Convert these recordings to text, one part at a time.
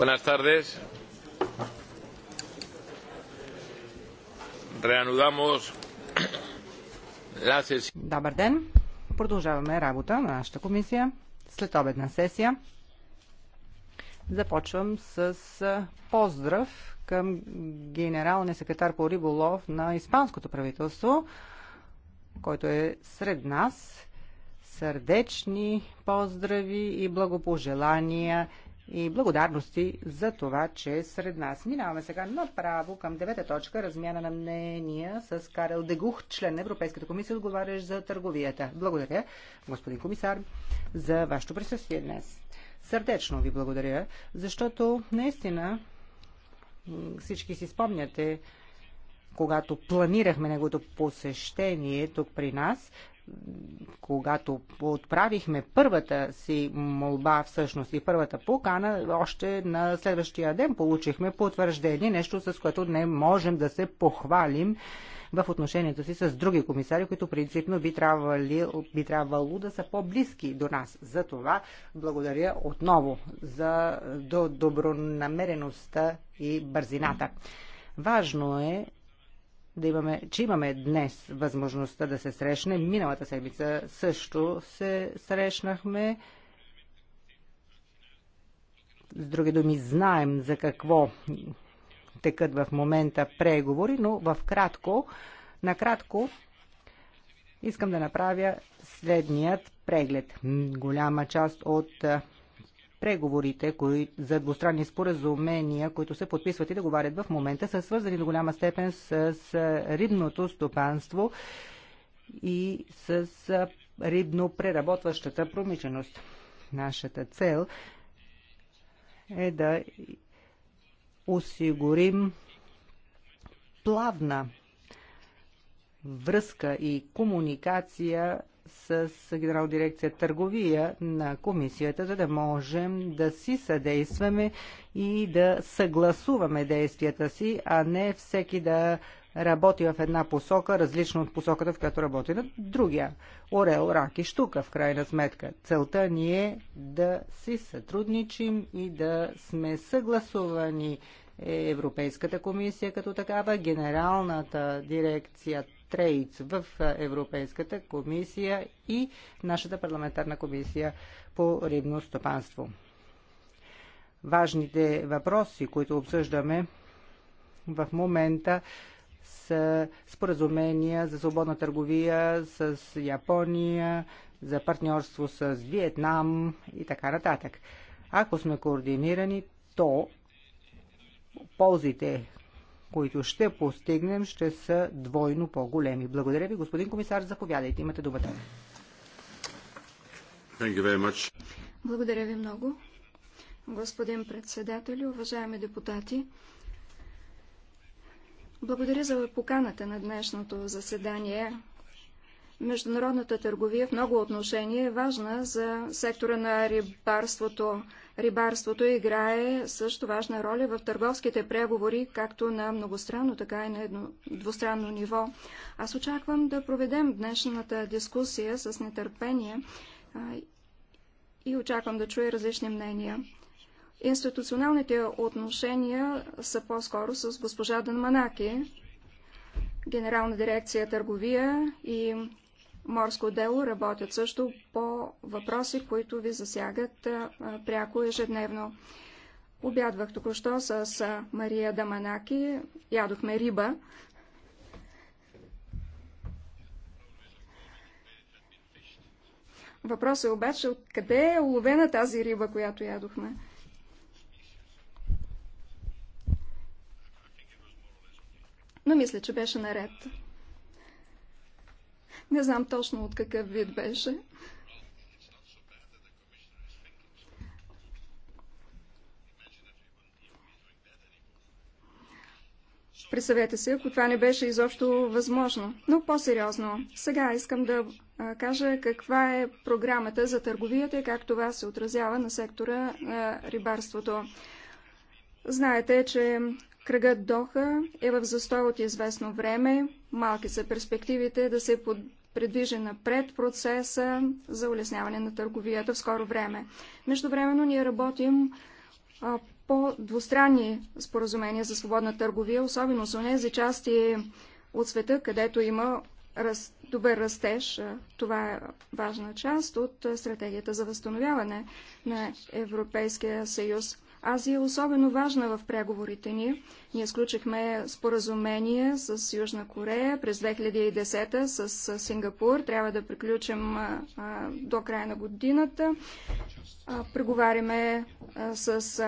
Buenas tardes. Reanudamos la sesión. Добър ден. Продължаваме работа на нашата комисия. След обедна сесия започвам с поздрав към генералния секретар по риболов на Испанското правителство, който е сред нас сърдечни поздрави и благопожелания и благодарности за това, че е сред нас. Минаваме сега направо към девета точка размяна на мнения с Карел Дегух, член на Европейската комисия, отговарящ за търговията. Благодаря, господин комисар, за вашето присъствие днес. Сърдечно ви благодаря, защото наистина всички си спомняте, когато планирахме неговото посещение тук при нас, когато отправихме първата си молба, всъщност и първата покана, още на следващия ден получихме потвърждение, нещо с което не можем да се похвалим в отношението си с други комисари, които принципно би, трябвало, би трябвало да са по-близки до нас. За това благодаря отново за добронамереността и бързината. Важно е да имаме, че имаме днес възможността да се срещнем. Миналата седмица също се срещнахме. С други думи, знаем за какво текат в момента преговори, но в кратко, накратко искам да направя следният преглед. Голяма част от преговорите кои, за двустранни споразумения, които се подписват и договарят в момента, са свързани до голяма степен с, с рибното стопанство и с рибно преработващата промишленост. Нашата цел е да осигурим плавна връзка и комуникация с Генерал дирекция Търговия на комисията, за да можем да си съдействаме и да съгласуваме действията си, а не всеки да работи в една посока, различна от посоката, в която работи на другия. Орел, рак и штука, в крайна сметка. Целта ни е да си сътрудничим и да сме съгласувани Европейската комисия като такава, Генералната дирекция Трейдс в Европейската комисия и нашата парламентарна комисия по рибно стопанство. Важните въпроси, които обсъждаме в момента, с споразумения за свободна търговия с Япония, за партньорство с Виетнам и така нататък. Ако сме координирани, то ползите, които ще постигнем, ще са двойно по-големи. Благодаря ви, господин комисар. Заповядайте, имате думата. Благодаря ви много. Господин председател, уважаеми депутати, благодаря за поканата на днешното заседание. Международната търговия в много отношения е важна за сектора на рибарството. Рибарството играе също важна роля в търговските преговори, както на многостранно, така и на едно, двустранно ниво. Аз очаквам да проведем днешната дискусия с нетърпение а, и очаквам да чуя различни мнения. Институционалните отношения са по-скоро с госпожа Данманаки, Генерална дирекция търговия и морско дело работят също по въпроси, които ви засягат пряко ежедневно. Обядвах току-що с Мария Даманаки, ядохме риба. Въпросът е обаче откъде е уловена тази риба, която ядохме. Но мисля, че беше наред. Не знам точно от какъв вид беше. Представете си, ако това не беше изобщо възможно. Но по-сериозно. Сега искам да кажа каква е програмата за търговията и как това се отразява на сектора на рибарството. Знаете, че кръгът Доха е в застой от известно време. Малки са перспективите да се предвижи напред процеса за улесняване на търговията в скоро време. Междувременно ние работим а, по двустранни споразумения за свободна търговия, особено с тези части от света, където има раз, добър растеж. Това е важна част от стратегията за възстановяване на Европейския съюз. Азия е особено важна в преговорите ни. Ние сключихме споразумение с Южна Корея през 2010 с Сингапур. Трябва да приключим до края на годината. преговаряме с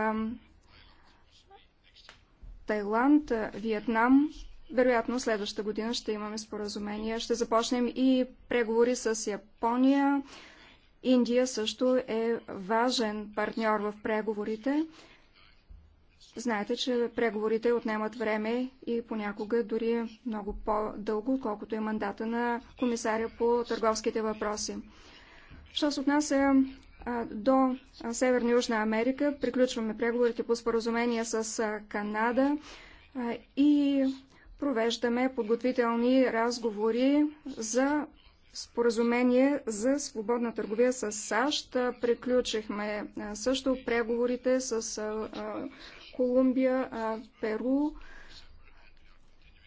Тайланд, Виетнам. Вероятно следващата година ще имаме споразумение. Ще започнем и преговори с Япония, Индия също е важен партньор в преговорите. Знаете, че преговорите отнемат време и понякога дори много по-дълго, колкото е мандата на комисаря по търговските въпроси. Що се отнася до Северна и Южна Америка, приключваме преговорите по споразумение с Канада и провеждаме подготвителни разговори за споразумение за свободна търговия с САЩ. Приключихме също преговорите с Колумбия, Перу.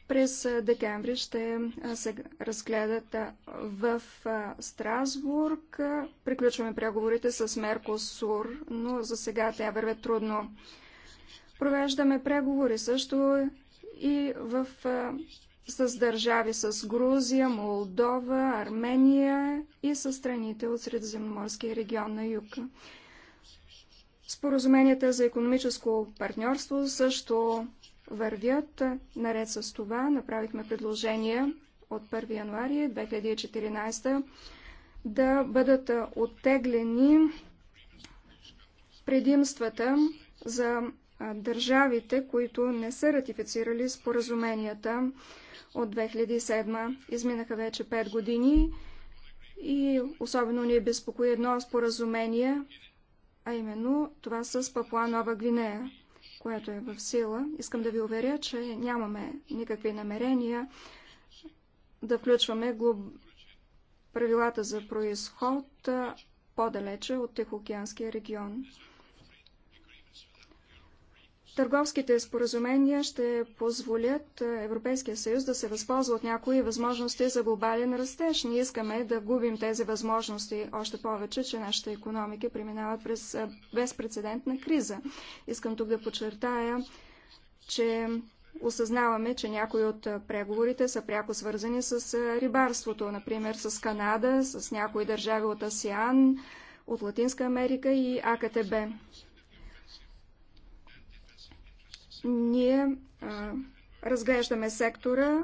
През декември ще се разгледат в Страсбург. Приключваме преговорите с Меркосур, но за сега тя вървят трудно. Провеждаме преговори също и в с държави с Грузия, Молдова, Армения и с страните от Средиземноморския регион на юг. Споразуменията за економическо партньорство също вървят. Наред с това направихме предложение от 1 януари 2014 да бъдат оттеглени предимствата за държавите, които не са ратифицирали споразуменията от 2007. Изминаха вече 5 години и особено ни безпокои едно споразумение, а именно това с Папуа Нова Гвинея, което е в сила. Искам да ви уверя, че нямаме никакви намерения да включваме глоб... правилата за происход по-далече от Тихоокеанския регион. Търговските споразумения ще позволят е, Европейския съюз да се възползва от някои възможности за глобален растеж. Ние искаме да губим тези възможности, още повече, че нашите економики преминават през е, безпредседентна криза. Искам тук да подчертая, че осъзнаваме, че някои от е, преговорите са пряко свързани с рибарството, например с Канада, с някои държави от АСИАН, от Латинска Америка и АКТБ. Ние а, разглеждаме сектора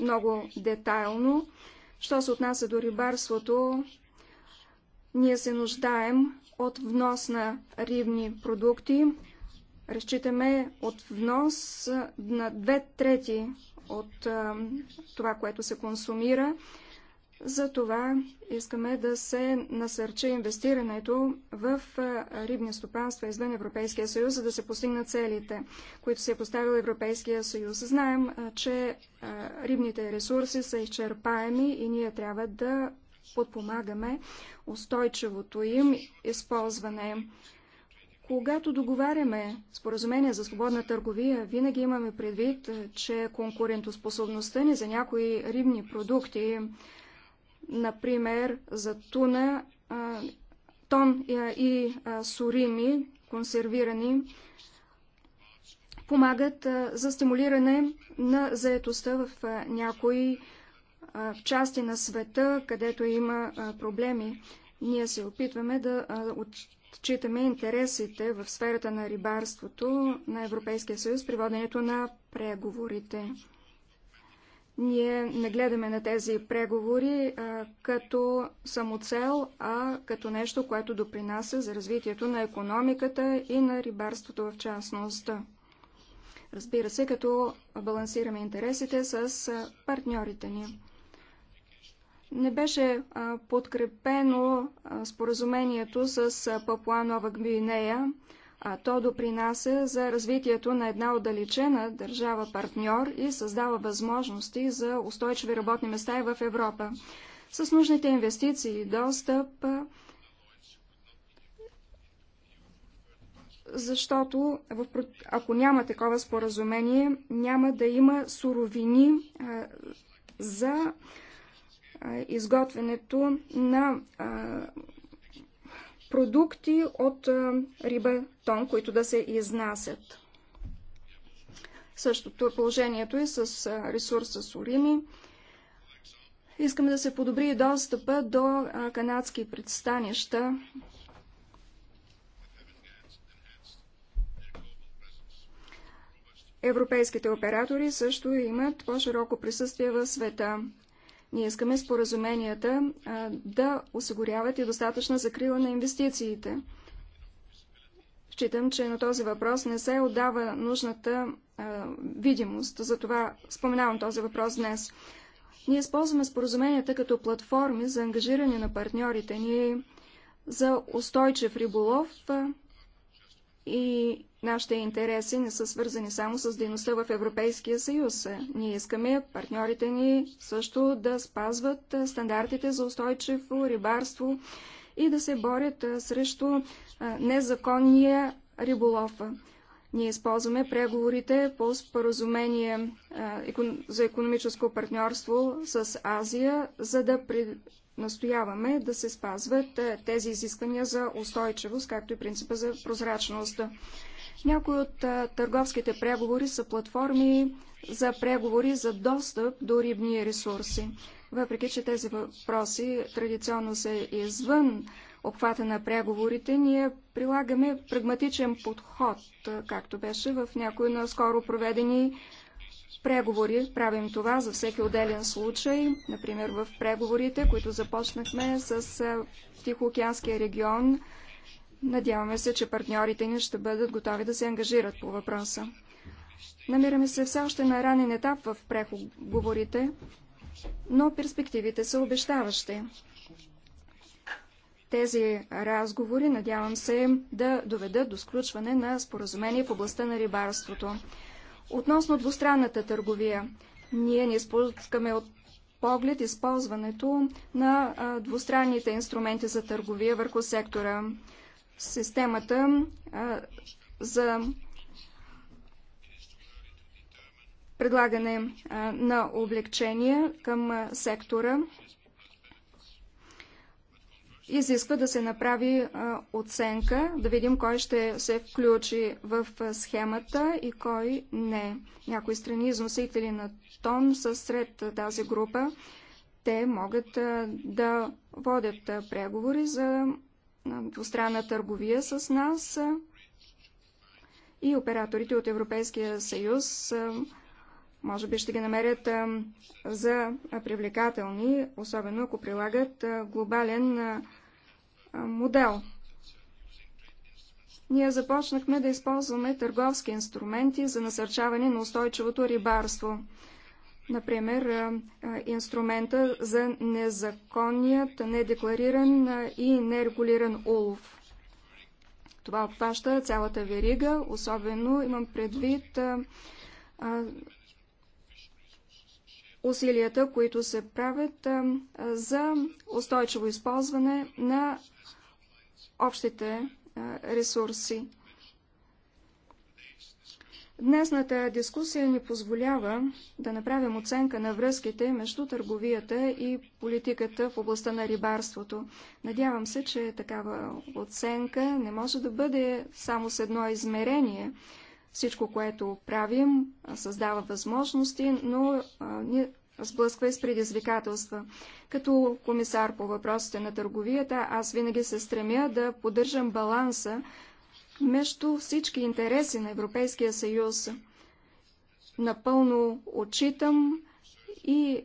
много детайлно. Що се отнася до рибарството, ние се нуждаем от внос на рибни продукти. Разчитаме от внос на две трети от а, това, което се консумира. Затова искаме да се насърчи инвестирането в рибни стопанства извън Европейския съюз, за да се постигнат целите, които се е поставил Европейския съюз. Знаем, че рибните ресурси са изчерпаеми и ние трябва да подпомагаме устойчивото им използване. Когато договаряме споразумение за свободна търговия, винаги имаме предвид, че конкурентоспособността ни за някои рибни продукти например за туна, тон и сурими, консервирани, помагат за стимулиране на заетостта в някои части на света, където има проблеми. Ние се опитваме да отчитаме интересите в сферата на рибарството на Европейския съюз при воденето на преговорите ние не гледаме на тези преговори а, като самоцел, а като нещо, което допринася за развитието на економиката и на рибарството в частност. Разбира се, като балансираме интересите с партньорите ни. Не беше а, подкрепено а, споразумението с Папуа Нова Гвинея, а то допринася за развитието на една отдалечена държава партньор и създава възможности за устойчиви работни места и в Европа. С нужните инвестиции и достъп, защото ако няма такова споразумение, няма да има суровини за изготвянето на продукти от риба тон, които да се изнасят. Същото е положението и с ресурса Сурими. Искаме да се подобри и достъпа до канадски предстанища. Европейските оператори също имат по-широко присъствие в света. Ние искаме споразуменията да осигуряват и достатъчна закрила на инвестициите. Считам, че на този въпрос не се отдава нужната а, видимост. Затова споменавам този въпрос днес. Ние използваме споразуменията като платформи за ангажиране на партньорите ни за устойчив риболов и Нашите интереси не са свързани само с дейността в Европейския съюз. Ние искаме партньорите ни също да спазват стандартите за устойчиво рибарство и да се борят срещу незаконния риболов. Ние използваме преговорите по споразумение за економическо партньорство с Азия, за да при... настояваме да се спазват тези изисквания за устойчивост, както и принципа за прозрачност. Някои от търговските преговори са платформи за преговори за достъп до рибни ресурси. Въпреки, че тези въпроси традиционно са извън обхвата на преговорите, ние прилагаме прагматичен подход, както беше в някои наскоро проведени преговори. Правим това за всеки отделен случай, например в преговорите, които започнахме с Тихоокеанския регион, Надяваме се, че партньорите ни ще бъдат готови да се ангажират по въпроса. Намираме се все още на ранен етап в преговорите, но перспективите са обещаващи. Тези разговори, надявам се, да доведат до сключване на споразумение в областта на рибарството. Относно двустранната търговия, ние не спускаме от поглед използването на двустранните инструменти за търговия върху сектора системата а, за предлагане а, на облегчения към а, сектора изисква да се направи оценка, да видим кой ще се включи в схемата и кой не. Някои страни износители на тон са сред тази група. Те могат да водят преговори за двустранна търговия с нас и операторите от Европейския съюз може би ще ги намерят за привлекателни, особено ако прилагат глобален модел. Ние започнахме да използваме търговски инструменти за насърчаване на устойчивото рибарство. Например, инструмента за незаконният, недеклариран и нерегулиран улов. Това обхваща цялата верига, особено имам предвид усилията, които се правят за устойчиво използване на общите ресурси. Днесната дискусия ни позволява да направим оценка на връзките между търговията и политиката в областта на рибарството. Надявам се, че такава оценка не може да бъде само с едно измерение. Всичко, което правим, създава възможности, но ни сблъсква и с предизвикателства. Като комисар по въпросите на търговията, аз винаги се стремя да поддържам баланса между всички интереси на Европейския съюз. Напълно отчитам и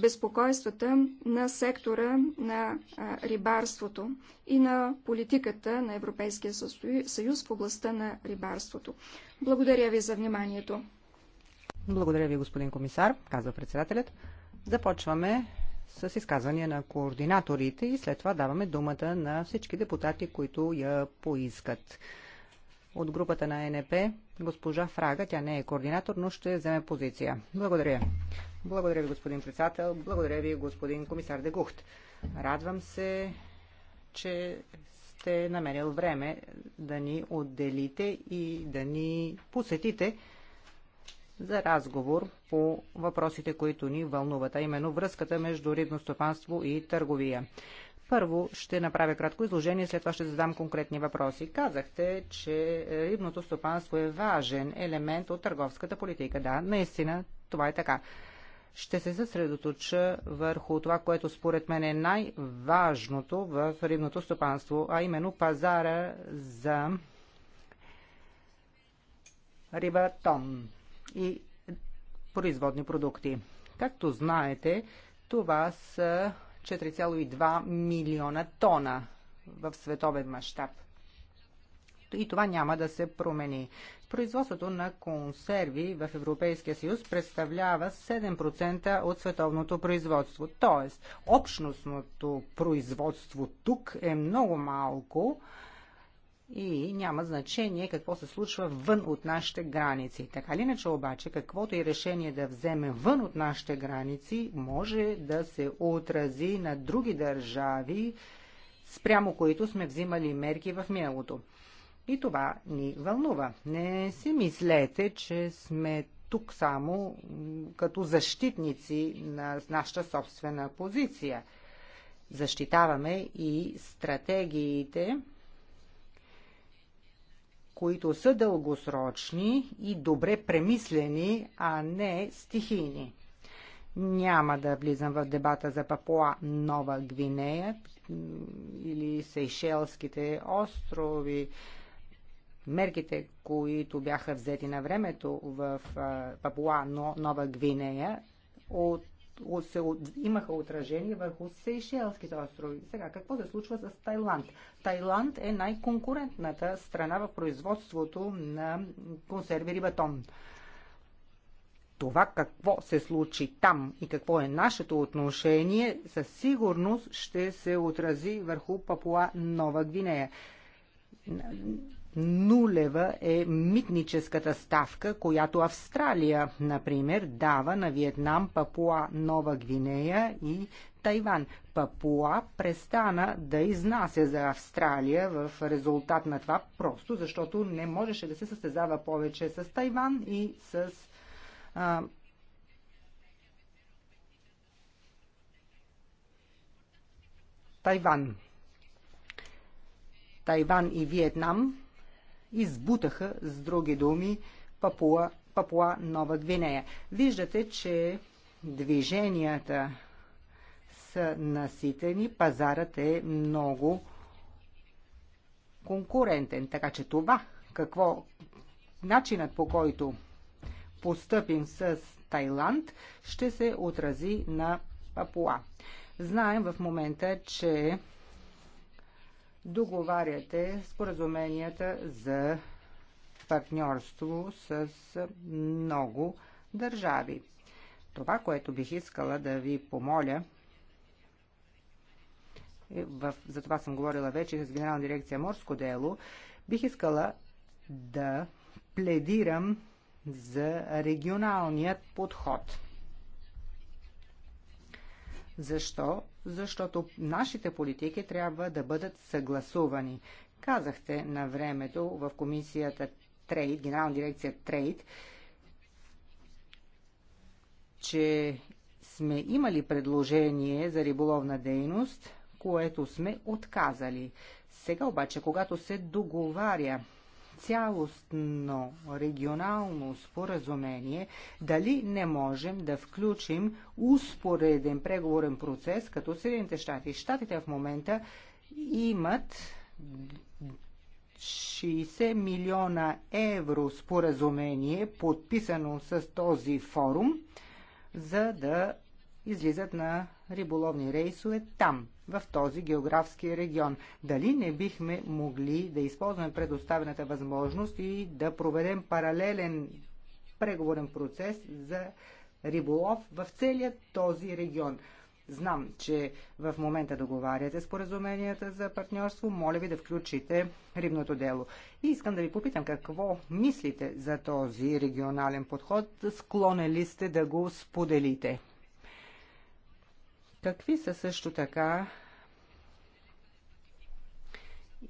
безпокойствата на сектора на рибарството и на политиката на Европейския съюз в областта на рибарството. Благодаря ви за вниманието. Благодаря ви, господин комисар, казва председателят. Започваме с изказвания на координаторите и след това даваме думата на всички депутати, които я поискат. От групата на НП госпожа Фрага, тя не е координатор, но ще вземе позиция. Благодаря. Благодаря ви, господин председател. Благодаря ви, господин комисар Дегухт. Радвам се, че сте намерил време да ни отделите и да ни посетите за разговор по въпросите, които ни вълнуват, а именно връзката между рибно стопанство и търговия. Първо ще направя кратко изложение, след това ще задам конкретни въпроси. Казахте, че рибното стопанство е важен елемент от търговската политика. Да, наистина това е така. Ще се съсредоточа върху това, което според мен е най-важното в рибното стопанство, а именно пазара за риба тон и производни продукти. Както знаете, това са 4,2 милиона тона в световен мащаб. И това няма да се промени. Производството на консерви в Европейския съюз представлява 7% от световното производство. Тоест, общностното производство тук е много малко, и няма значение какво се случва вън от нашите граници. Така ли иначе обаче, каквото и решение да вземе вън от нашите граници, може да се отрази на други държави, спрямо които сме взимали мерки в миналото. И това ни вълнува. Не си мислете, че сме тук само като защитници на нашата собствена позиция. Защитаваме и стратегиите, които са дългосрочни и добре премислени, а не стихийни. Няма да влизам в дебата за Папуа Нова Гвинея или Сейшелските острови. Мерките, които бяха взети на времето в Папуа Нова Гвинея, от се, имаха отражение върху Сейшелските острови. Сега, какво се случва с Тайланд? Тайланд е най-конкурентната страна в производството на консерви батон. Това какво се случи там и какво е нашето отношение, със сигурност ще се отрази върху Папуа Нова Гвинея Нулева е митническата ставка, която Австралия, например, дава на Виетнам, Папуа, Нова Гвинея и Тайван. Папуа престана да изнася за Австралия в резултат на това, просто защото не можеше да се състезава повече с Тайван и с а, Тайван. Тайван и Виетнам избутаха, с други думи, Папуа, Папуа Нова Гвинея. Виждате, че движенията са наситени, пазарът е много конкурентен. Така че това, какво, начинът по който постъпим с Тайланд, ще се отрази на Папуа. Знаем в момента, че договаряте споразуменията за партньорство с много държави. Това, което бих искала да ви помоля, е в, за това съм говорила вече с Генерална дирекция Морско дело, бих искала да пледирам за регионалният подход. Защо? защото нашите политики трябва да бъдат съгласувани. Казахте на времето в комисията Трейд, генерална дирекция Трейд, че сме имали предложение за риболовна дейност, което сме отказали. Сега обаче, когато се договаря цялостно регионално споразумение, дали не можем да включим успореден преговорен процес, като Съединените щати. Штатите в момента имат 60 милиона евро споразумение, подписано с този форум, за да излизат на риболовни рейсове там в този географски регион. Дали не бихме могли да използваме предоставената възможност и да проведем паралелен преговорен процес за риболов в целия този регион? Знам, че в момента договаряте споразуменията за партньорство. Моля ви да включите рибното дело. И искам да ви попитам какво мислите за този регионален подход. Склонен ли сте да го споделите? Какви са също така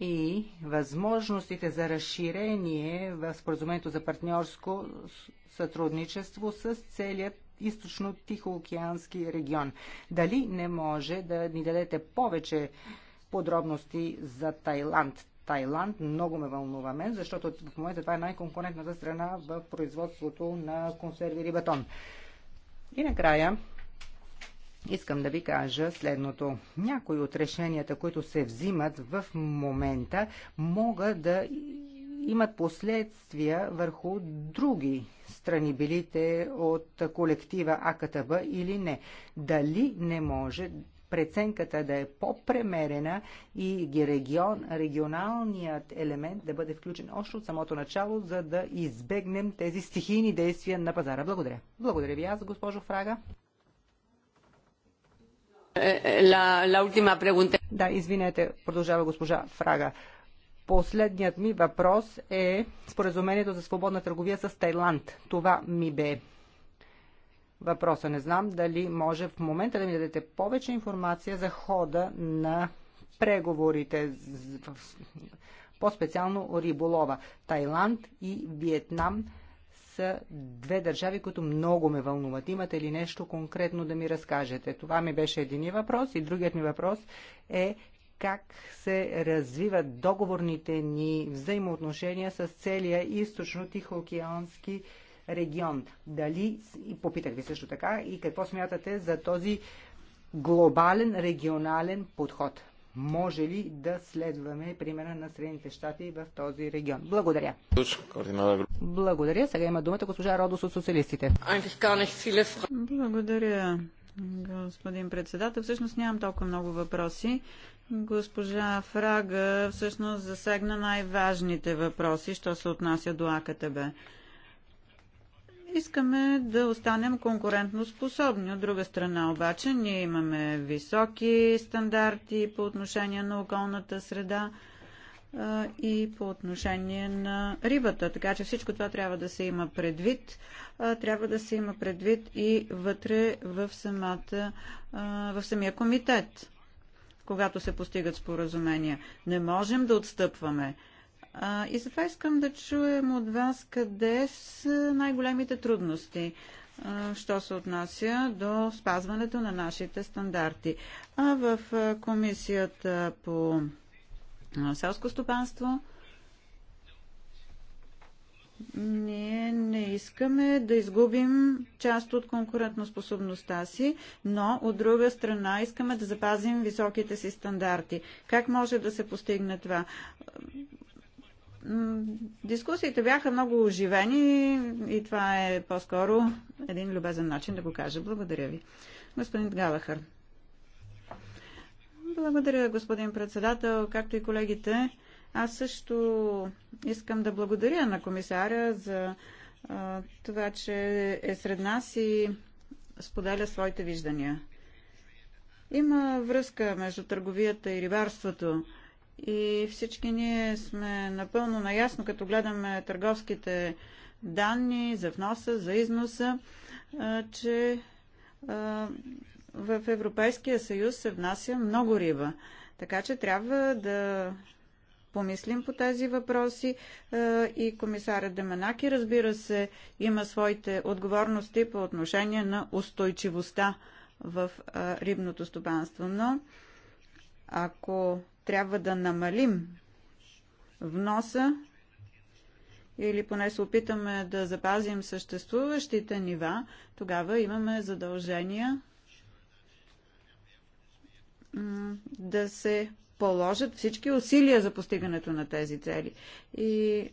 и възможностите за разширение в споразумението за партньорско сътрудничество с целият източно-тихоокеански регион. Дали не може да ни дадете повече подробности за Тайланд? Тайланд много ме вълнува мен, защото в момента това е най-конкурентната страна в производството на консерви батон. И накрая, Искам да ви кажа следното. Някои от решенията, които се взимат в момента, могат да имат последствия върху други страни, билите от колектива АКТБ или не. Дали не може преценката да е по-премерена и регион, регионалният елемент да бъде включен още от самото начало, за да избегнем тези стихийни действия на пазара. Благодаря. Благодаря ви аз, госпожо Фрага. Eh, la, la última pregunta. Да, извинете, продължава госпожа Фрага. Последният ми въпрос е споразумението за свободна търговия с Тайланд. Това ми бе въпроса. Не знам дали може в момента да ми дадете повече информация за хода на преговорите, по-специално риболова. Тайланд и Виетнам – са две държави, които много ме вълнуват. Имате ли нещо конкретно да ми разкажете? Това ми беше един въпрос и другият ми въпрос е как се развиват договорните ни взаимоотношения с целия източно-тихоокеански регион. Дали, и попитах ви също така, и какво смятате за този глобален регионален подход? може ли да следваме примера на Средните щати в този регион? Благодаря. Благодаря. Сега има думата госпожа Родос от социалистите. Благодаря, господин председател. Всъщност нямам толкова много въпроси. Госпожа Фрага всъщност засегна най-важните въпроси, що се отнася до АКТБ. Искаме да останем конкурентно способни. От друга страна обаче ние имаме високи стандарти по отношение на околната среда а, и по отношение на рибата. Така че всичко това трябва да се има предвид. А, трябва да се има предвид и вътре в, самата, а, в самия комитет, когато се постигат споразумения. Не можем да отстъпваме. А, и затова искам да чуем от вас къде са най-големите трудности, а, що се отнася до спазването на нашите стандарти. А в комисията по селско стопанство ние не искаме да изгубим част от конкурентоспособността си, но от друга страна искаме да запазим високите си стандарти. Как може да се постигне това? Дискусиите бяха много оживени и това е по-скоро един любезен начин да го кажа. Благодаря ви. Господин Галахър. Благодаря, господин председател, както и колегите. Аз също искам да благодаря на комисаря за а, това, че е сред нас и споделя своите виждания. Има връзка между търговията и рибарството. И всички ние сме напълно наясно, като гледаме търговските данни за вноса, за износа, че в Европейския съюз се внася много риба. Така че трябва да помислим по тези въпроси и комисаря Деманаки, разбира се, има своите отговорности по отношение на устойчивостта в рибното стопанство. Но ако трябва да намалим вноса или поне се опитаме да запазим съществуващите нива, тогава имаме задължения да се положат всички усилия за постигането на тези цели. И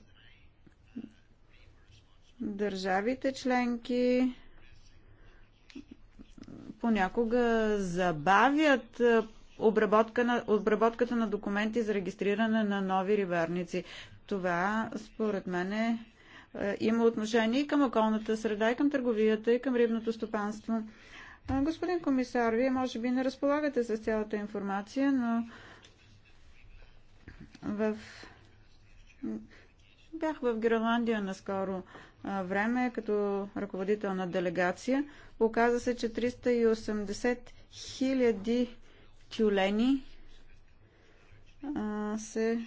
държавите членки понякога забавят обработка на, обработката на документи за регистриране на нови рибарници. Това, според мен, е, има отношение и към околната среда, и към търговията, и към рибното стопанство. Господин комисар, вие може би не разполагате с цялата информация, но в... бях в Гренландия наскоро време като ръководител на делегация. Оказа се, че 380 хиляди тюлени се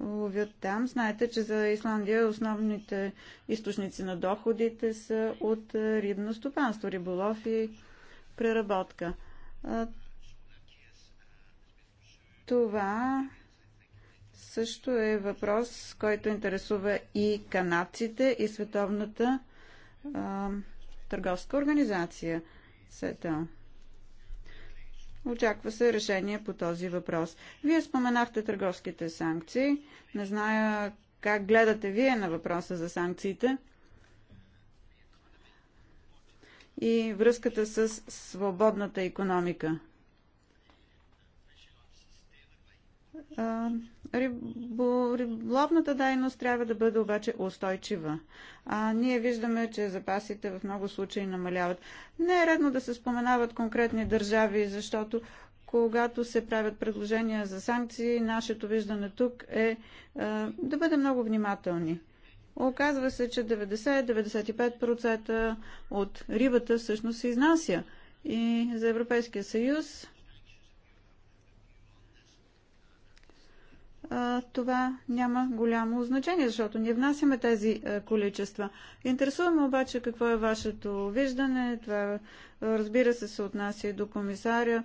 ловят там. Знаете, че за Исландия основните източници на доходите са от рибно стопанство, риболов и преработка. Това също е въпрос, който интересува и канадците, и Световната а, търговска организация. СЕТА. Очаква се решение по този въпрос. Вие споменахте търговските санкции. Не зная как гледате вие на въпроса за санкциите и връзката с свободната економика. Риболовната дайност трябва да бъде обаче устойчива. А ние виждаме, че запасите в много случаи намаляват. Не е редно да се споменават конкретни държави, защото когато се правят предложения за санкции, нашето виждане тук е, е да бъдем много внимателни. Оказва се, че 90-95% от рибата всъщност се изнася. И за Европейския съюз това няма голямо значение, защото ние внасяме тези количества. Интересуваме обаче какво е вашето виждане. Това, разбира се, се отнася и до комисаря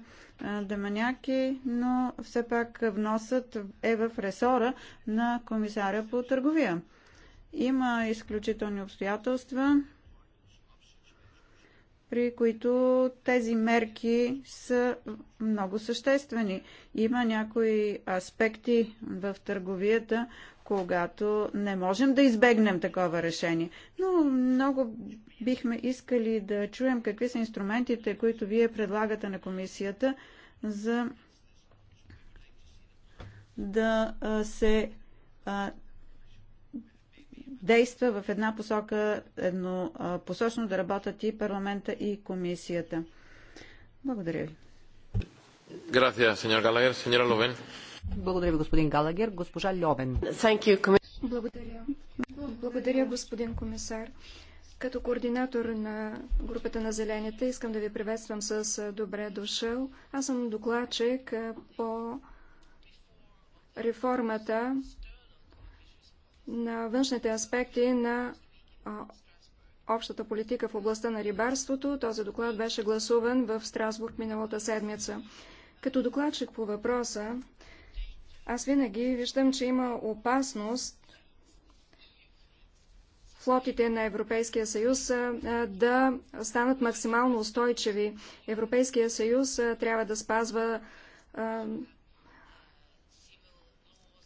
Деманяки, но все пак вносът е в ресора на комисаря по търговия. Има изключителни обстоятелства, при които тези мерки са много съществени. Има някои аспекти в търговията, когато не можем да избегнем такова решение. Но много бихме искали да чуем какви са инструментите, които вие предлагате на комисията за да се действа в една посока, едно посочно да работят и парламента и комисията. Благодаря ви. Благодаря ви, господин Галагер. Госпожа Льовен. Благодаря. Благодаря, господин комисар. Като координатор на групата на зелените искам да ви приветствам с добре дошъл. Аз съм докладчик по реформата на външните аспекти на общата политика в областта на рибарството. Този доклад беше гласуван в Страсбург миналата седмица. Като докладчик по въпроса, аз винаги виждам, че има опасност флотите на Европейския съюз да станат максимално устойчиви. Европейския съюз трябва да спазва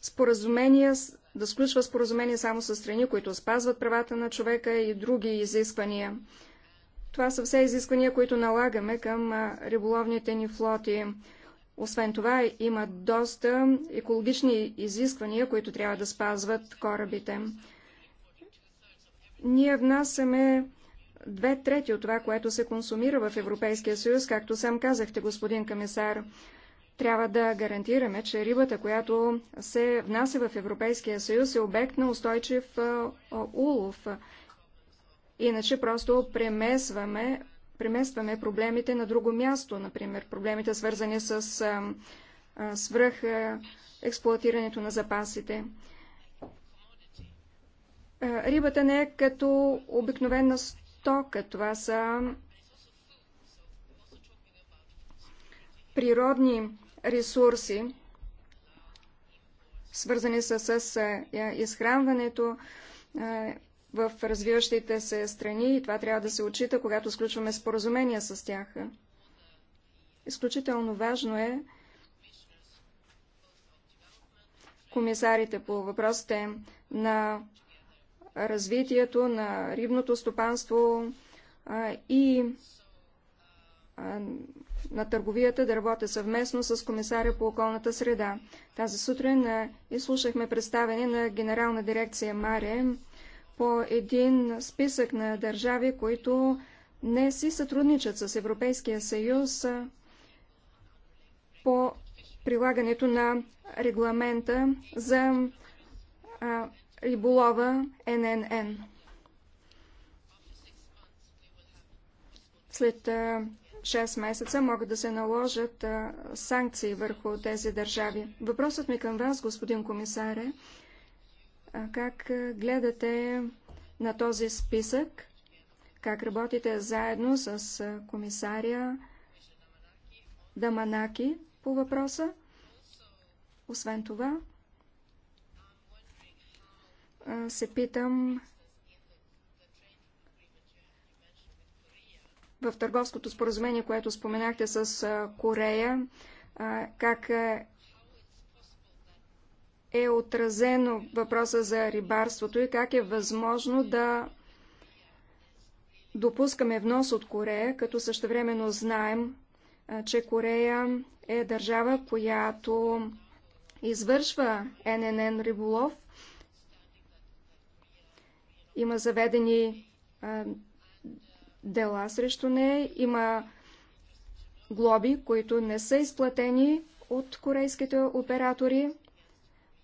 споразумения, да сключва споразумение само с страни, които спазват правата на човека и други изисквания. Това са все изисквания, които налагаме към риболовните ни флоти. Освен това, има доста екологични изисквания, които трябва да спазват корабите. Ние внасяме две трети от това, което се консумира в Европейския съюз, както сам казахте, господин комисар трябва да гарантираме, че рибата, която се внася в Европейския съюз, е обект на устойчив улов. Иначе просто премесваме, преместваме проблемите на друго място, например проблемите свързани с свръх експлуатирането на запасите. Рибата не е като обикновена стока. Това са природни ресурси, свързани с, с е, изхранването е, в развиващите се страни и това трябва да се отчита, когато сключваме споразумения с тях. Изключително важно е комисарите по въпросите на развитието на рибното стопанство е, и на търговията да работя съвместно с комисаря по околната среда. Тази сутрин изслушахме представяне на Генерална дирекция Маре по един списък на държави, които не си сътрудничат с Европейския съюз по прилагането на регламента за риболова ННН. След 6 месеца могат да се наложат а, санкции върху тези държави. Въпросът ми към вас, господин комисаре, а как гледате на този списък, как работите заедно с комисаря Даманаки по въпроса. Освен това, се питам в търговското споразумение, което споменахте с Корея, как е отразено въпроса за рибарството и как е възможно да допускаме внос от Корея, като същевременно знаем, че Корея е държава, която извършва ННН риболов. Има заведени дела срещу нея. Има глоби, които не са изплатени от корейските оператори.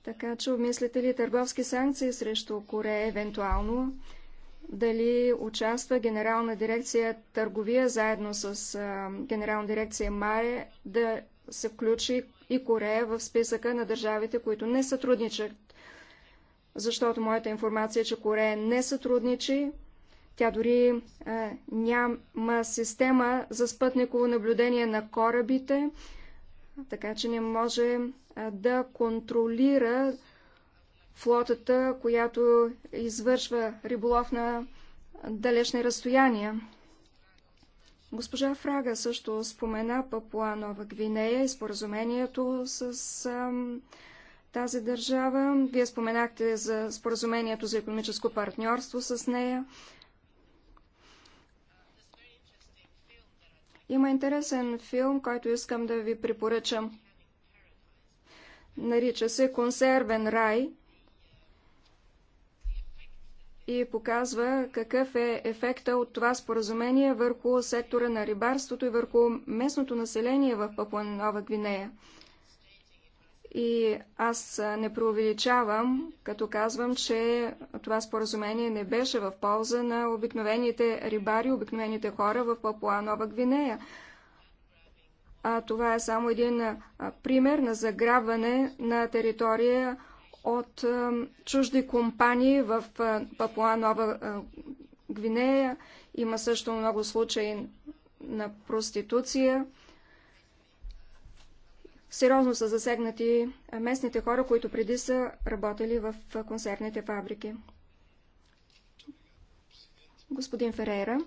Така че обмислите ли търговски санкции срещу Корея евентуално? Дали участва Генерална дирекция Търговия заедно с а, Генерална дирекция Маре да се включи и Корея в списъка на държавите, които не сътрудничат? Защото моята информация е, че Корея не сътрудничи тя дори е, няма система за спътниково наблюдение на корабите, така че не може е, да контролира флотата, която извършва риболов на далечни разстояния. Госпожа Фрага също спомена Папуа Нова Гвинея и споразумението с а, тази държава. Вие споменахте за споразумението за економическо партньорство с нея. Има интересен филм, който искам да ви препоръчам. Нарича се Консервен рай и показва какъв е ефекта от това споразумение върху сектора на рибарството и върху местното население в Папуа Нова Гвинея. И аз не преувеличавам, като казвам, че това споразумение не беше в полза на обикновените рибари, обикновените хора в Папуа Нова Гвинея. А това е само един пример на заграбване на територия от чужди компании в Папуа Нова Гвинея. Има също много случаи на проституция. Сериозно са засегнати местните хора, които преди са работили в консервните фабрики. Господин Ферейра.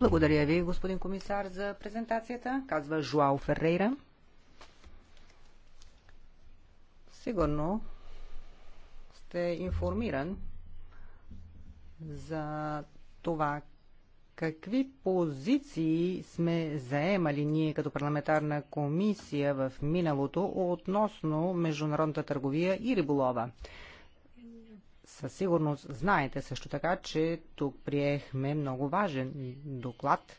Благодаря ви, господин комисар, за презентацията, казва Жуал Феррейра. Сигурно сте информиран за това какви позиции сме заемали ние като парламентарна комисия в миналото относно международната търговия и риболова. Със сигурност знаете също така, че тук приехме много важен доклад.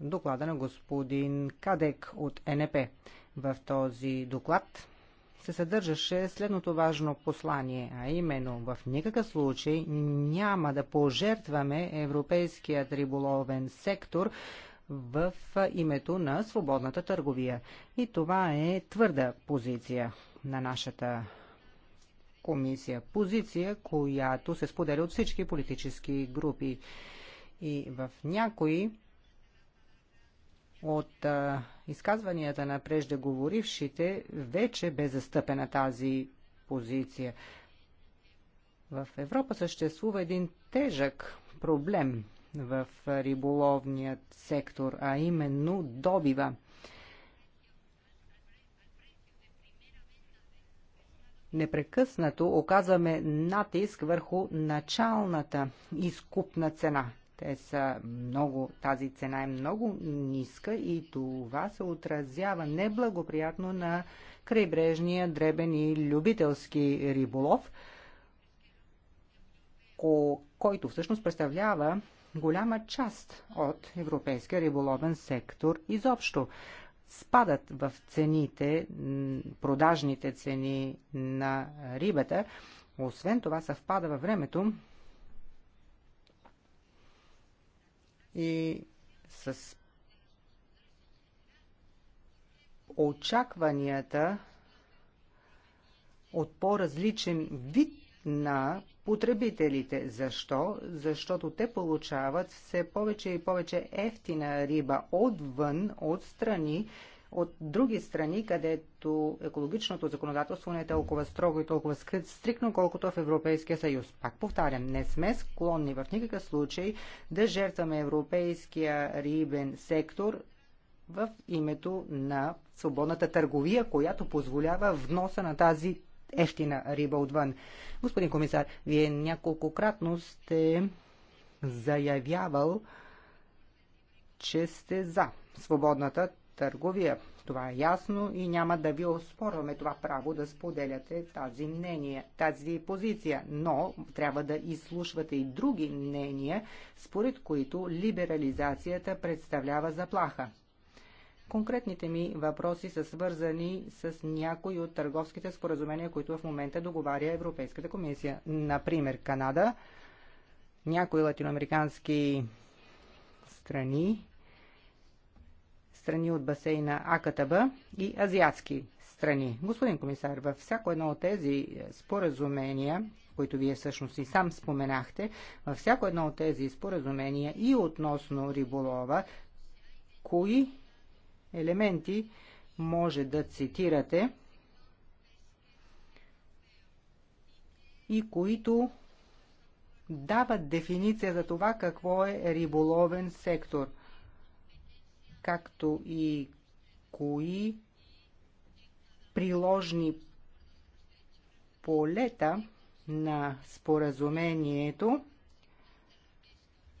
Доклада на господин Кадек от НП. В този доклад се съдържаше следното важно послание, а именно в никакъв случай няма да пожертваме европейският риболовен сектор в името на свободната търговия. И това е твърда позиция на нашата комисия. Позиция, която се споделя от всички политически групи. И в някои от изказванията на преждеговорившите вече бе застъпена тази позиция. В Европа съществува един тежък проблем в риболовният сектор, а именно добива. Непрекъснато оказваме натиск върху началната изкупна цена – те са много, тази цена е много ниска и това се отразява неблагоприятно на крайбрежния дребен и любителски риболов, който всъщност представлява голяма част от европейския риболовен сектор изобщо. Спадат в цените, продажните цени на рибата. Освен това съвпада във времето и с очакванията от по-различен вид на потребителите. Защо? Защото те получават все повече и повече ефтина риба отвън, от страни, от други страни, където екологичното законодателство не е толкова строго и толкова стрикно, колкото в Европейския съюз. Пак повтарям, не сме склонни в никакъв случай да жертваме европейския рибен сектор в името на свободната търговия, която позволява вноса на тази ефтина риба отвън. Господин комисар, вие няколкократно сте заявявал, че сте за свободната търговия. Това е ясно и няма да ви оспорваме това право да споделяте тази мнение, тази позиция, но трябва да изслушвате и други мнения, според които либерализацията представлява заплаха. Конкретните ми въпроси са свързани с някои от търговските споразумения, които в момента договаря Европейската комисия. Например, Канада, някои латиноамерикански страни, страни от басейна АКТБ и азиатски страни. Господин комисар, във всяко едно от тези е, споразумения, които вие всъщност и сам споменахте, във всяко едно от тези споразумения и относно риболова, кои елементи може да цитирате и които дават дефиниция за това какво е риболовен сектор – както и кои приложни полета на споразумението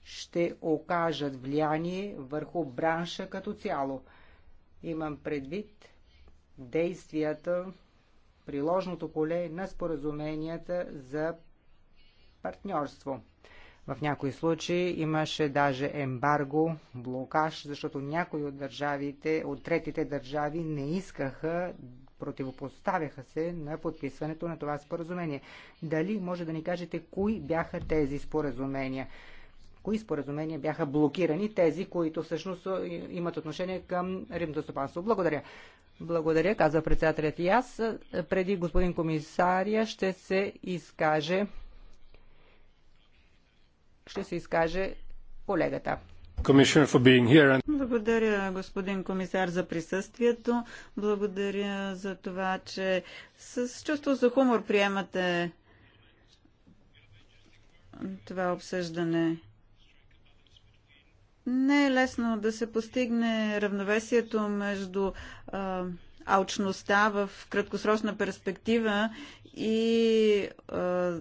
ще окажат влияние върху бранша като цяло. Имам предвид действията, приложното поле на споразуменията за партньорство. В някои случаи имаше даже ембарго, блокаж, защото някои от държавите, от третите държави не искаха, противопоставяха се на подписването на това споразумение. Дали може да ни кажете кои бяха тези споразумения? кои споразумения бяха блокирани, тези, които всъщност имат отношение към рибното стопанство. Благодаря. Благодаря, каза председателят и аз. Преди господин комисария ще се изкаже ще се изкаже колегата. Благодаря, господин комисар, за присъствието. Благодаря за това, че с чувство за хумор приемате това обсъждане. Не е лесно да се постигне равновесието между а, алчността в краткосрочна перспектива и а,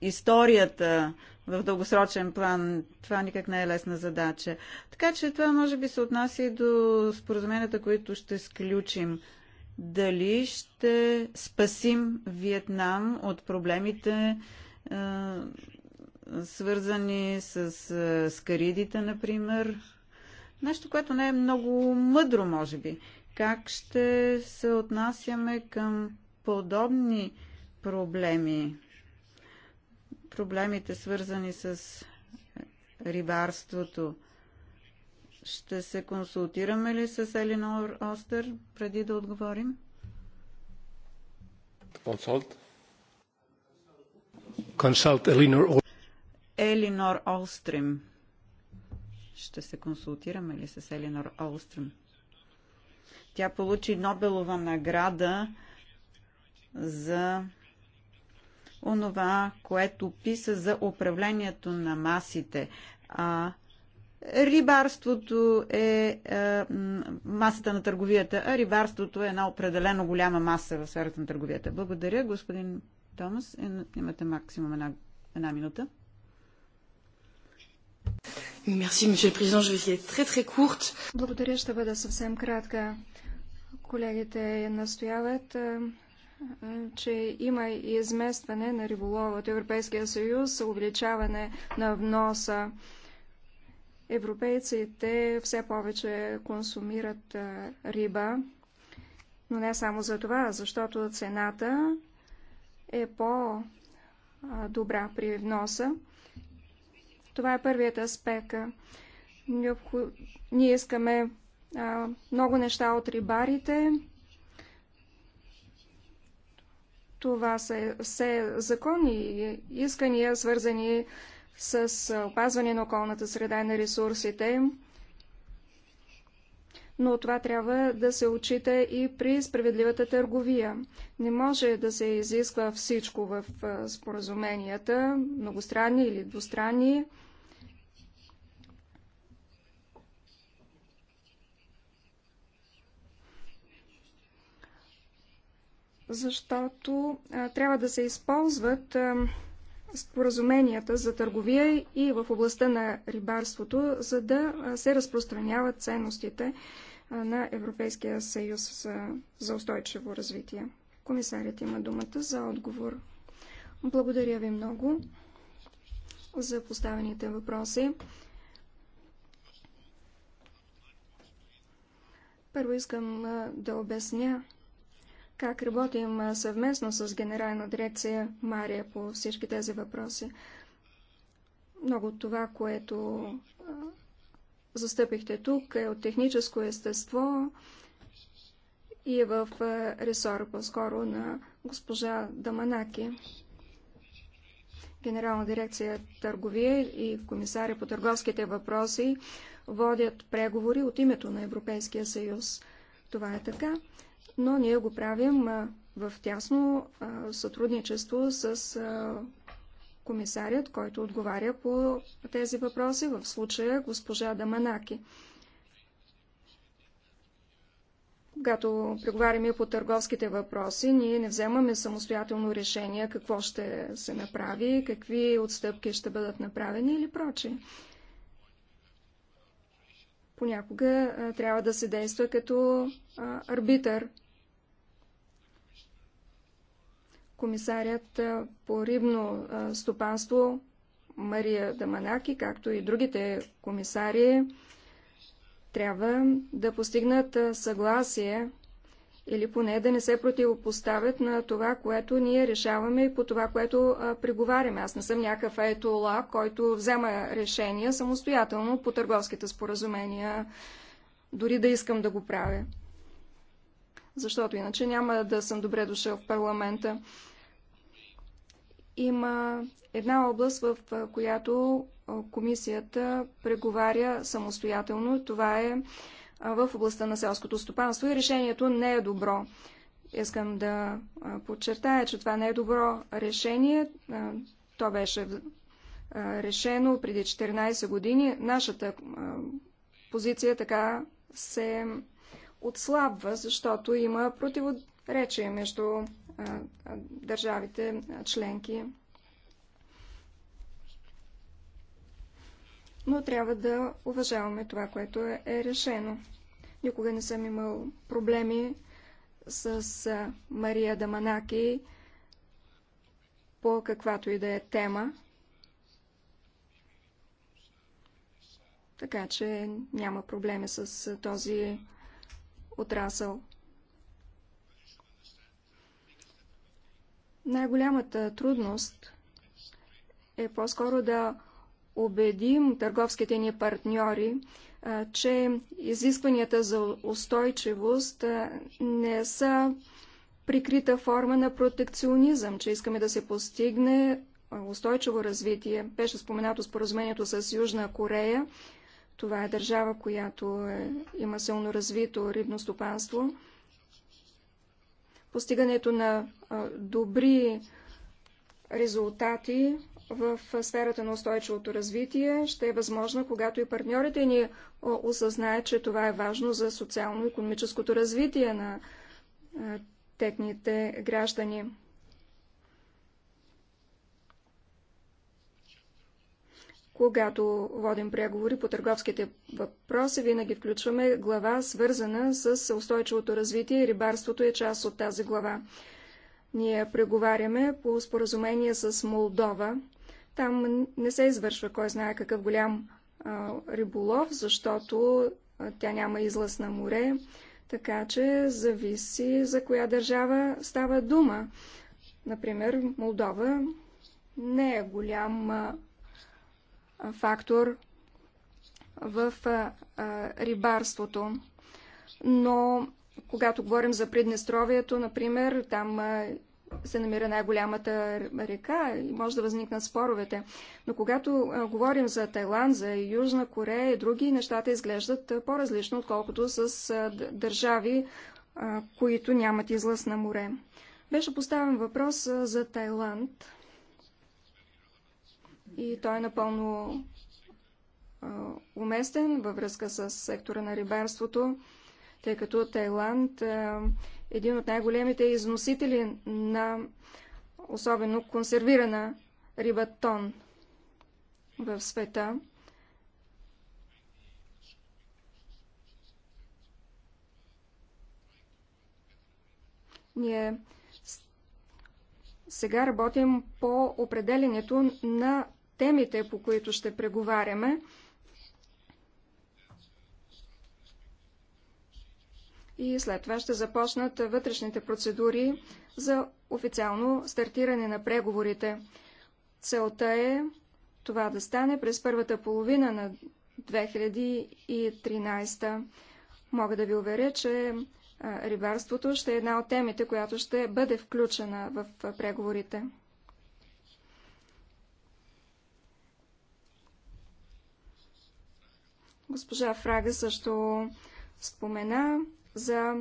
историята в дългосрочен план. Това никак не е лесна задача. Така че това може би се отнася и до споразуменията, които ще сключим. Дали ще спасим Виетнам от проблемите, е, свързани с е, скаридите, например? Нещо, което не е много мъдро, може би. Как ще се отнасяме към подобни проблеми? проблемите свързани с рибарството. Ще се консултираме ли с Елинор Остер преди да отговорим? Консулт. Консулт Елинор Елинор Олстрим. Ще се консултираме ли с Елинор Олстрим? Тя получи Нобелова награда за онова, което писа за управлението на масите. А, рибарството е а, е, масата на търговията, а рибарството е една определено голяма маса в сферата на търговията. Благодаря, господин Томас. Е, имате максимум една, една минута. Merci, monsieur le président. Je vais être très très courte. Благодаря, ще бъда съвсем кратка. Колегите настояват е, че има и изместване на риболова от Европейския съюз, увеличаване на вноса. Европейците все повече консумират риба, но не само за това, защото цената е по-добра при вноса. Това е първият аспект. Ние искаме много неща от рибарите, Това са все законни искания, свързани с опазване на околната среда и на ресурсите, но това трябва да се отчита и при справедливата търговия. Не може да се изисква всичко в споразуменията, многостранни или двустранни. защото а, трябва да се използват а, споразуменията за търговия и в областта на рибарството, за да се разпространяват ценностите на Европейския съюз за устойчиво развитие. Комисарят има думата за отговор. Благодаря ви много за поставените въпроси. Първо искам да обясня, как работим съвместно с Генерална дирекция Мария по всички тези въпроси. Много от това, което застъпихте тук, е от техническо естество и е в ресора по-скоро на госпожа Даманаки. Генерална дирекция търговия и комисаря по търговските въпроси водят преговори от името на Европейския съюз. Това е така но ние го правим в тясно сътрудничество с комисарят, който отговаря по тези въпроси, в случая госпожа Даманаки. Когато преговаряме по търговските въпроси, ние не вземаме самостоятелно решение какво ще се направи, какви отстъпки ще бъдат направени или прочее. Понякога трябва да се действа като арбитър комисарят по рибно стопанство Мария Даманаки, както и другите комисари, трябва да постигнат съгласие или поне да не се противопоставят на това, което ние решаваме и по това, което преговаряме. Аз не съм някакъв етола, който взема решения самостоятелно по търговските споразумения, дори да искам да го правя. Защото иначе няма да съм добре дошъл в парламента. Има една област, в която комисията преговаря самостоятелно. Това е в областта на селското стопанство и решението не е добро. Искам да подчертая, че това не е добро решение. То беше решено преди 14 години. Нашата позиция така се отслабва, защото има противоречие между държавите членки. Но трябва да уважаваме това, което е, е решено. Никога не съм имал проблеми с Мария Даманаки по каквато и да е тема. Така че няма проблеми с този отрасъл. Най-голямата трудност е по-скоро да убедим търговските ни партньори, че изискванията за устойчивост не са прикрита форма на протекционизъм, че искаме да се постигне устойчиво развитие. Беше споменато споразумението с Южна Корея. Това е държава, която е, има силно развито рибно стопанство постигането на добри резултати в сферата на устойчивото развитие ще е възможно, когато и партньорите ни осъзнаят, че това е важно за социално-економическото развитие на техните граждани. Когато водим преговори по търговските въпроси, винаги включваме глава, свързана с устойчивото развитие и рибарството е част от тази глава. Ние преговаряме по споразумение с Молдова. Там не се извършва кой знае какъв голям а, риболов, защото а, тя няма излъз на море, така че зависи за коя държава става дума. Например, Молдова не е голям фактор в рибарството. Но когато говорим за Приднестровието, например, там се намира най-голямата река и може да възникнат споровете. Но когато говорим за Тайланд, за Южна Корея и други, нещата изглеждат по-различно, отколкото с държави, които нямат излъз на море. Беше поставен въпрос за Тайланд и той е напълно уместен във връзка с сектора на рибарството, тъй като Тайланд е един от най-големите износители на особено консервирана риба тон в света. Ние сега работим по определенето на темите, по които ще преговаряме. И след това ще започнат вътрешните процедури за официално стартиране на преговорите. Целта е това да стане през първата половина на 2013. Мога да ви уверя, че рибарството ще е една от темите, която ще бъде включена в преговорите. Госпожа Фрага също спомена за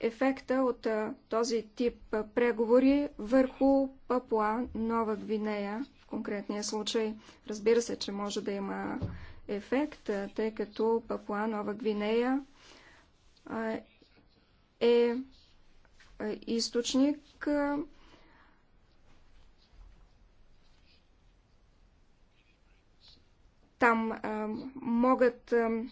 ефекта от този тип преговори върху Папуа Нова Гвинея в конкретния случай. Разбира се, че може да има ефект, тъй като Папуа Нова Гвинея е източник Там а, могат а,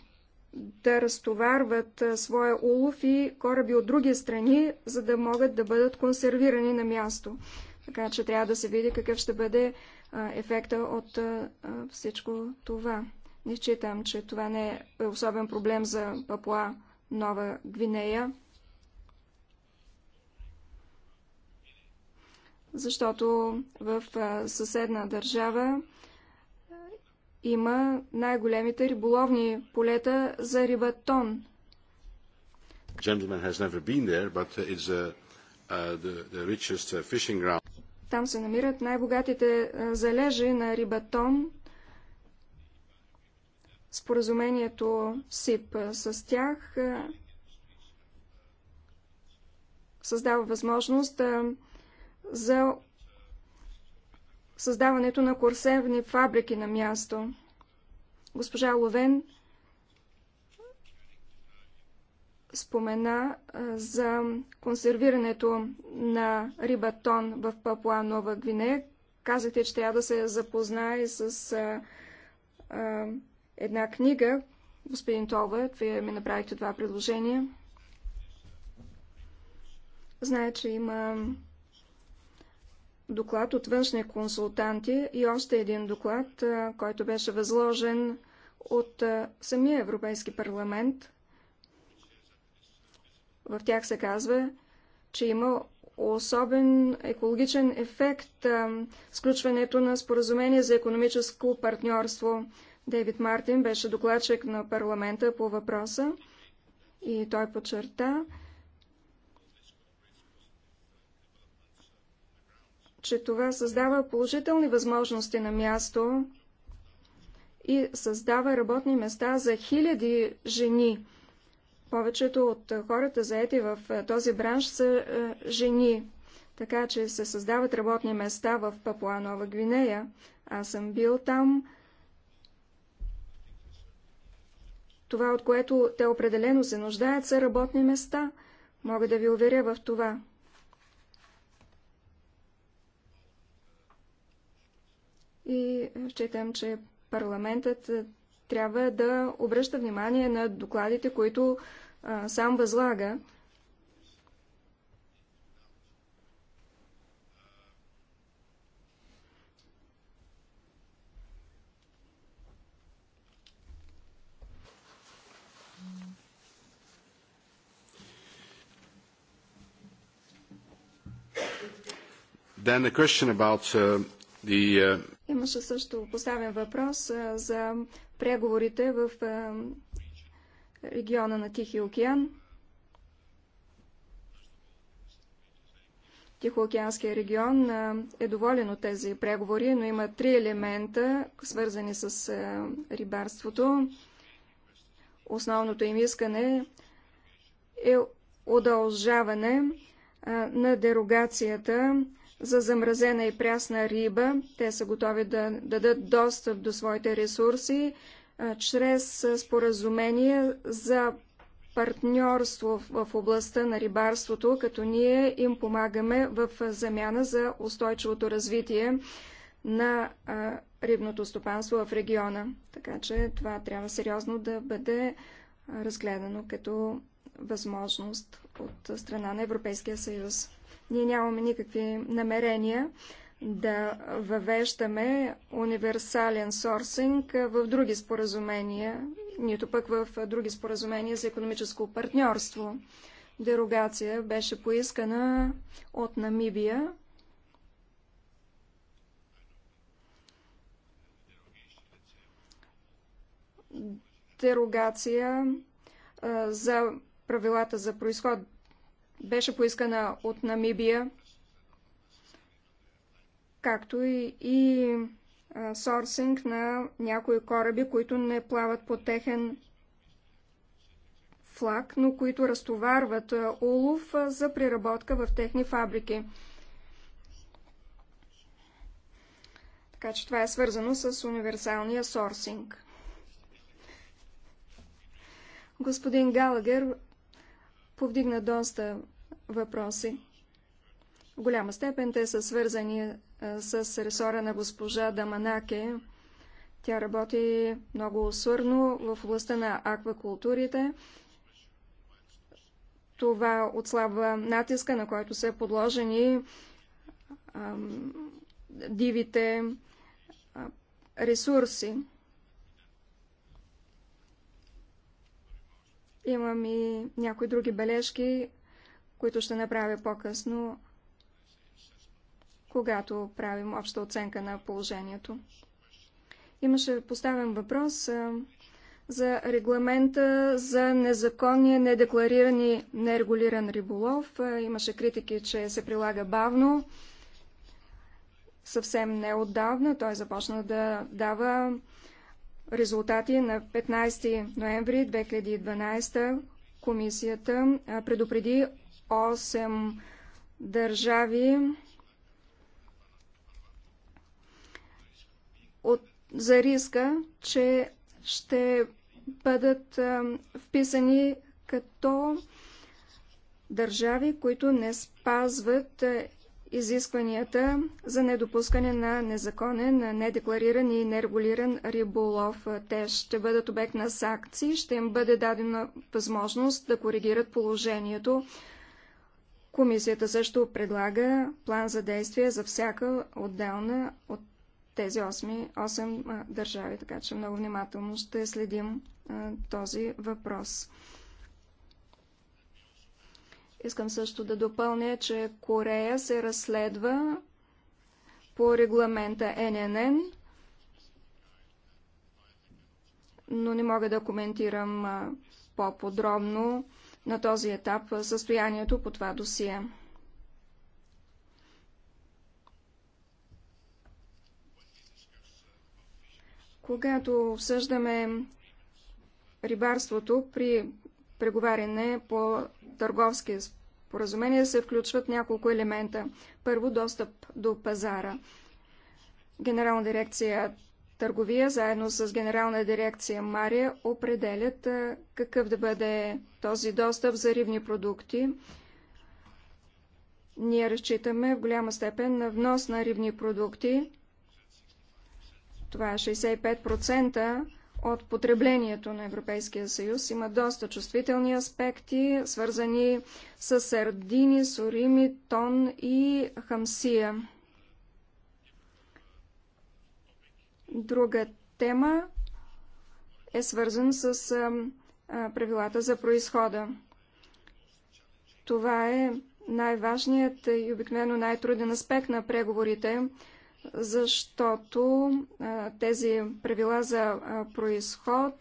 да разтоварват а, своя улов и кораби от други страни, за да могат да бъдат консервирани на място. Така че трябва да се види какъв ще бъде а, ефекта от а, всичко това. Не считам, че това не е особен проблем за Папуа Нова Гвинея, защото в съседна държава има най-големите риболовни полета за рибатон. Uh, uh, uh, Там се намират най-богатите залежи на рибатон. Споразумението СИП с тях създава възможност за създаването на курсевни фабрики на място. Госпожа Ловен спомена за консервирането на рибатон в Папуа Нова Гвинея. Казахте, че трябва да се запознае с а, а, една книга. Господин Това, вие ми направихте това предложение. Знае, че има доклад от външни консултанти и още един доклад, който беше възложен от самия Европейски парламент. В тях се казва, че има особен екологичен ефект сключването на споразумение за економическо партньорство. Дейвид Мартин беше докладчик на парламента по въпроса и той подчерта, че това създава положителни възможности на място и създава работни места за хиляди жени. Повечето от хората заети в е, този бранш са е, жени, така че се създават работни места в Папуа Нова Гвинея. Аз съм бил там. Това, от което те определено се нуждаят, са работни места. Мога да ви уверя в това. и считам, че парламентът е, трябва да обръща внимание на докладите, които а, е, сам възлага. Then the question about uh, the uh Имаше също поставен въпрос а, за преговорите в а, региона на Тихия океан. Тихоокеанския регион е доволен от тези преговори, но има три елемента, свързани с рибарството. Основното им искане е удължаване на дерогацията за замразена и прясна риба. Те са готови да дадат достъп до своите ресурси чрез споразумение за партньорство в областта на рибарството, като ние им помагаме в замяна за устойчивото развитие на рибното стопанство в региона. Така че това трябва сериозно да бъде разгледано като възможност от страна на Европейския съюз. Ние нямаме никакви намерения да въвеждаме универсален сорсинг в други споразумения, нито пък в други споразумения за економическо партньорство. Дерогация беше поискана от Намибия. Дерогация за правилата за происход беше поискана от Намибия, както и, и а, сорсинг на някои кораби, които не плават по техен флаг, но които разтоварват улов за преработка в техни фабрики. Така че това е свързано с универсалния сорсинг. Господин Галагер повдигна доста въпроси. В голяма степен те са свързани с ресора на госпожа Даманаке. Тя работи много усърно в областта на аквакултурите. Това отслабва натиска, на който са подложени дивите а, ресурси. Имам и някои други бележки, които ще направя по-късно, когато правим обща оценка на положението. Имаше поставен въпрос за регламента за незаконния, недеклариран и нерегулиран риболов. имаше критики, че се прилага бавно. Съвсем не отдавна той започна да дава резултати на 15 ноември 2012 комисията предупреди 8 държави от, за риска, че ще бъдат вписани като държави, които не спазват изискванията за недопускане на незаконен, недеклариран и нерегулиран риболов. Те ще бъдат обект на санкции, ще им бъде дадена възможност да коригират положението. Комисията също предлага план за действие за всяка отделна от тези 8, 8 държави, така че много внимателно ще следим а, този въпрос. Искам също да допълня, че Корея се разследва по регламента ННН, но не мога да коментирам по-подробно на този етап състоянието по това досие. Когато обсъждаме рибарството при преговаряне по търговски споразумение се включват няколко елемента. Първо, достъп до пазара. Генерална дирекция търговия, заедно с Генерална дирекция Мария, определят какъв да бъде този достъп за ривни продукти. Ние разчитаме в голяма степен на внос на ривни продукти. Това е 65% от потреблението на Европейския съюз. Има доста чувствителни аспекти, свързани с сардини, сурими, тон и хамсия. Друга тема е свързан с правилата за происхода. Това е най-важният и обикновено най-труден аспект на преговорите защото тези правила за происход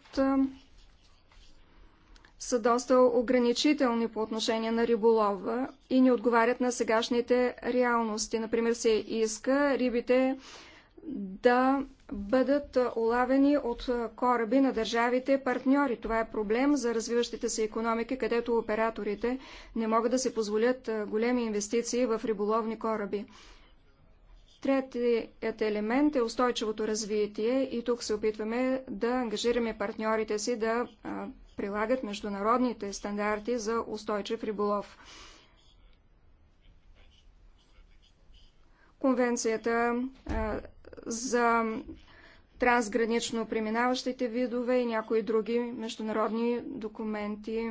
са доста ограничителни по отношение на риболова и не отговарят на сегашните реалности. Например, се иска рибите да бъдат улавени от кораби на държавите партньори. Това е проблем за развиващите се економики, където операторите не могат да се позволят големи инвестиции в риболовни кораби. Третият елемент е устойчивото развитие и тук се опитваме да ангажираме партньорите си да прилагат международните стандарти за устойчив риболов. Конвенцията за трансгранично преминаващите видове и някои други международни документи.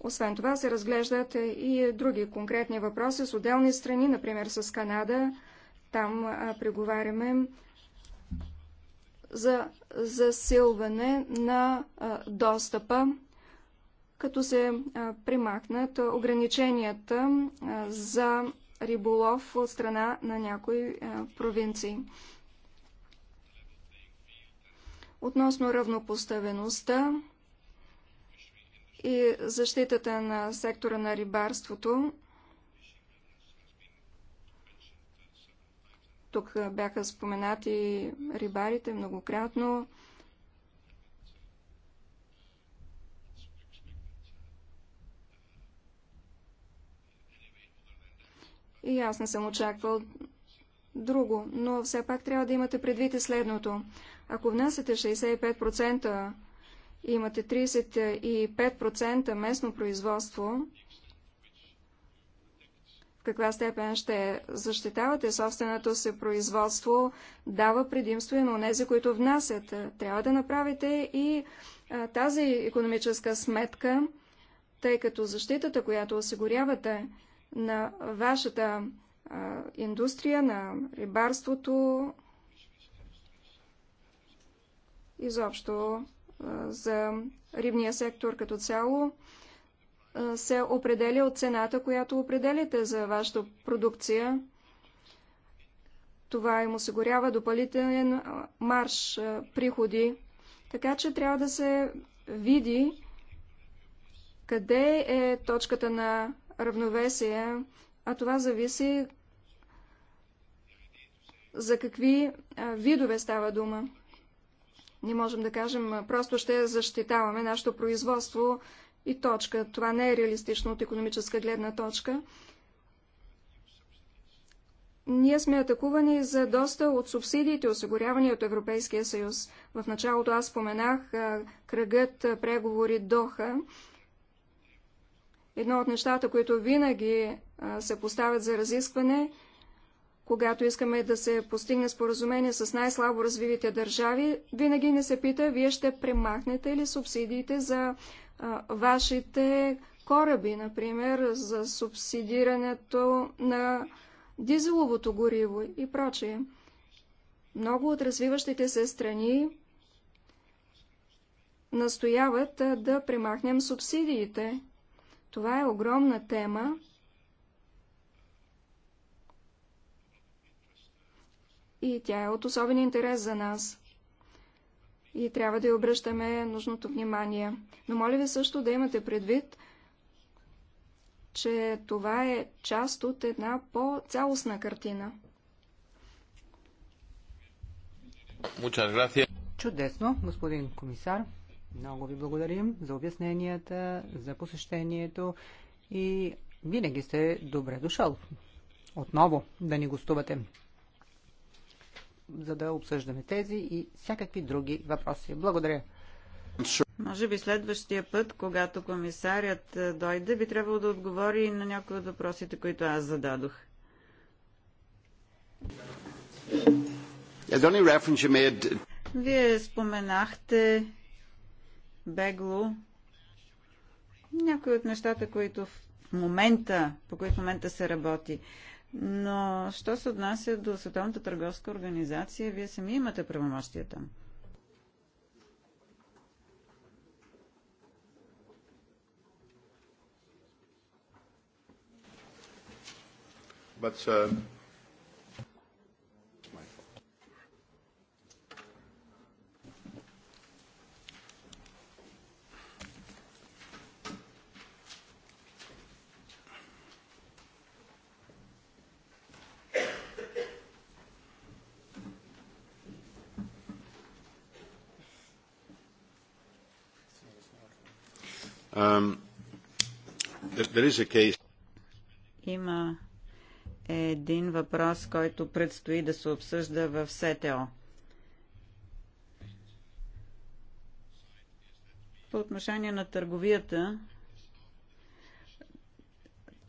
Освен това се разглеждат е, и други конкретни въпроси с отделни страни, например с Канада. Там а, преговаряме за засилване на а, достъпа, като се а, примахнат ограниченията за риболов от страна на някои провинции. Относно равнопоставеността, и защитата на сектора на рибарството. Тук бяха споменати рибарите многократно. И аз не съм очаквал друго, но все пак трябва да имате предвид и следното. Ако внасяте 65% имате 35% местно производство, в каква степен ще защитавате собственото си производство, дава предимство и на тези, които внасят. Трябва да направите и а, тази економическа сметка, тъй като защитата, която осигурявате на вашата а, индустрия, на рибарството, изобщо за рибния сектор като цяло се определя от цената, която определите за вашата продукция. Това им осигурява допълнителен марш приходи. Така че трябва да се види къде е точката на равновесие, а това зависи за какви видове става дума. Не можем да кажем, просто ще защитаваме нашето производство и точка. Това не е реалистично от економическа гледна точка. Ние сме атакувани за доста от субсидиите, осигурявани от Европейския съюз. В началото аз споменах кръгът преговори Доха. Едно от нещата, които винаги се поставят за разискване, когато искаме да се постигне споразумение с най-слабо развивите държави, винаги не се пита, вие ще премахнете ли субсидиите за а, вашите кораби, например, за субсидирането на дизеловото гориво и прочее. Много от развиващите се страни настояват да премахнем субсидиите. Това е огромна тема и тя е от особен интерес за нас. И трябва да й обръщаме нужното внимание. Но моля ви също да имате предвид, че това е част от една по-цялостна картина. Чудесно, господин комисар. Много ви благодарим за обясненията, за посещението и винаги сте добре дошъл. Отново да ни гостувате за да обсъждаме тези и всякакви други въпроси. Благодаря. Може би следващия път, когато комисарят е, дойде, би трябвало да отговори на някои от въпросите, които аз зададох. Вие споменахте бегло някои от нещата, които в момента, по които в момента се работи. Но, що се отнася до Световната търговска организация, вие сами имате правомощия там. But, uh, Има един въпрос, който предстои да се обсъжда в СТО. По отношение на търговията,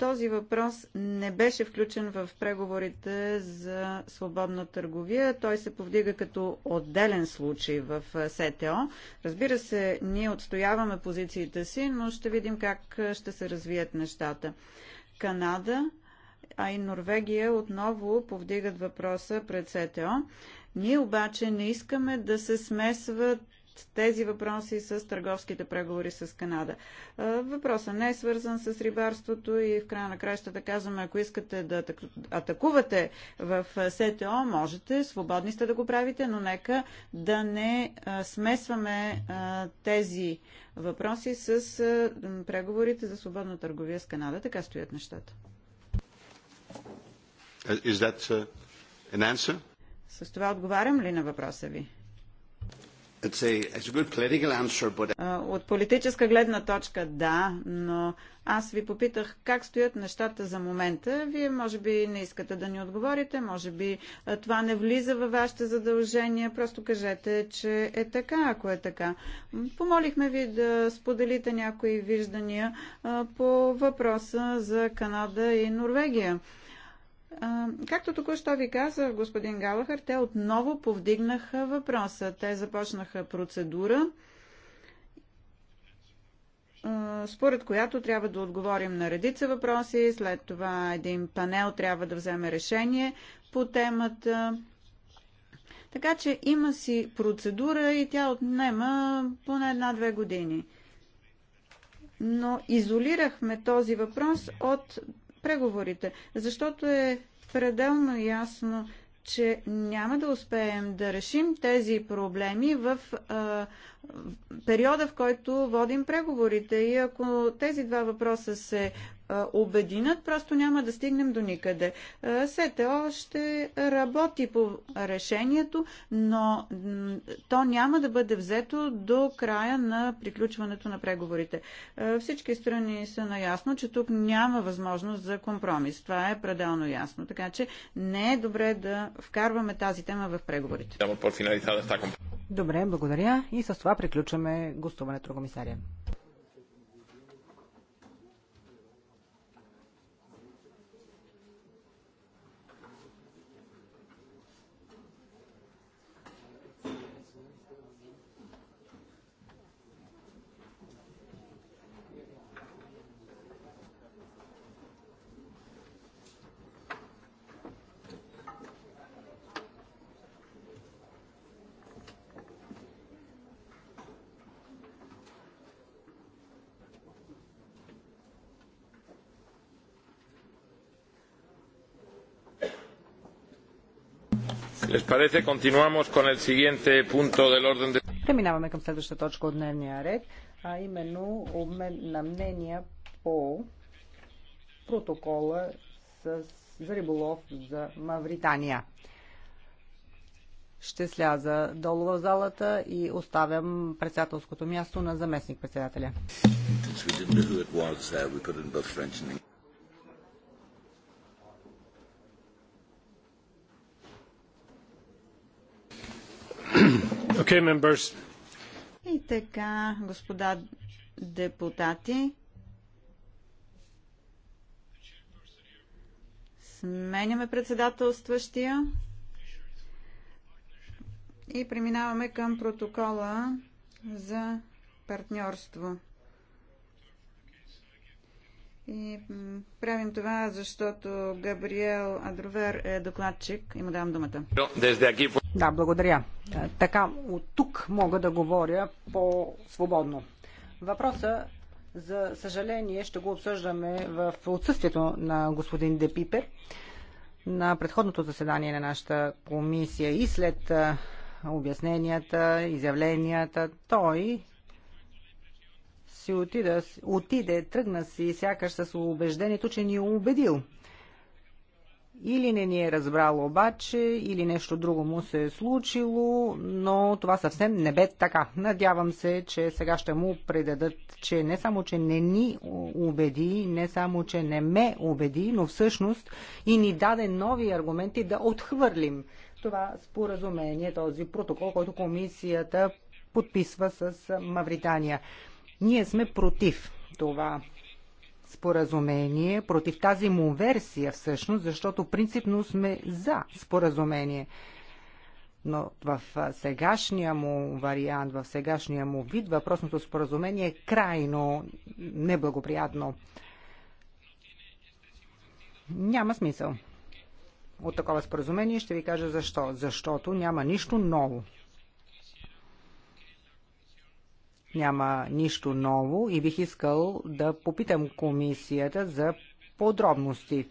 този въпрос не беше включен в преговорите за свободна търговия. Той се повдига като отделен случай в СТО. Разбира се, ние отстояваме позициите си, но ще видим как ще се развият нещата. Канада, а и Норвегия отново повдигат въпроса пред СТО. Ние обаче не искаме да се смесват тези въпроси с търговските преговори с Канада. Въпросът не е свързан с рибарството и в края на да казваме, ако искате да атакувате в СТО, можете, свободни сте да го правите, но нека да не смесваме тези въпроси с преговорите за свободна търговия с Канада. Така стоят нещата. Е, is that an answer? С това отговарям ли на въпроса ви? Answer, but... Uh, от политическа гледна точка да, но аз ви попитах как стоят нещата за момента. Вие може би не искате да ни отговорите, може би това не влиза във вашите задължения. Просто кажете, че е така, ако е така. Помолихме ви да споделите някои виждания по въпроса за Канада и Норвегия. Както току-що ви каза господин Галахър, те отново повдигнаха въпроса. Те започнаха процедура, според която трябва да отговорим на редица въпроси, след това един панел трябва да вземе решение по темата. Така че има си процедура и тя отнема поне една-две години но изолирахме този въпрос от преговорите, защото е пределно ясно, че няма да успеем да решим тези проблеми в а, периода, в който водим преговорите. И ако тези два въпроса се обединят, просто няма да стигнем до никъде. СТО ще работи по решението, но то няма да бъде взето до края на приключването на преговорите. Всички страни са наясно, че тук няма възможност за компромис. Това е пределно ясно. Така че не е добре да вкарваме тази тема в преговорите. Добре, благодаря. И с това приключваме гостуването на комисария. ¿Les parece? Continuamos con el siguiente punto del orden de... Преминаваме към следващата точка от дневния ред, а именно обмен на мнения по протокола с, за риболов за Мавритания. Ще сляза долу в залата и оставям председателското място на заместник председателя. Okay, И така, господа депутати, сменяме председателстващия и преминаваме към протокола за партньорство. И правим това, защото Габриел Адровер е докладчик и му давам думата. Да, благодаря. Е, така, от тук мога да говоря по-свободно. Въпроса, за съжаление, ще го обсъждаме в отсъствието на господин Депипер на предходното заседание на нашата комисия и след е, обясненията, изявленията, той си отида, отиде, тръгна си, сякаш с убеждението, че ни е убедил. Или не ни е разбрал обаче, или нещо друго му се е случило, но това съвсем не бе така. Надявам се, че сега ще му предадат, че не само, че не ни убеди, не само, че не ме убеди, но всъщност и ни даде нови аргументи да отхвърлим това споразумение, този протокол, който комисията подписва с Мавритания. Ние сме против това споразумение, против тази му версия всъщност, защото принципно сме за споразумение. Но в сегашния му вариант, в сегашния му вид, въпросното споразумение е крайно неблагоприятно. Няма смисъл от такова споразумение. Ще ви кажа защо. Защото няма нищо ново. Няма нищо ново и бих искал да попитам комисията за подробности.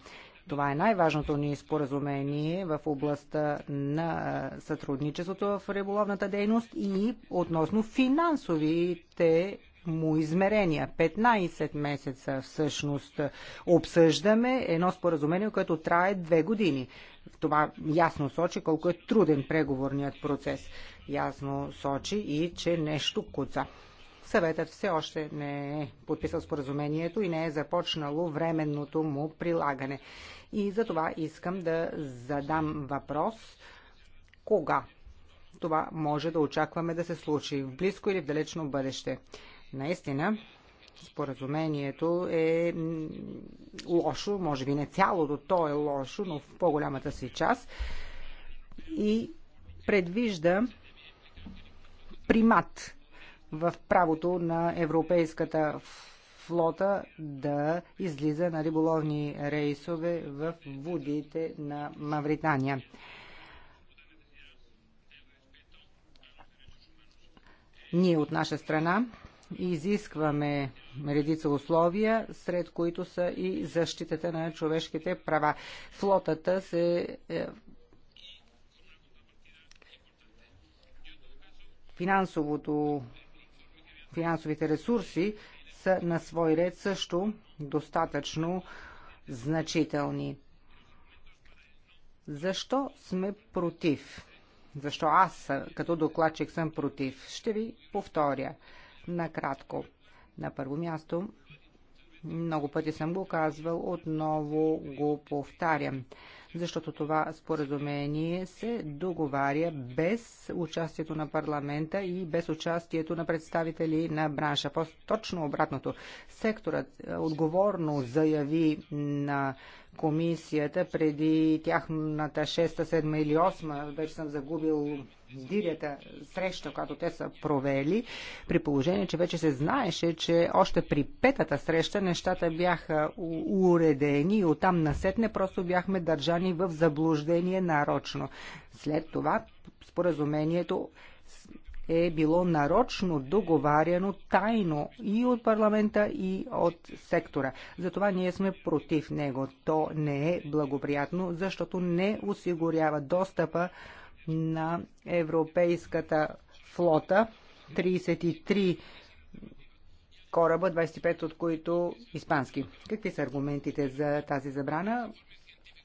Това е най-важното ни споразумение в областта на сътрудничеството в риболовната дейност и относно финансовите му измерения. 15 месеца всъщност обсъждаме едно споразумение, което трае две години. Това ясно сочи колко е труден преговорният процес. Ясно сочи и че нещо куца. Съветът все още не е подписал споразумението и не е започнало временното му прилагане. И за това искам да задам въпрос кога това може да очакваме да се случи в близко или в далечно бъдеще. Наистина, споразумението е лошо, може би не цялото то е лошо, но в по-голямата си част и предвижда примат в правото на европейската флота да излиза на риболовни рейсове в водите на Мавритания. Ние от наша страна изискваме редица условия, сред които са и защитата на човешките права. Флотата се е, финансовото финансовите ресурси са на свой ред също достатъчно значителни. Защо сме против? Защо аз като докладчик съм против? Ще ви повторя накратко. На първо място, много пъти съм го казвал, отново го повтарям защото това споразумение се договаря без участието на парламента и без участието на представители на бранша. По точно обратното, секторът е, отговорно заяви на комисията преди тяхната 6, 7 или 8, вече съм загубил дирята среща, която те са провели, при положение, че вече се знаеше, че още при петата среща нещата бяха уредени и оттам насетне просто бяхме държани в заблуждение нарочно. След това споразумението е било нарочно договаряно тайно и от парламента, и от сектора. Затова ние сме против него. То не е благоприятно, защото не осигурява достъпа на европейската флота. 33 кораба, 25 от които испански. Какви са аргументите за тази забрана?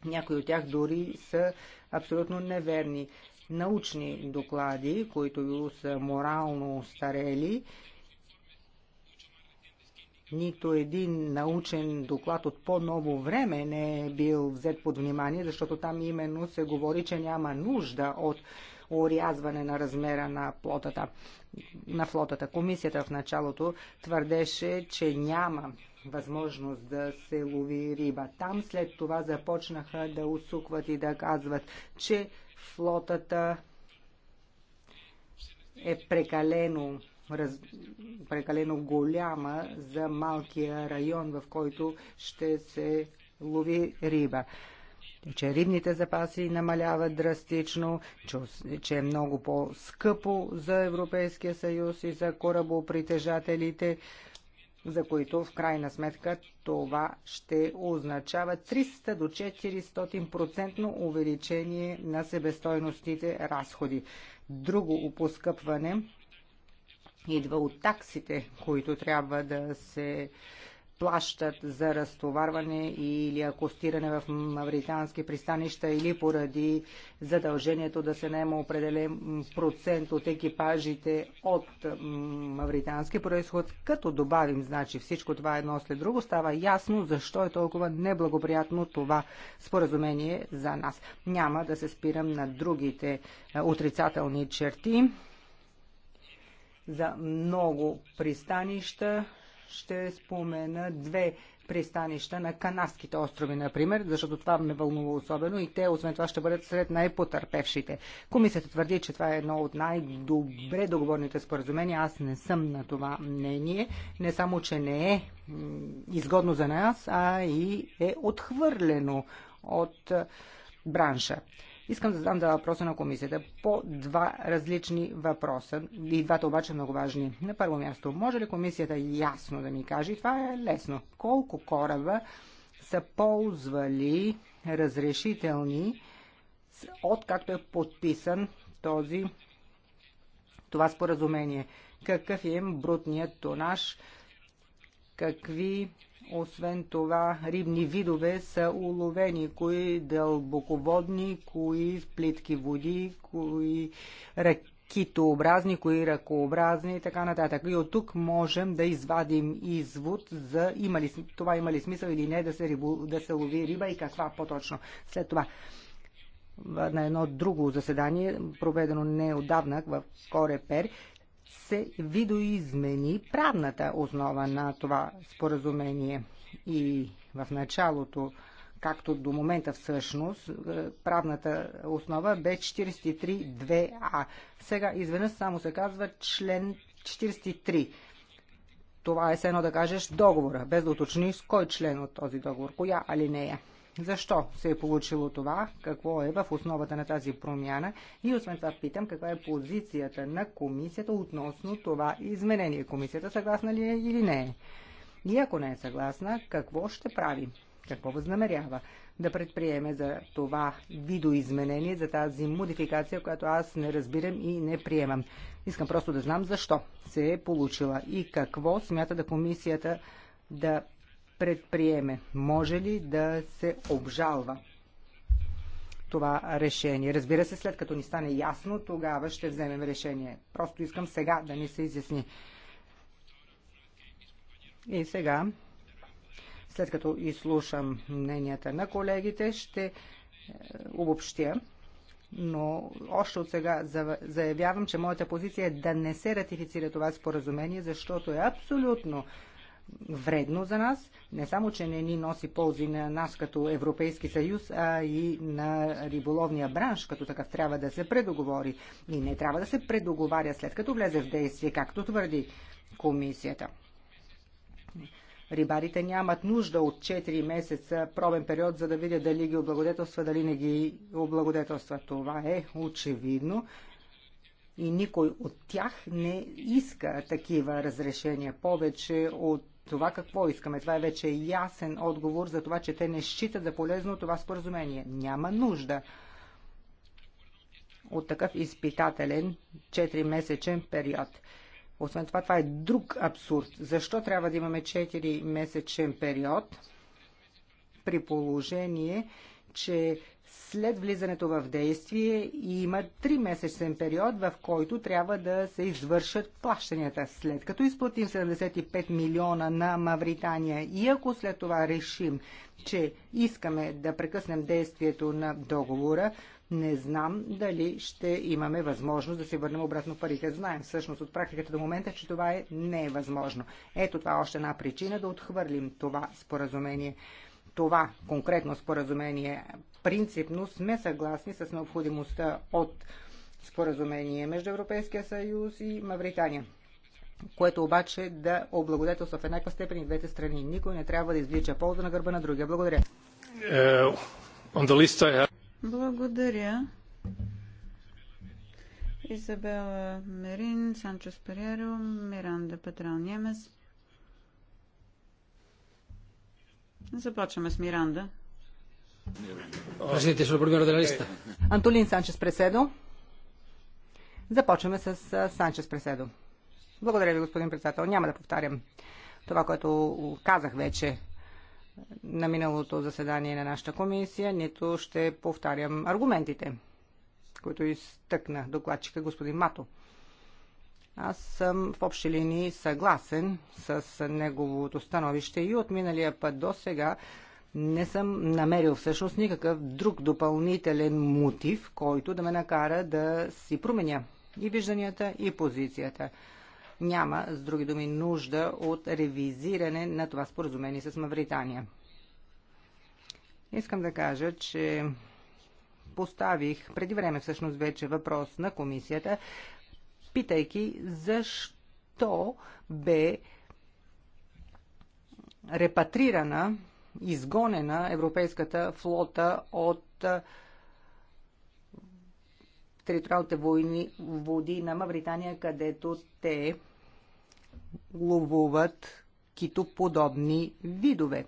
Някои от тях дори са абсолютно неверни научни доклади, които са морално устарели. Нито един научен доклад от по-ново време не е бил взет под внимание, защото там именно се говори, че няма нужда от орязване на размера на плотата. На флотата. Комисията в началото твърдеше, че няма възможност да се лови риба. Там след това започнаха да усукват и да казват, че флотата е прекалено, раз, прекалено голяма за малкия район, в който ще се лови риба че рибните запаси намаляват драстично, че е много по-скъпо за Европейския съюз и за корабопритежателите, за които в крайна сметка това ще означава 300 до 400% увеличение на себестойностите разходи. Друго опоскъпване идва от таксите, които трябва да се плащат за разтоварване или акостиране в мавритански пристанища или поради задължението да се наема определен процент от екипажите от мавритански происход. Като добавим значи всичко това едно след друго, става ясно защо е толкова неблагоприятно това споразумение за нас. Няма да се спирам на другите е, отрицателни черти за много пристанища ще спомена две пристанища на Канадските острови, например, защото това ме вълнува особено и те, освен това, ще бъдат сред най-потърпевшите. Комисията твърди, че това е едно от най-добре договорните споразумения. Аз не съм на това мнение. Не само, че не е изгодно за нас, а и е отхвърлено от бранша. Искам да задам два въпроса на комисията по два различни въпроса и двата обаче много важни. На първо място, може ли комисията ясно да ми каже, и това е лесно, колко кораба са ползвали разрешителни откакто е подписан този това споразумение. Какъв е брутният тонаж, какви освен това, рибни видове са уловени, кои дълбоководни, кои в плитки води, кои ракитообразни, кои ръкообразни и така нататък. И от тук можем да извадим извод за има ли, това има ли смисъл или не да се, рибо, да се лови риба и каква по-точно. След това на едно друго заседание, проведено неодавна в Корепер, се видоизмени правната основа на това споразумение. И в началото, както до момента всъщност, е, правната основа бе 43.2а. Сега изведнъж само се казва член 43. Това е едно да кажеш договора, без да уточниш кой член от този договор, коя алинея. Защо се е получило това? Какво е в основата на тази промяна? И освен това питам каква е позицията на комисията относно това изменение. Комисията съгласна ли е или не е? И ако не е съгласна, какво ще прави? Какво възнамерява да предприеме за това видоизменение, за тази модификация, която аз не разбирам и не приемам? Искам просто да знам защо се е получила и какво смята да комисията да предприеме? Може ли да се обжалва това решение? Разбира се, след като ни стане ясно, тогава ще вземем решение. Просто искам сега да ни се изясни. И сега, след като изслушам мненията на колегите, ще е, обобщя но още от сега заявявам, че моята позиция е да не се ратифицира това споразумение, защото е абсолютно вредно за нас. Не само, че не ни носи ползи на нас като Европейски съюз, а и на риболовния бранш, като такъв трябва да се предоговори. И не трябва да се предоговаря след като влезе в действие, както твърди комисията. Рибарите нямат нужда от 4 месеца пробен период, за да видят дали ги облагодетелства, дали не ги облагодетелства. Това е очевидно и никой от тях не иска такива разрешения. Повече от това какво искаме. Това е вече ясен отговор за това, че те не считат за полезно това споразумение. Няма нужда от такъв изпитателен 4-месечен период. Освен това, това е друг абсурд. Защо трябва да имаме 4-месечен период при положение, че след влизането в действие има 3-месечен период, в който трябва да се извършат плащанията. След като изплатим 75 милиона на Мавритания и ако след това решим, че искаме да прекъснем действието на договора, не знам дали ще имаме възможност да си върнем обратно парите. Знаем всъщност от практиката до момента, че това е, не е възможно. Ето това е още една причина да отхвърлим това споразумение това конкретно споразумение принципно сме съгласни с необходимостта от споразумение между Европейския съюз и Мавритания което обаче да облагодетелства в еднаква степен и двете страни. Никой не трябва да извлича полза на гърба на другия. Благодаря. Uh, Благодаря. Изабела Мерин, Санчо Переро, Миранда Петрал Немес. Започваме с Миранда. Presidente, sono primero е, Антолин Санчес Преседо. Започваме с Санчес Преседо. Благодаря ви, господин председател. Няма да повтарям това, което казах вече на миналото заседание на нашата комисия, нито ще повтарям аргументите, които изтъкна докладчика господин Мато. Аз съм в общи линии съгласен с неговото становище и от миналия път до сега не съм намерил всъщност никакъв друг допълнителен мотив, който да ме накара да си променя и вижданията, и позицията. Няма, с други думи, нужда от ревизиране на това споразумение с Мавритания. Искам да кажа, че поставих преди време всъщност вече въпрос на комисията, питайки защо бе репатрирана изгонена европейската флота от териториалните войни, води на Мавритания, където те ловуват китоподобни видове.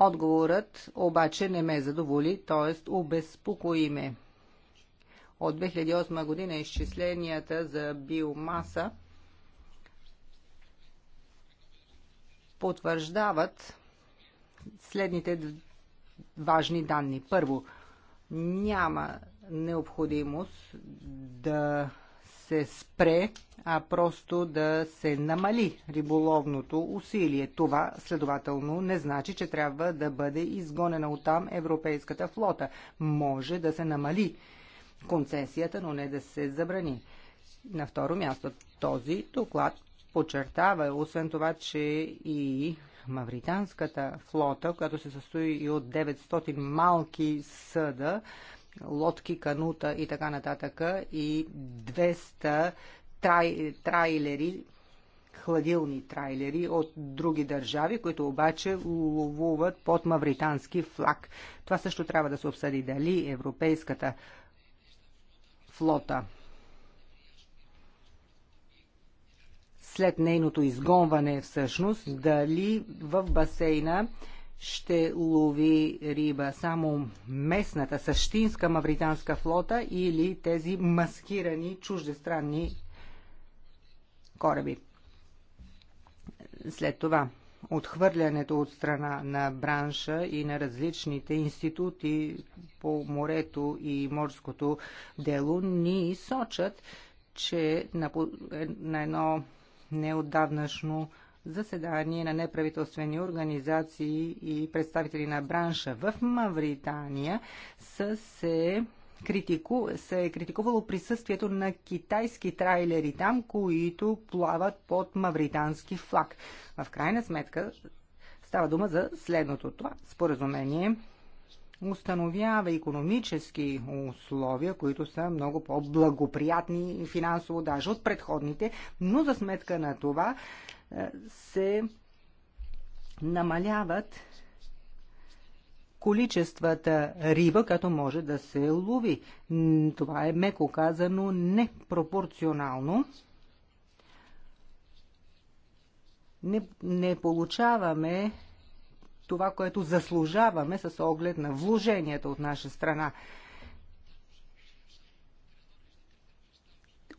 Отговорът обаче не ме задоволи, т.е. обезпокои ме. От 2008 година изчисленията за биомаса потвърждават следните важни данни. Първо, няма необходимост да се спре, а просто да се намали риболовното усилие. Това, следователно, не значи, че трябва да бъде изгонена от там европейската флота. Може да се намали концесията, но не да се забрани. На второ място, този доклад подчертава, освен това, че и мавританската флота, която се състои и от 900 малки съда, лодки, канута и така нататък, и 200 трай, трайлери, хладилни трайлери от други държави, които обаче ловуват под мавритански флаг. Това също трябва да се обсъди дали европейската флота след нейното изгонване всъщност, дали в басейна ще лови риба само местната, същинска мавританска флота или тези маскирани чуждестранни кораби. След това отхвърлянето от страна на бранша и на различните институти по морето и морското дело ни сочат, че на, на едно неотдавнашно заседание на неправителствени организации и представители на бранша в Мавритания са се критику, се е критикувало присъствието на китайски трайлери там, които плават под мавритански флаг. В крайна сметка става дума за следното. Това споразумение установява економически условия, които са много по-благоприятни финансово даже от предходните, но за сметка на това е, се намаляват количествата риба, като може да се лови. Това е меко казано непропорционално. Не, не получаваме това, което заслужаваме с оглед на вложенията от наша страна.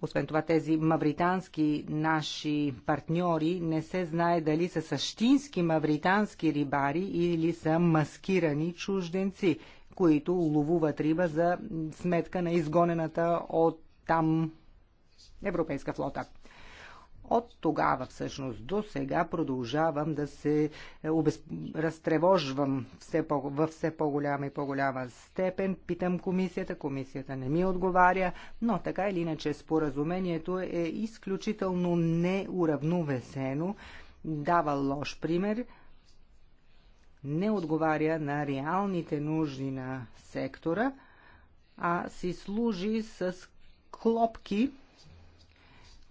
Освен това, тези мавритански наши партньори не се знае дали са същински мавритански рибари или са маскирани чужденци, които ловуват риба за сметка на изгонената от там европейска флота. От тогава всъщност до сега продължавам да се е, обез... разтревожвам все по... в все по-голяма и по-голяма степен. Питам комисията, комисията не ми отговаря, но така или иначе споразумението е изключително неуравновесено, дава лош пример, не отговаря на реалните нужди на сектора, а си служи с клопки,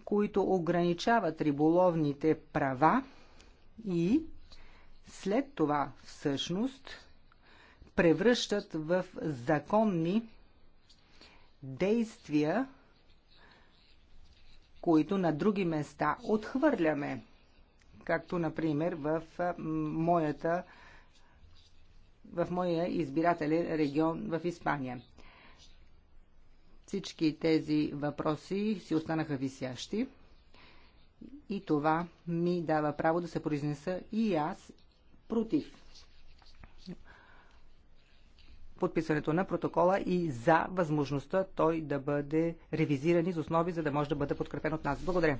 които ограничават риболовните права и след това всъщност превръщат в законни действия, които на други места отхвърляме. Както, например, в моята в моя избирателен регион в Испания. Всички тези въпроси си останаха висящи и това ми дава право да се произнеса и аз против подписването на протокола и за възможността той да бъде ревизиран из основи, за да може да бъде подкрепен от нас. Благодаря.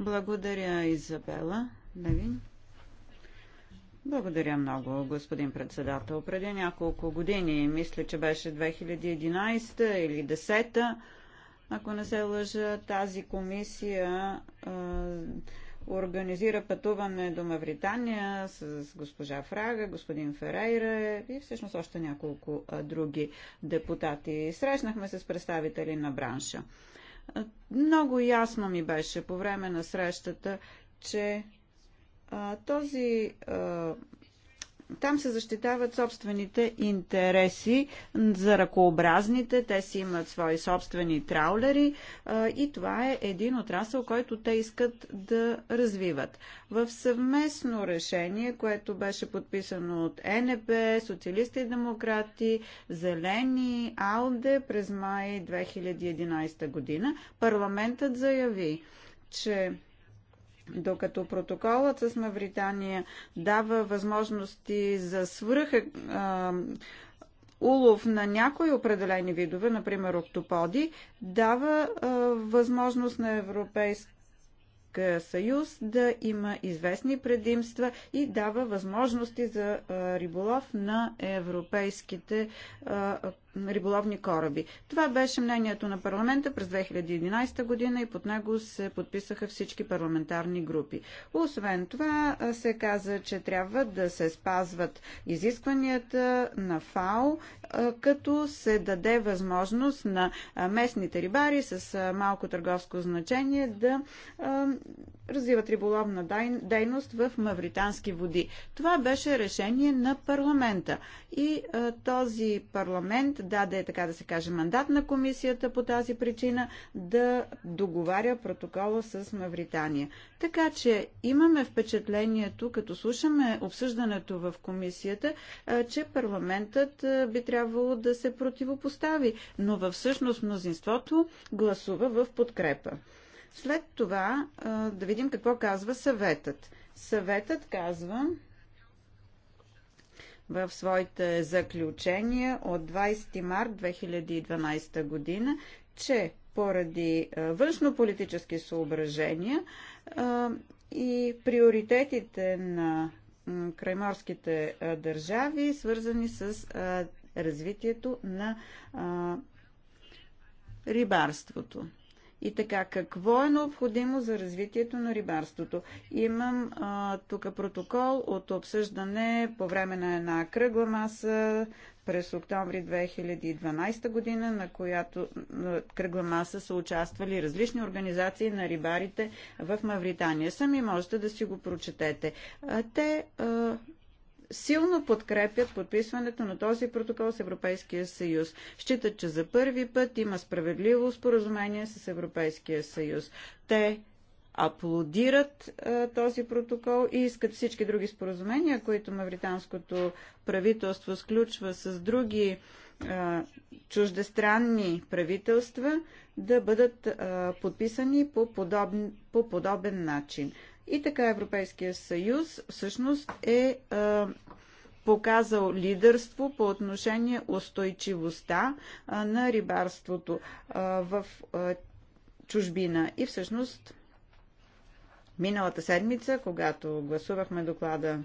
Благодаря, Изабела. Навин. Благодаря много, господин председател. Преди няколко години, мисля, че беше 2011 или 10 та ако не се лъжа, тази комисия е, организира пътуване до Мавритания с госпожа Фрага, господин Ферейра и всъщност още няколко други депутати. Срещнахме се с представители на бранша. много ясно ми беше по време на срещата, че този там се защитават собствените интереси за ръкообразните. Те си имат свои собствени траулери и това е един отрасъл, който те искат да развиват. В съвместно решение, което беше подписано от НП, социалисти и демократи, Зелени, АЛДЕ през май 2011 година, парламентът заяви, че докато протоколът с Мавритания дава възможности за свръх е, а, улов на някои определени видове, например октоподи, дава а, възможност на европейски съюз да има известни предимства и дава възможности за риболов на европейските риболовни кораби. Това беше мнението на парламента през 2011 година и под него се подписаха всички парламентарни групи. Освен това се каза, че трябва да се спазват изискванията на ФАО, като се даде възможност на местните рибари с малко търговско значение да развиват риболовна дейност в мавритански води. Това беше решение на парламента. И този парламент даде, така да се каже, мандат на комисията по тази причина да договаря протокола с Мавритания. Така че имаме впечатлението, като слушаме обсъждането в комисията, че парламентът би трябвало да се противопостави, но във всъщност мнозинството гласува в подкрепа. След това да видим какво казва съветът. Съветът казва, в своите заключения от 20 март 2012 година, че поради външнополитически съображения и приоритетите на крайморските държави, свързани с развитието на рибарството. И така, какво е необходимо за развитието на рибарството? Имам а, тук протокол от обсъждане по време на една кръгла маса през октомври 2012 година, на която на кръгла маса са участвали различни организации на рибарите в Мавритания. Сами можете да си го прочетете. А, те а, силно подкрепят подписването на този протокол с Европейския съюз. Считат, че за първи път има справедливо споразумение с Европейския съюз. Те аплодират а, този протокол и искат всички други споразумения, които мавританското правителство сключва с други а, чуждестранни правителства, да бъдат а, подписани по подобен, по подобен начин. И така Европейския съюз всъщност е, е показал лидерство по отношение устойчивостта е, на рибарството е, в чужбина. И всъщност миналата седмица, когато гласувахме доклада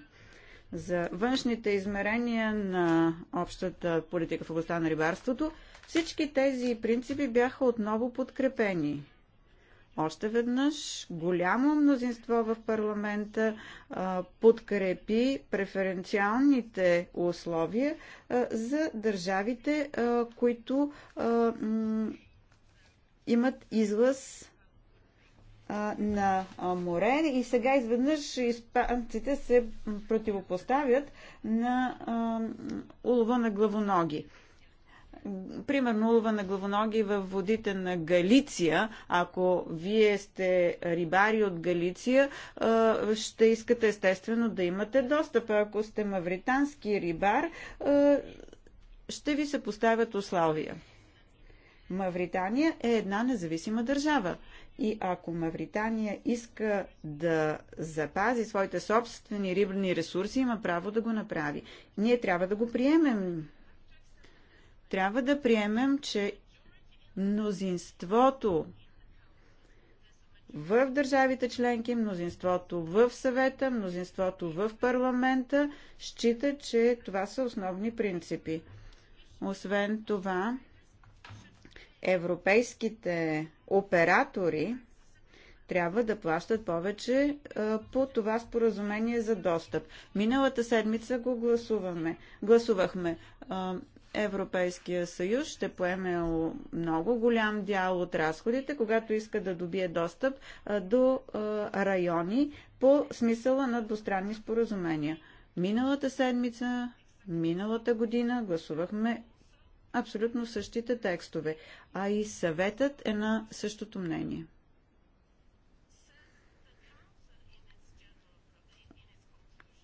за външните измерения на общата политика в областта на рибарството, всички тези принципи бяха отново подкрепени. Още веднъж голямо мнозинство в парламента а, подкрепи преференциалните условия а, за държавите, а, които имат излъз на море и сега изведнъж испанците се противопоставят на улова на главоноги примерно лова на главоноги в водите на Галиция, ако вие сте рибари от Галиция, ще искате естествено да имате достъп. ако сте мавритански рибар, ще ви се поставят условия. Мавритания е една независима държава. И ако Мавритания иска да запази своите собствени рибни ресурси, има право да го направи. Ние трябва да го приемем трябва да приемем, че мнозинството в държавите членки, мнозинството в съвета, мнозинството в парламента счита, че това са основни принципи. Освен това, европейските оператори трябва да плащат повече а, е, по това споразумение за достъп. Миналата седмица го гласуваме. гласувахме. А, е, Европейския съюз ще поеме много голям дял от разходите, когато иска да добие достъп до райони по смисъла на двустранни споразумения. Миналата седмица, миналата година гласувахме абсолютно същите текстове, а и съветът е на същото мнение.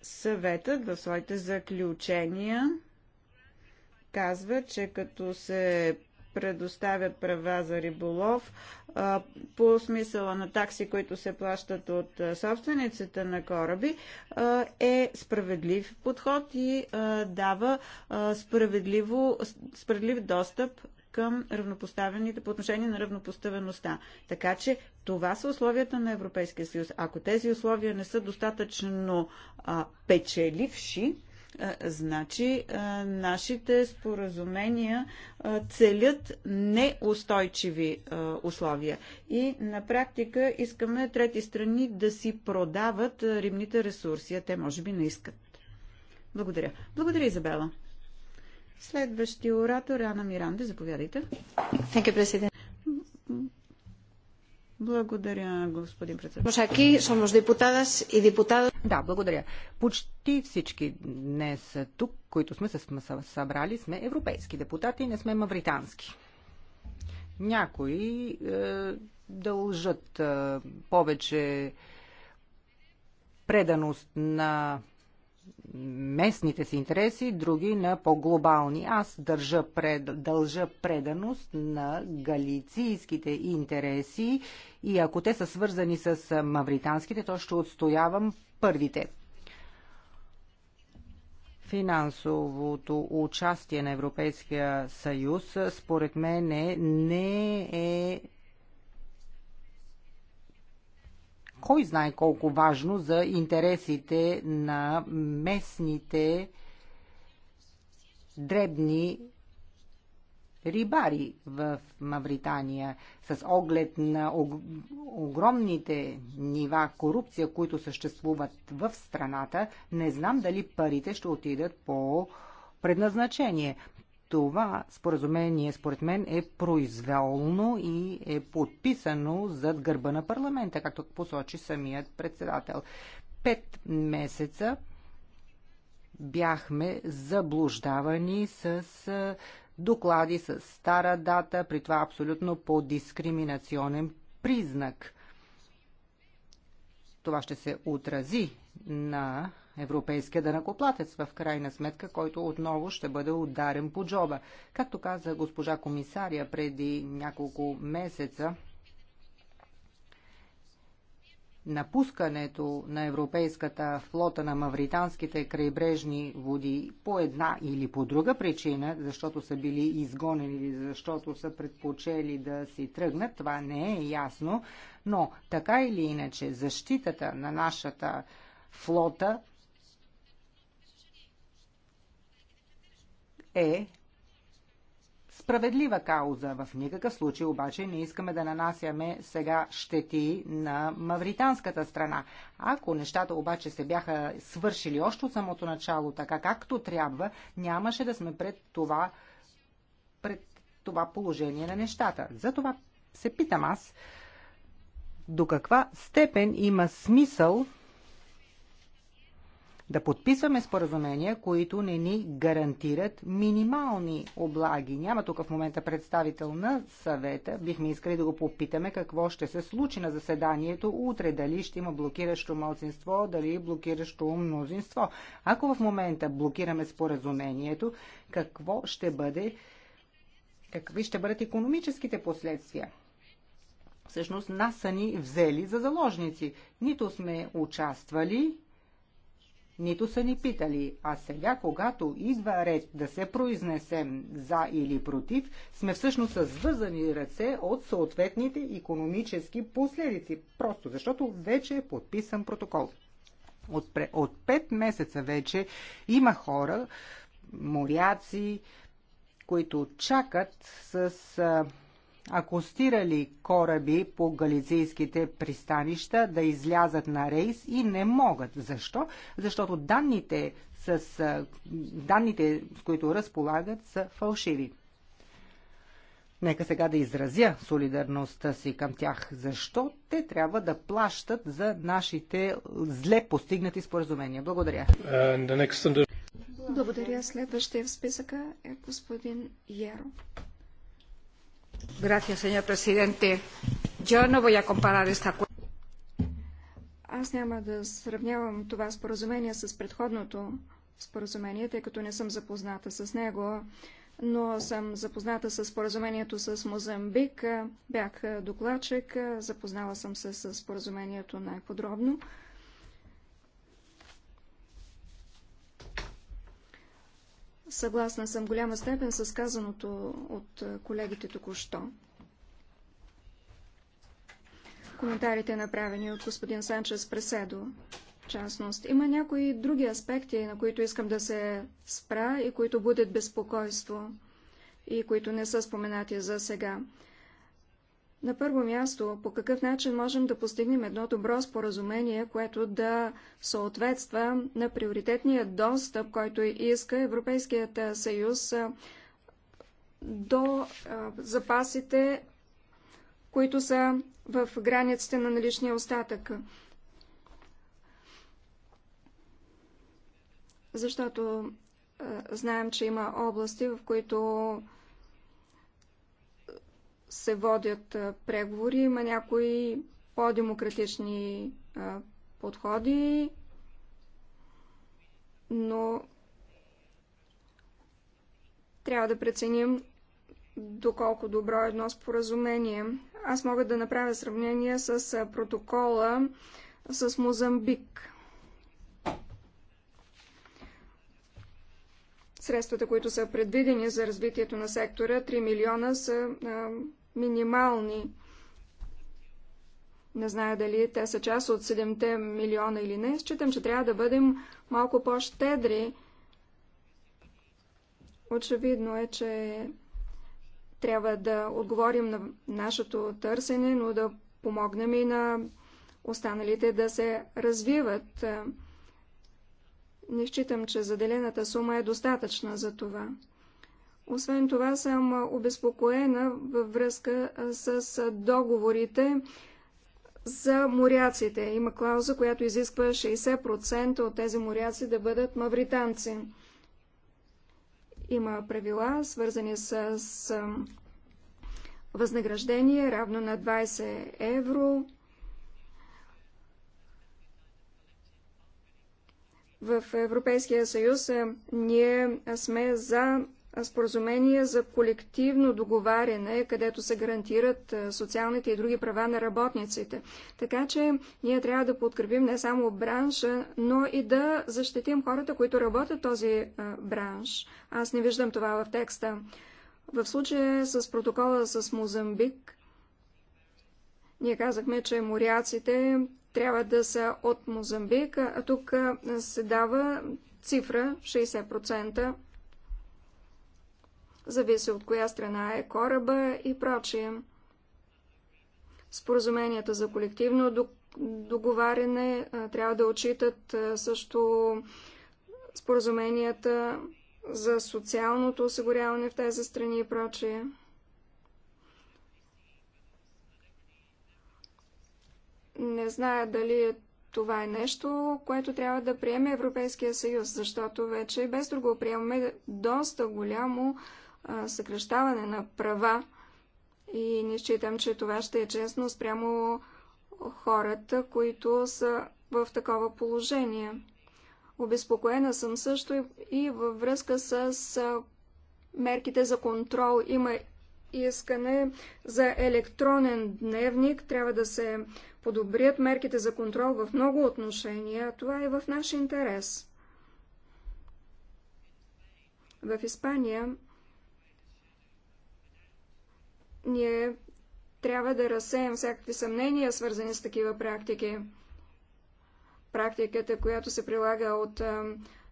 Съветът в своите заключения казва, че като се предоставят права за риболов по смисъла на такси, които се плащат от собствениците на кораби, е справедлив подход и дава справедливо, справедлив достъп към равнопоставените, по отношение на равнопоставеността. Така че това са условията на Европейския съюз. Ако тези условия не са достатъчно а, печеливши, Значи, нашите споразумения целят неустойчиви условия. И на практика искаме трети страни да си продават рибните ресурси, а те може би не искат. Благодаря. Благодаря, Изабела. Следващия оратор е Ана Миранде, заповядайте. Thank you, благодаря, господин председател. Да, благодаря. Почти всички днес тук, които сме се събрали, сме европейски депутати, не сме мавритански. Някои е, дължат е, повече преданост на местните си интереси, други на по-глобални. Аз държа пред, дължа преданост на галицийските интереси и ако те са свързани с мавританските, то ще отстоявам първите. Финансовото участие на Европейския съюз, според мен, не е кой знае колко важно за интересите на местните дребни рибари в Мавритания с оглед на огромните нива корупция, които съществуват в страната, не знам дали парите ще отидат по предназначение това споразумение, според мен, е произволно и е подписано зад гърба на парламента, както посочи самият председател. Пет месеца бяхме заблуждавани с доклади с стара дата, при това абсолютно по дискриминационен признак. Това ще се отрази на европейския дънакоплатец в крайна сметка, който отново ще бъде ударен по джоба. Както каза госпожа комисария преди няколко месеца, напускането на европейската флота на мавританските крайбрежни води по една или по друга причина, защото са били изгонени или защото са предпочели да си тръгнат, това не е ясно, но така или иначе защитата на нашата флота е справедлива кауза. В никакъв случай обаче не искаме да нанасяме сега щети на мавританската страна. Ако нещата обаче се бяха свършили още от самото начало, така както трябва, нямаше да сме пред това, пред това положение на нещата. Затова се питам аз, до каква степен има смисъл да подписваме споразумения, които не ни гарантират минимални облаги. Няма тук в момента представител на съвета. Бихме искали да го попитаме какво ще се случи на заседанието утре. Дали ще има блокиращо мълцинство, дали блокиращо мнозинство. Ако в момента блокираме споразумението, какво ще бъде, какви ще бъдат економическите последствия? Всъщност нас са ни взели за заложници. Нито сме участвали нито са ни питали. А сега, когато идва ред да се произнесем за или против, сме всъщност с вързани ръце от съответните економически последици, просто защото вече е подписан протокол. От, от пет месеца вече има хора, моряци, които чакат с акостирали кораби по галицийските пристанища да излязат на рейс и не могат. Защо? Защото данните, с, данните с които разполагат, са фалшиви. Нека сега да изразя солидарността си към тях. Защо те трябва да плащат за нашите зле постигнати споразумения? Благодаря. Благодаря. Следващия в списъка е господин Яро señor presidente. Yo no voy a comparar esta Аз няма да сравнявам това споразумение с предходното споразумение, тъй като не съм запозната с него, но съм запозната с споразумението с Мозамбик. Бях докладчик, запознала съм се с споразумението най-подробно. Съгласна съм голяма степен с казаното от е, колегите току-що. Коментарите направени от господин Санчес Преседо, частност. Има някои други аспекти, на които искам да се спра и които будят безпокойство и които не са споменати за сега. На първо място, по какъв начин можем да постигнем едно добро споразумение, което да съответства на приоритетния достъп, който иска Европейският съюз до запасите, които са в границите на наличния остатък. Защото знаем, че има области, в които се водят преговори, има някои по-демократични подходи, но трябва да преценим доколко добро е едно споразумение. Аз мога да направя сравнение с протокола с Мозамбик. Средствата, които са предвидени за развитието на сектора, 3 милиона са минимални. Не зная дали те са част от 7 милиона или не. Считам, че трябва да бъдем малко по-щедри. Очевидно е, че трябва да отговорим на нашето търсене, но да помогнем и на останалите да се развиват. Не считам, че заделената сума е достатъчна за това. Освен това съм обезпокоена във връзка с договорите за моряците. Има клауза, която изисква 60% от тези моряци да бъдат мавританци. Има правила, свързани с възнаграждение, равно на 20 евро. В Европейския съюз ние сме за споразумения за колективно договаряне, където се гарантират е, социалните и други права на работниците. Така че ние трябва да подкрепим не само бранша, но и да защитим хората, които работят този е, бранш. Аз не виждам това в текста. В случая с протокола с Мозамбик, ние казахме, че моряците трябва да са от Мозамбик, а тук е, се дава цифра 60% зависи от коя страна е кораба и прочие. Споразуменията за колективно договаряне трябва да отчитат също споразуменията за социалното осигуряване в тези страни и прочие. Не зная дали е това е нещо, което трябва да приеме Европейския съюз, защото вече без друго приемаме доста голямо съкрещаване на права и не считам, че това ще е честно спрямо хората, които са в такова положение. Обезпокоена съм също и във връзка с мерките за контрол. Има искане за електронен дневник. Трябва да се подобрят мерките за контрол в много отношения. Това е в наш интерес. В Испания ние трябва да разсеем всякакви съмнения, свързани с такива практики. Практиката, която се прилага от а,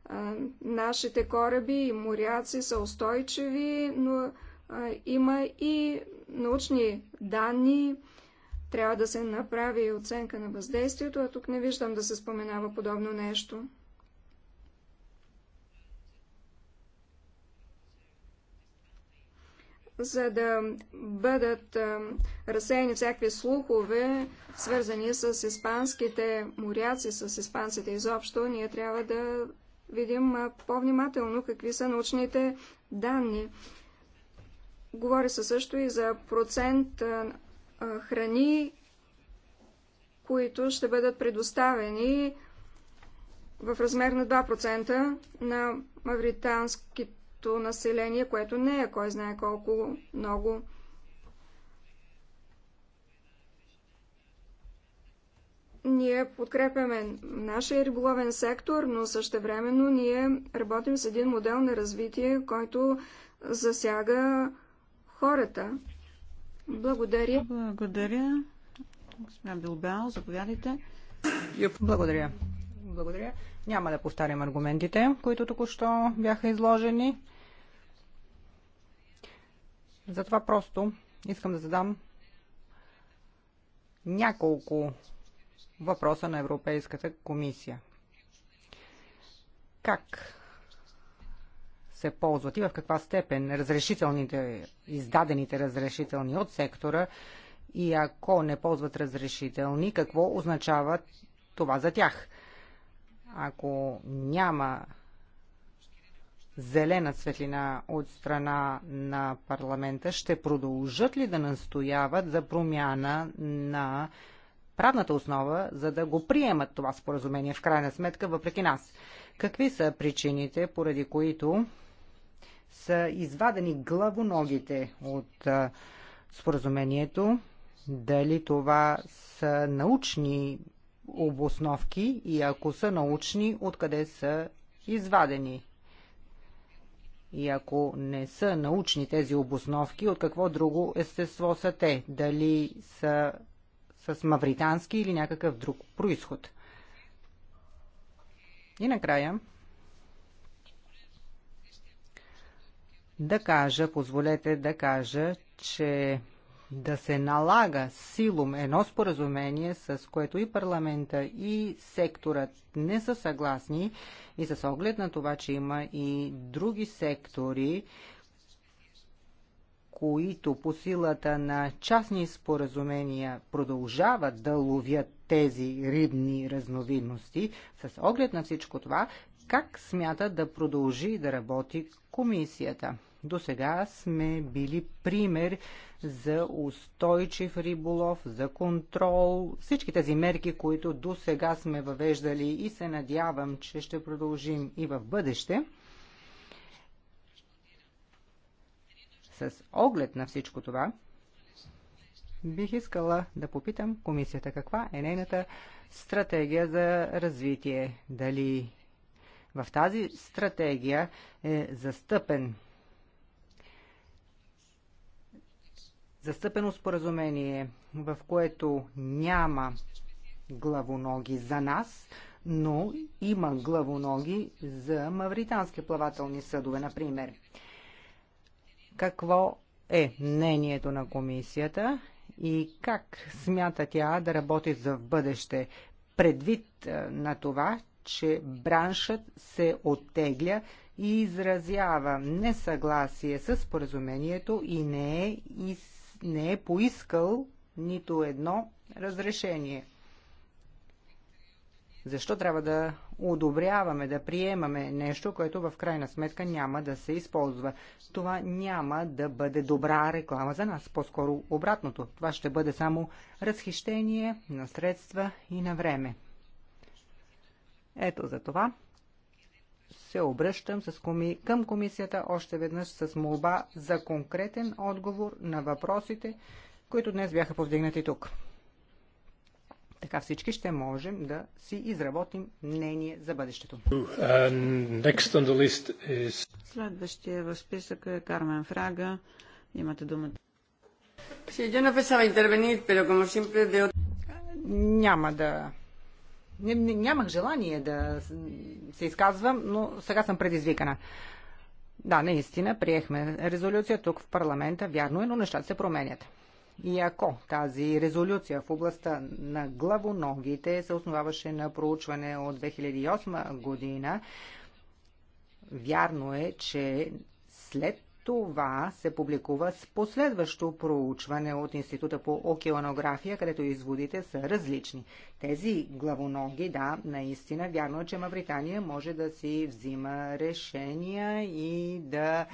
а, нашите кораби и моряци са устойчиви, но а, има и научни данни. Трябва да се направи оценка на въздействието, а тук не виждам да се споменава подобно нещо. за да бъдат разсеяни всякакви слухове, свързани с испанските моряци, с испанците изобщо, ние трябва да видим по-внимателно какви са научните данни. Говори се също и за процент храни, които ще бъдат предоставени в размер на 2% на мавританските младото население, което не е кой знае колко много. Ние подкрепяме нашия риболовен сектор, но същевременно ние работим с един модел на развитие, който засяга хората. Благодаря. Благодаря. Господин Билбао, заповядайте. Благодаря. Благодаря. Няма да повтарям аргументите, които току-що бяха изложени. Затова просто искам да задам няколко въпроса на Европейската комисия. Как се ползват и в каква степен разрешителните, издадените разрешителни от сектора и ако не ползват разрешителни, какво означава това за тях? ако няма зелена светлина от страна на парламента, ще продължат ли да настояват за промяна на правната основа, за да го приемат това споразумение в крайна сметка, въпреки нас? Какви са причините, поради които са извадени главоногите от споразумението? Дали това са научни обосновки и ако са научни, откъде са извадени. И ако не са научни тези обосновки, от какво друго естество са те? Дали са с мавритански или някакъв друг происход? И накрая да кажа, позволете да кажа, че да се налага силум едно споразумение, с което и парламента, и секторът не са съгласни и с оглед на това, че има и други сектори, които по силата на частни споразумения продължават да ловят тези рибни разновидности, с оглед на всичко това, как смята да продължи да работи комисията? До сега сме били пример за устойчив риболов, за контрол, всички тези мерки, които до сега сме въвеждали и се надявам, че ще продължим и в бъдеще. С оглед на всичко това, бих искала да попитам комисията каква е нейната стратегия за развитие. Дали в тази стратегия е застъпен застъпено споразумение, в което няма главоноги за нас, но има главоноги за мавритански плавателни съдове, например. Какво е мнението на комисията и как смята тя да работи за в бъдеще, предвид е, на това, че браншът се оттегля и изразява несъгласие с споразумението и не е из не е поискал нито едно разрешение. Защо трябва да одобряваме, да приемаме нещо, което в крайна сметка няма да се използва? Това няма да бъде добра реклама за нас, по-скоро обратното. Това ще бъде само разхищение на средства и на време. Ето за това се обръщам с коми... към комисията още веднъж с молба за конкретен отговор на въпросите, които днес бяха повдигнати тук. Така всички ще можем да си изработим мнение за бъдещето. Is... Следващия в списъка е Кармен Фрага. Имате думата. Няма да не, не, нямах желание да се изказвам, но сега съм предизвикана. Да, наистина, приехме резолюция тук в парламента, вярно е, но нещата се променят. И ако тази резолюция в областта на главоногите се основаваше на проучване от 2008 година, вярно е, че след това се публикува с последващо проучване от Института по океанография, където изводите са различни. Тези главоноги, да, наистина, вярно е, че Мавритания може да си взима решения и да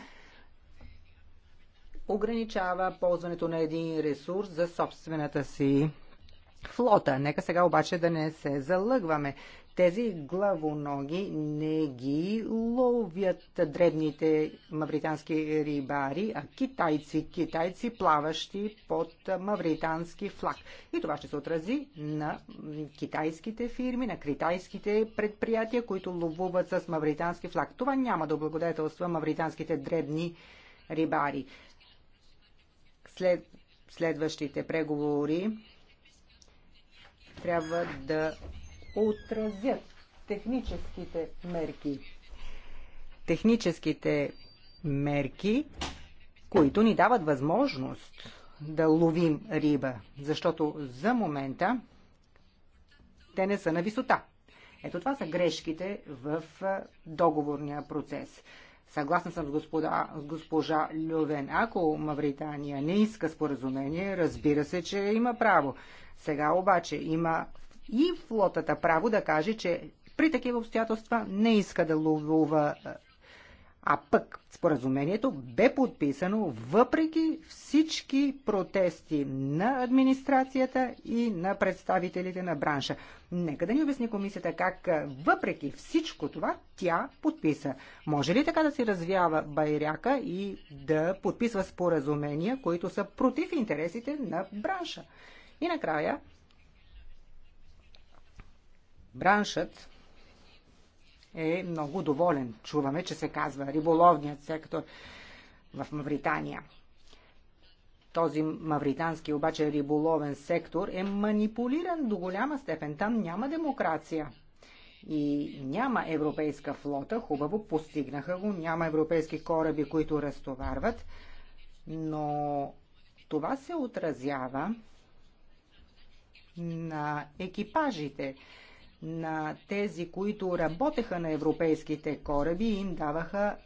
ограничава ползването на един ресурс за собствената си флота. Нека сега обаче да не се залъгваме. Тези главоноги не ги ловят дребните мавритански рибари, а китайци, китайци плаващи под мавритански флаг. И това ще се отрази на китайските фирми, на китайските предприятия, които ловуват с мавритански флаг. Това няма да облагодетелства мавританските дребни рибари. След следващите преговори трябва да отразят техническите мерки. Техническите мерки, които ни дават възможност да ловим риба, защото за момента те не са на висота. Ето това са грешките в договорния процес. Съгласна съм с, господа, с госпожа Лювен. Ако Мавритания не иска споразумение, разбира се, че има право. Сега обаче има и флотата право да каже, че при такива обстоятелства не иска да ловува. А пък споразумението бе подписано въпреки всички протести на администрацията и на представителите на бранша. Нека да ни обясни комисията как въпреки всичко това тя подписа. Може ли така да се развява байряка и да подписва споразумения, които са против интересите на бранша? И накрая Браншът е много доволен. Чуваме, че се казва риболовният сектор в Мавритания. Този мавритански обаче риболовен сектор е манипулиран до голяма степен. Там няма демокрация и няма европейска флота. Хубаво, постигнаха го. Няма европейски кораби, които разтоварват. Но това се отразява на екипажите на тези, които работеха на европейските кораби и им даваха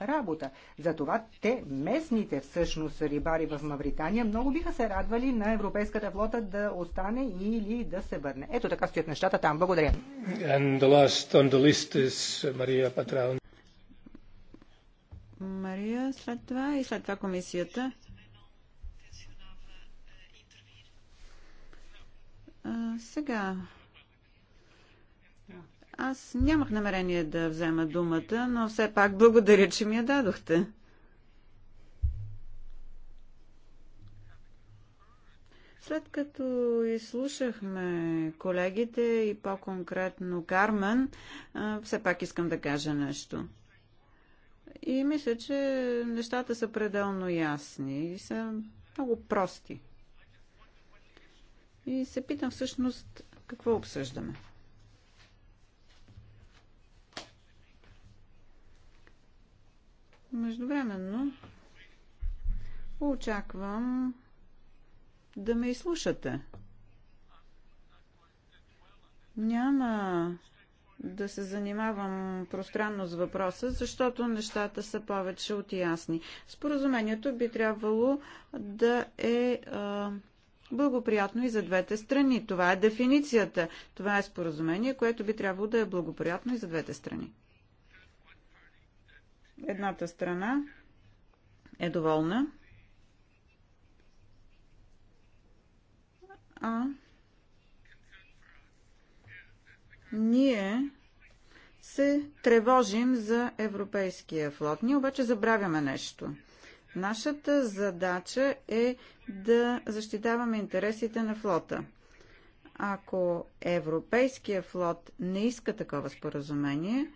работа. Затова те, местните всъщност рибари в Мавритания, много биха се радвали на европейската флота да остане или да се върне. Ето така стоят нещата там. Благодаря. Мария Мария, след това и след това комисията. А, сега аз нямах намерение да взема думата, но все пак благодаря, че ми я дадохте. След като изслушахме колегите и по-конкретно Кармен, все пак искам да кажа нещо. И мисля, че нещата са пределно ясни и са много прости. И се питам всъщност какво обсъждаме. Междувременно очаквам да ме изслушате. Няма да се занимавам пространно с въпроса, защото нещата са повече от ясни. Споразумението би трябвало да е а, благоприятно и за двете страни. Това е дефиницията. Това е споразумение, което би трябвало да е благоприятно и за двете страни. Едната страна е доволна, а ние се тревожим за европейския флот. Ние обаче забравяме нещо. Нашата задача е да защитаваме интересите на флота. Ако европейския флот не иска такова споразумение,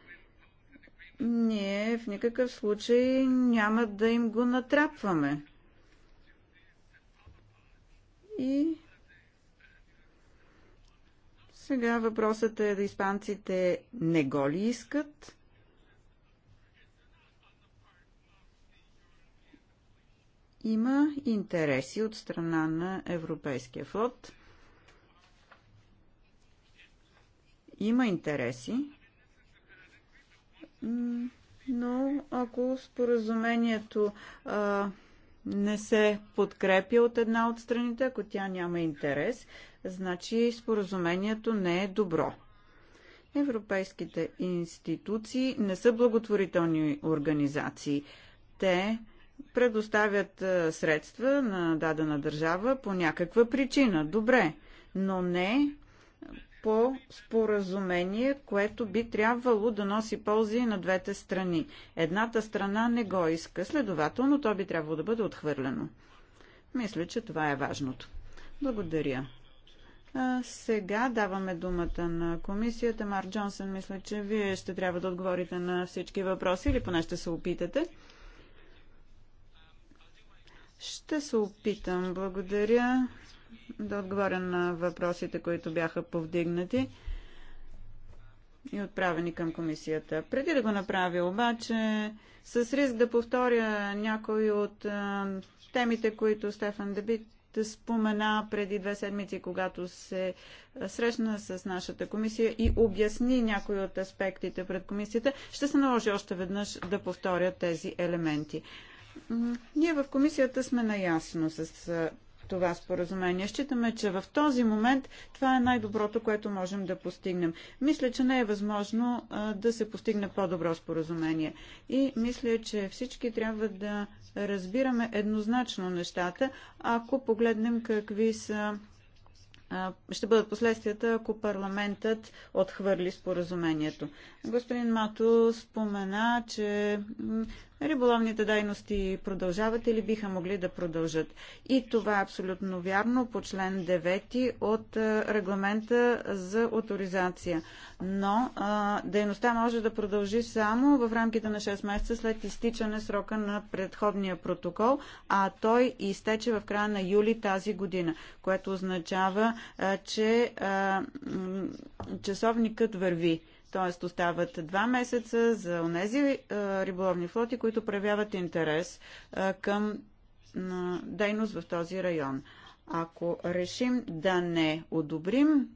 ние в никакъв случай няма да им го натрапваме. И сега въпросът е да испанците не го ли искат? Има интереси от страна на Европейския флот. Има интереси, но ако споразумението а, не се подкрепя от една от страните, ако тя няма интерес, значи споразумението не е добро. Европейските институции не са благотворителни организации. Те предоставят средства на дадена държава по някаква причина. Добре, но не по споразумение, което би трябвало да носи ползи на двете страни. Едната страна не го иска, следователно то би трябвало да бъде отхвърлено. Мисля, че това е важното. Благодаря. А, сега даваме думата на комисията. Мар Джонсън, мисля, че вие ще трябва да отговорите на всички въпроси или поне ще се опитате. Ще се опитам. Благодаря да отговоря на въпросите, които бяха повдигнати и отправени към комисията. Преди да го направя обаче, с риск да повторя някои от а, темите, които Стефан Дебит спомена преди две седмици, когато се срещна с нашата комисия и обясни някои от аспектите пред комисията, ще се наложи още веднъж да повторя тези елементи. Ние в комисията сме наясно с това споразумение. Считаме, че в този момент това е най-доброто, което можем да постигнем. Мисля, че не е възможно а, да се постигне по-добро споразумение. И мисля, че всички трябва да разбираме еднозначно нещата, ако погледнем какви са ще бъдат последствията, ако парламентът отхвърли споразумението. Господин Мато спомена, че Риболовните дайности продължават или биха могли да продължат. И това е абсолютно вярно по член 9 от е, регламента за авторизация. Но а, дейността може да продължи само в рамките на 6 месеца след изтичане срока на предходния протокол, а той изтече в края на юли тази година, което означава, а, че а, часовникът върви т.е. остават два месеца за онези е, риболовни флоти, които проявяват интерес е, към дейност в този район. Ако решим да не одобрим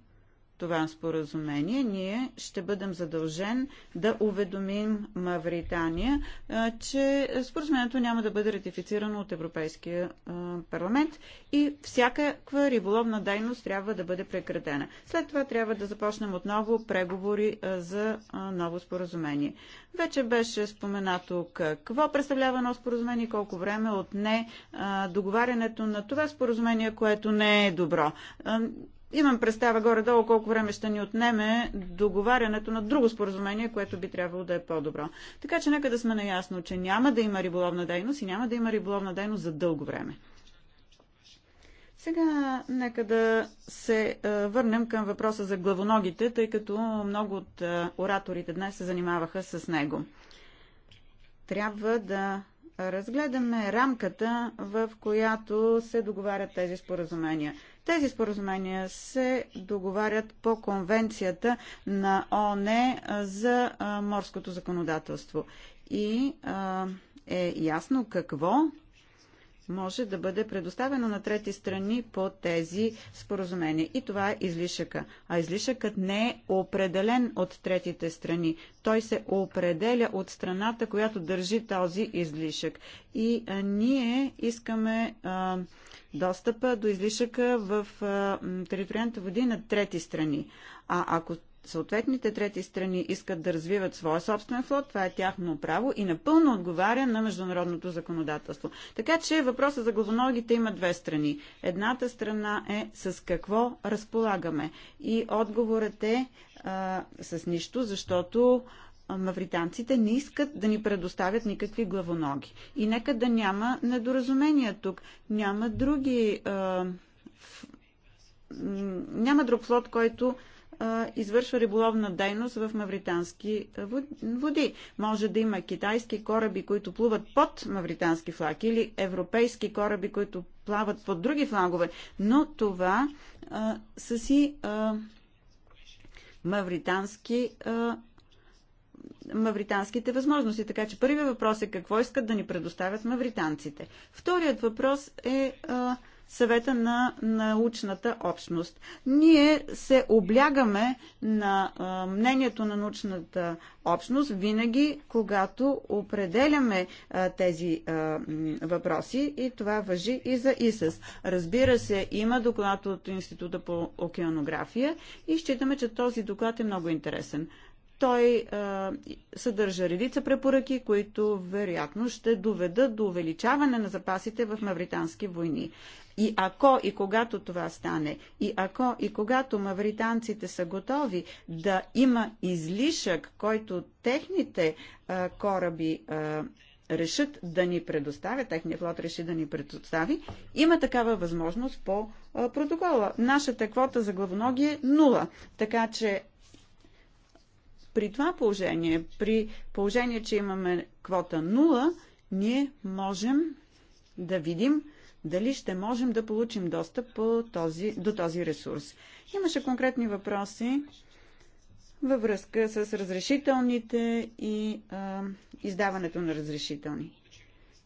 това споразумение, ние ще бъдем задължен да уведомим Мавритания, че споразумението няма да бъде ратифицирано от Европейския парламент и всякаква риболовна дейност трябва да бъде прекратена. След това трябва да започнем отново преговори за ново споразумение. Вече беше споменато какво представлява ново споразумение, колко време отне договарянето на това споразумение, което не е добро. Имам представа горе-долу колко време ще ни отнеме договарянето на друго споразумение, което би трябвало да е по-добро. Така че нека да сме наясно, че няма да има риболовна дейност и няма да има риболовна дейност за дълго време. Сега нека да се е, върнем към въпроса за главоногите, тъй като много от е, ораторите днес се занимаваха с него. Трябва да разгледаме рамката, в която се договарят тези споразумения. Тези споразумения се договарят по конвенцията на ОНЕ за морското законодателство. И е ясно какво може да бъде предоставено на трети страни по тези споразумения. И това е излишъка. А излишъкът не е определен от третите страни. Той се определя от страната, която държи този излишък. И а, ние искаме а, достъпа до излишъка в а, териториалните води на трети страни. А ако съответните трети страни искат да развиват своя собствен флот, това е тяхно право и напълно отговаря на международното законодателство. Така че въпросът за главоногите има две страни. Едната страна е с какво разполагаме. И отговорът е а, с нищо, защото мавританците не искат да ни предоставят никакви главоноги. И нека да няма недоразумения тук. Няма други. А, няма друг флот, който извършва риболовна дейност в мавритански води. Може да има китайски кораби, които плуват под мавритански флаг или европейски кораби, които плават под други флагове, но това а, са си а, мавритански а, мавританските възможности. Така че първият въпрос е какво искат да ни предоставят мавританците. Вторият въпрос е а, съвета на научната общност. Ние се облягаме на мнението на научната общност винаги, когато определяме тези въпроси и това въжи и за ИСАС. Разбира се, има доклад от Института по океанография и считаме, че този доклад е много интересен той а, съдържа редица препоръки, които вероятно ще доведат до увеличаване на запасите в мавритански войни. И ако и когато това стане, и ако и когато мавританците са готови да има излишък, който техните а, кораби а, решат да ни предоставят, техния флот реши да ни предостави, има такава възможност по а, протокола. Нашата квота за главоноги е нула, така че при това положение, при положение, че имаме квота 0, ние можем да видим дали ще можем да получим достъп по този, до този ресурс. Имаше конкретни въпроси във връзка с разрешителните и а, издаването на разрешителни.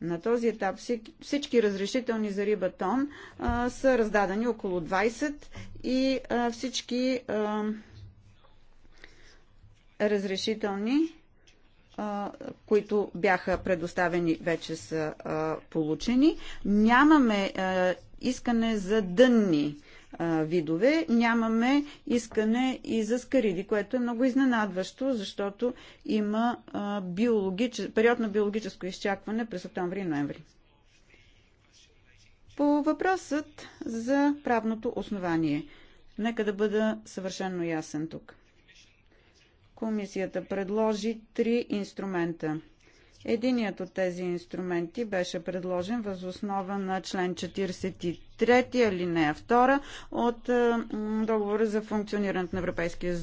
На този етап всички разрешителни за риба тон а, са раздадени около 20 и а, всички а, разрешителни които бяха предоставени, вече са получени. Нямаме искане за дънни видове, нямаме искане и за скариди, което е много изненадващо, защото има биологич... период на биологическо изчакване през октомври и ноември. По въпросът за правното основание. Нека да бъда съвършенно ясен тук. Комисията предложи три инструмента. Единият от тези инструменти беше предложен въз основа на член 43, алинея 2 от е, договора за функционирането на Европейския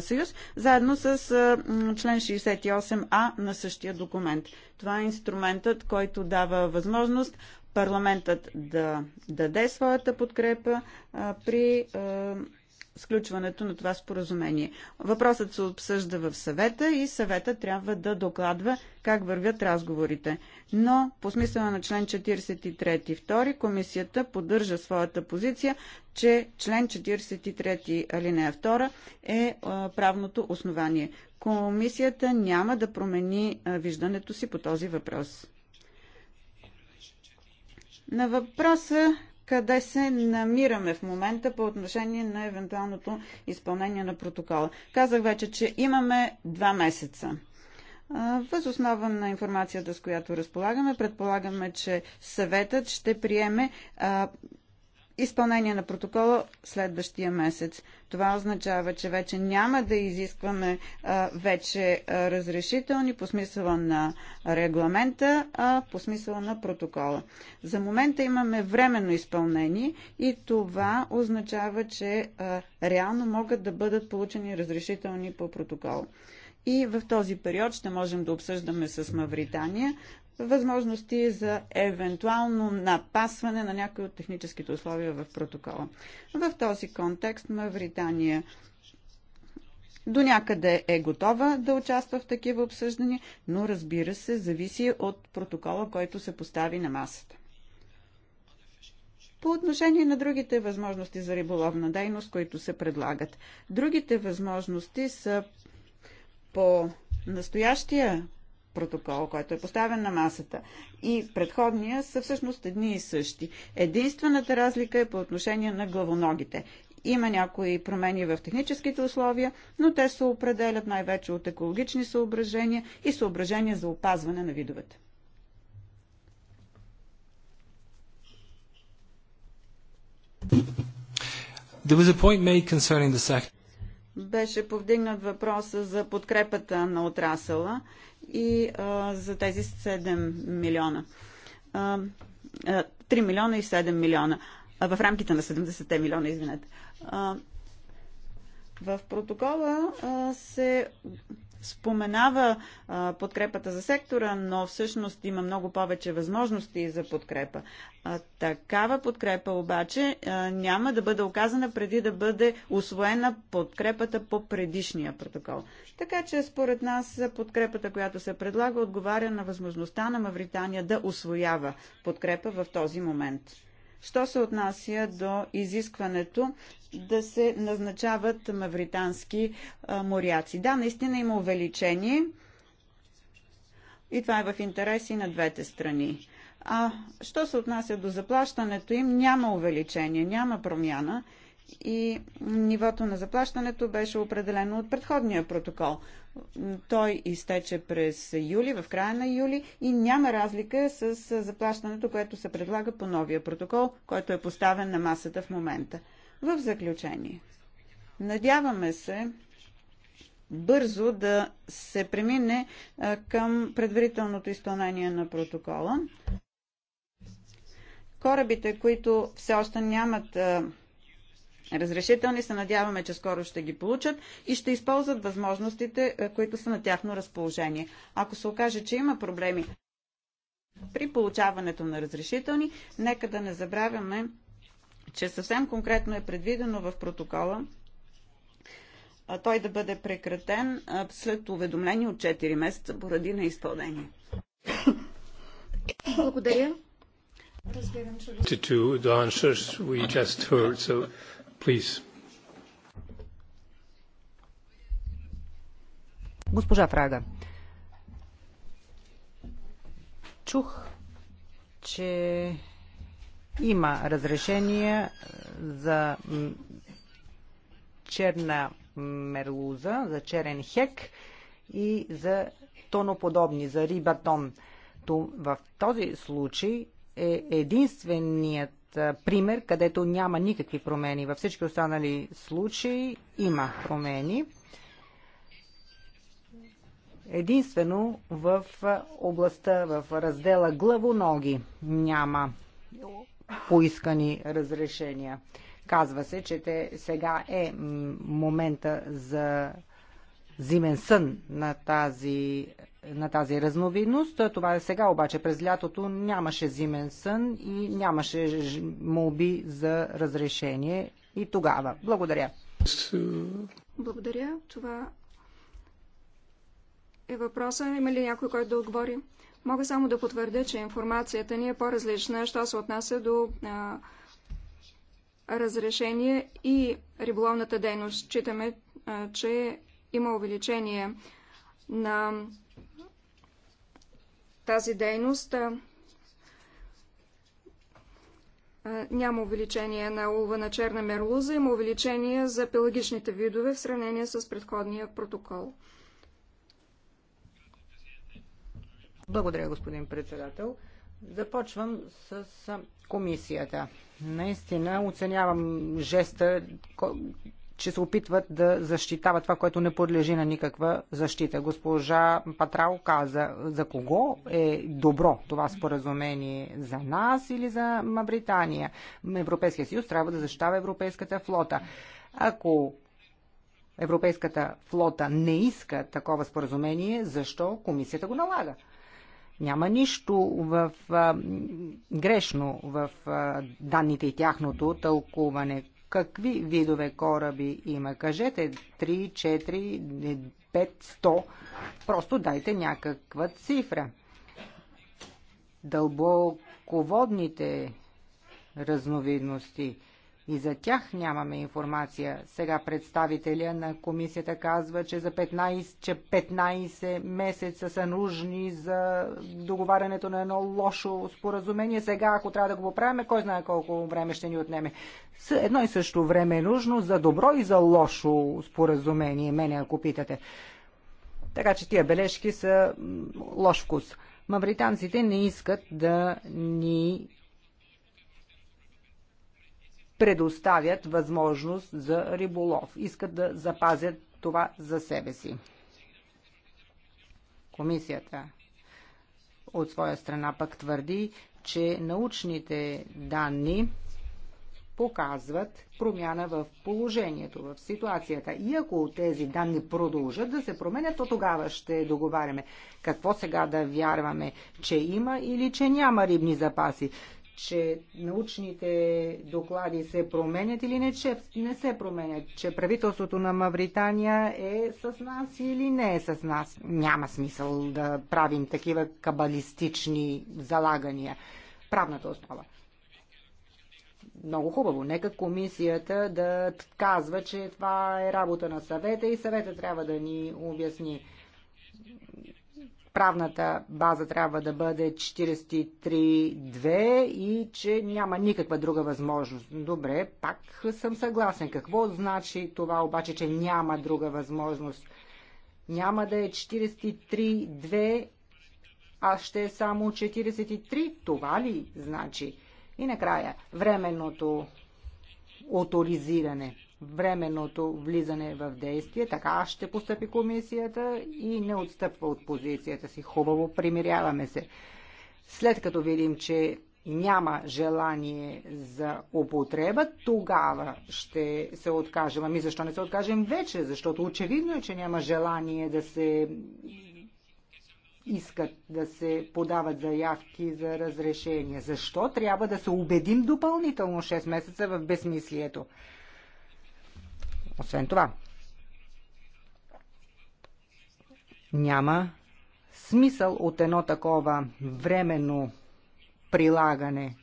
съюз, заедно с член 68а на същия документ. Това е инструментът, който дава възможност парламентът да даде своята подкрепа при сключването на това споразумение. Въпросът се обсъжда в съвета и съвета трябва да докладва как вървят разговорите. Но по смисъла на член 43 втори комисията поддържа своята позиция, че член 43 алинея 2 е правното основание. Комисията няма да промени виждането си по този въпрос. На въпроса къде се намираме в момента по отношение на евентуалното изпълнение на протокола. Казах вече, че имаме два месеца. Въз основа на информацията, с която разполагаме, предполагаме, че съветът ще приеме изпълнение на протокола следващия месец. Това означава, че вече няма да изискваме а, вече а, разрешителни по смисъла на регламента, а по смисъла на протокола. За момента имаме временно изпълнение и това означава, че а, реално могат да бъдат получени разрешителни по протокол. И в този период ще можем да обсъждаме с Мавритания възможности за евентуално напасване на някои от техническите условия в протокола. В този контекст Мавритания до някъде е готова да участва в такива обсъждания, но разбира се, зависи от протокола, който се постави на масата. По отношение на другите възможности за риболовна дейност, които се предлагат. Другите възможности са по настоящия протокол, който е поставен на масата, и предходния са всъщност едни и същи. Единствената разлика е по отношение на главоногите. Има някои промени в техническите условия, но те се определят най-вече от екологични съображения и съображения за опазване на видовете. There was a point made concerning the sector беше повдигнат въпроса за подкрепата на отрасъла и а, за тези 7 милиона. А, 3 милиона и 7 милиона. А, в рамките на 70 те милиона, извинете. А, в протокола а, се споменава а, подкрепата за сектора, но всъщност има много повече възможности за подкрепа. А, такава подкрепа обаче а, няма да бъде оказана преди да бъде освоена подкрепата по предишния протокол. Така че според нас подкрепата, която се предлага, отговаря на възможността на Мавритания да освоява подкрепа в този момент. Що се отнася до изискването да се назначават мавритански моряци? Да, наистина има увеличение и това е в интереси на двете страни. А що се отнася до заплащането им, няма увеличение, няма промяна и нивото на заплащането беше определено от предходния протокол. Той изтече през юли, в края на юли и няма разлика с заплащането, което се предлага по новия протокол, който е поставен на масата в момента. В заключение, надяваме се бързо да се премине към предварителното изпълнение на протокола. Корабите, които все още нямат разрешителни. Се надяваме, че скоро ще ги получат и ще използват възможностите, е, които са на тяхно разположение. Ако се окаже, че има проблеми при получаването на разрешителни, нека да не забравяме, че съвсем конкретно е предвидено в протокола той да бъде прекратен след уведомление от 4 месеца поради на изпълнение. Благодаря. Разбирам, че... Please. Госпожа Фрага, чух, че има разрешение за черна мерлуза, за черен хек и за тоноподобни, за рибатон. В този случай е единственият пример, където няма никакви промени. Във всички останали случаи има промени. Единствено в областта, в раздела главоноги няма поискани разрешения. Казва се, че те сега е момента за зимен сън на тази на тази разновидност. Това е сега обаче през лятото нямаше зимен сън и нямаше молби за разрешение и тогава. Благодаря. Благодаря. Това е въпроса. Има ли някой, който да отговори? Мога само да потвърдя, че информацията ни е по-различна, що се отнася до а, разрешение и риболовната дейност. Читаме, а, че има увеличение на тази дейност. Няма увеличение на улва на черна мерлуза, има увеличение за пелагичните видове в сравнение с предходния протокол. Благодаря, господин председател. Започвам с комисията. Наистина оценявам жеста, че се опитват да защитават това, което не подлежи на никаква защита. Госпожа Патрао каза за кого е добро това споразумение за нас или за Мавритания. Европейския съюз трябва да защитава европейската флота. Ако европейската флота не иска такова споразумение, защо комисията го налага? Няма нищо в а, грешно в а, данните и тяхното тълкуване какви видове кораби има. Кажете 3, 4, 5, 100. Просто дайте някаква цифра. Дълбоководните разновидности – и за тях нямаме информация. Сега представителя на комисията казва, че за 15, че 15 месеца са нужни за договарянето на едно лошо споразумение. Сега, ако трябва да го поправяме, кой знае колко време ще ни отнеме. Едно и също време е нужно за добро и за лошо споразумение, мене ако питате. Така че тия бележки са лош вкус. Мавританците не искат да ни предоставят възможност за риболов. Искат да запазят това за себе си. Комисията от своя страна пък твърди, че научните данни показват промяна в положението, в ситуацията. И ако тези данни продължат да се променят, то тогава ще договаряме. Какво сега да вярваме, че има или че няма рибни запаси? че научните доклади се променят или не, че не се променят, че правителството на Мавритания е с нас или не е с нас. Няма смисъл да правим такива кабалистични залагания. Правната основа много хубаво. Нека комисията да казва, че това е работа на съвета и съвета трябва да ни обясни правната база трябва да бъде 43.2 и че няма никаква друга възможност. Добре, пак съм съгласен. Какво значи това обаче, че няма друга възможност? Няма да е 43.2, а ще е само 43. Това ли значи? И накрая, временното авторизиране – временното влизане в действие. Така ще постъпи комисията и не отстъпва от позицията си. Хубаво, примиряваме се. След като видим, че няма желание за употреба, тогава ще се откажем. Ами защо не се откажем вече? Защото очевидно е, че няма желание да се искат да се подават заявки за разрешение. Защо трябва да се убедим допълнително 6 месеца в безмислието? Освен това, няма смисъл от едно такова временно прилагане.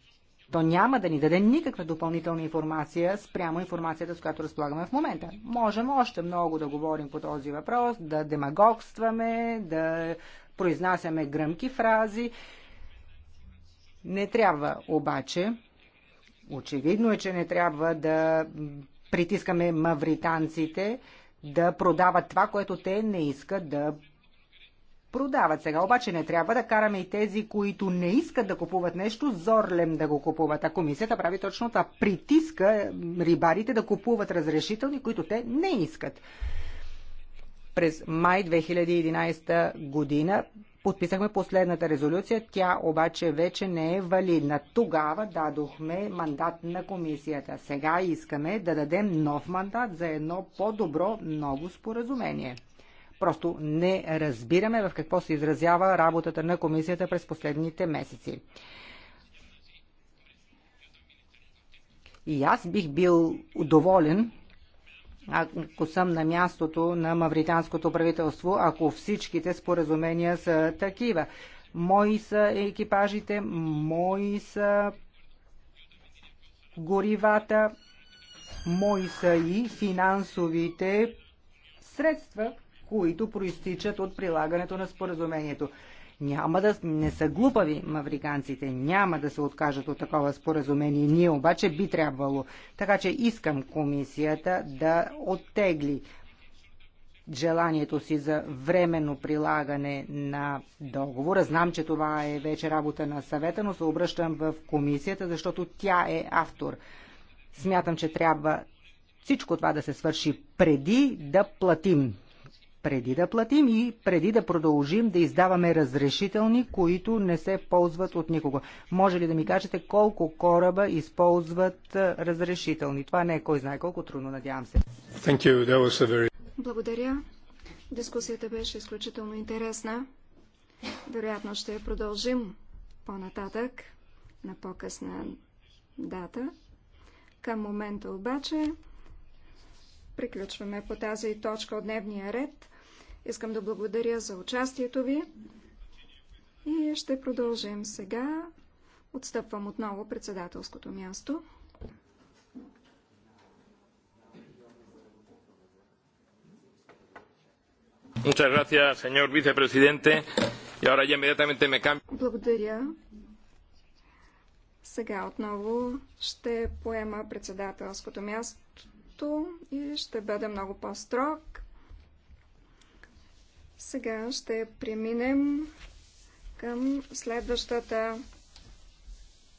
То няма да ни даде никаква допълнителна информация спрямо информацията, с която разполагаме в момента. Можем още много да говорим по този въпрос, да демагогстваме, да произнасяме гръмки фрази. Не трябва обаче, очевидно е, че не трябва да притискаме мавританците да продават това, което те не искат да продават. Сега обаче не трябва да караме и тези, които не искат да купуват нещо, зорлем да го купуват. А комисията прави точно това. Притиска рибарите да купуват разрешителни, които те не искат. През май 2011 година подписахме последната резолюция, тя обаче вече не е валидна. Тогава дадохме мандат на комисията. Сега искаме да дадем нов мандат за едно по-добро много споразумение. Просто не разбираме в какво се изразява работата на комисията през последните месеци. И аз бих бил доволен, ако съм на мястото на мавританското правителство, ако всичките споразумения са такива. Мои са екипажите, мои са горивата, мои са и финансовите средства, които проистичат от прилагането на споразумението. Няма да не са глупави мавриканците, няма да се откажат от такова споразумение. Ние обаче би трябвало. Така че искам комисията да оттегли желанието си за временно прилагане на договора. Знам, че това е вече работа на съвета, но се обръщам в комисията, защото тя е автор. Смятам, че трябва всичко това да се свърши преди да платим преди да платим и преди да продължим да издаваме разрешителни, които не се ползват от никого. Може ли да ми кажете колко кораба използват разрешителни? Това не е кой знае колко трудно, надявам се. Very... Благодаря. Дискусията беше изключително интересна. Вероятно ще я продължим по-нататък, на по-късна дата. Към момента обаче приключваме по тази точка от дневния ред. Искам да благодаря за участието ви и ще продължим сега. Отстъпвам отново председателското място. Благодаря. Сега отново ще поема председателското място и ще бъда много по-строг. Сега ще преминем към следващата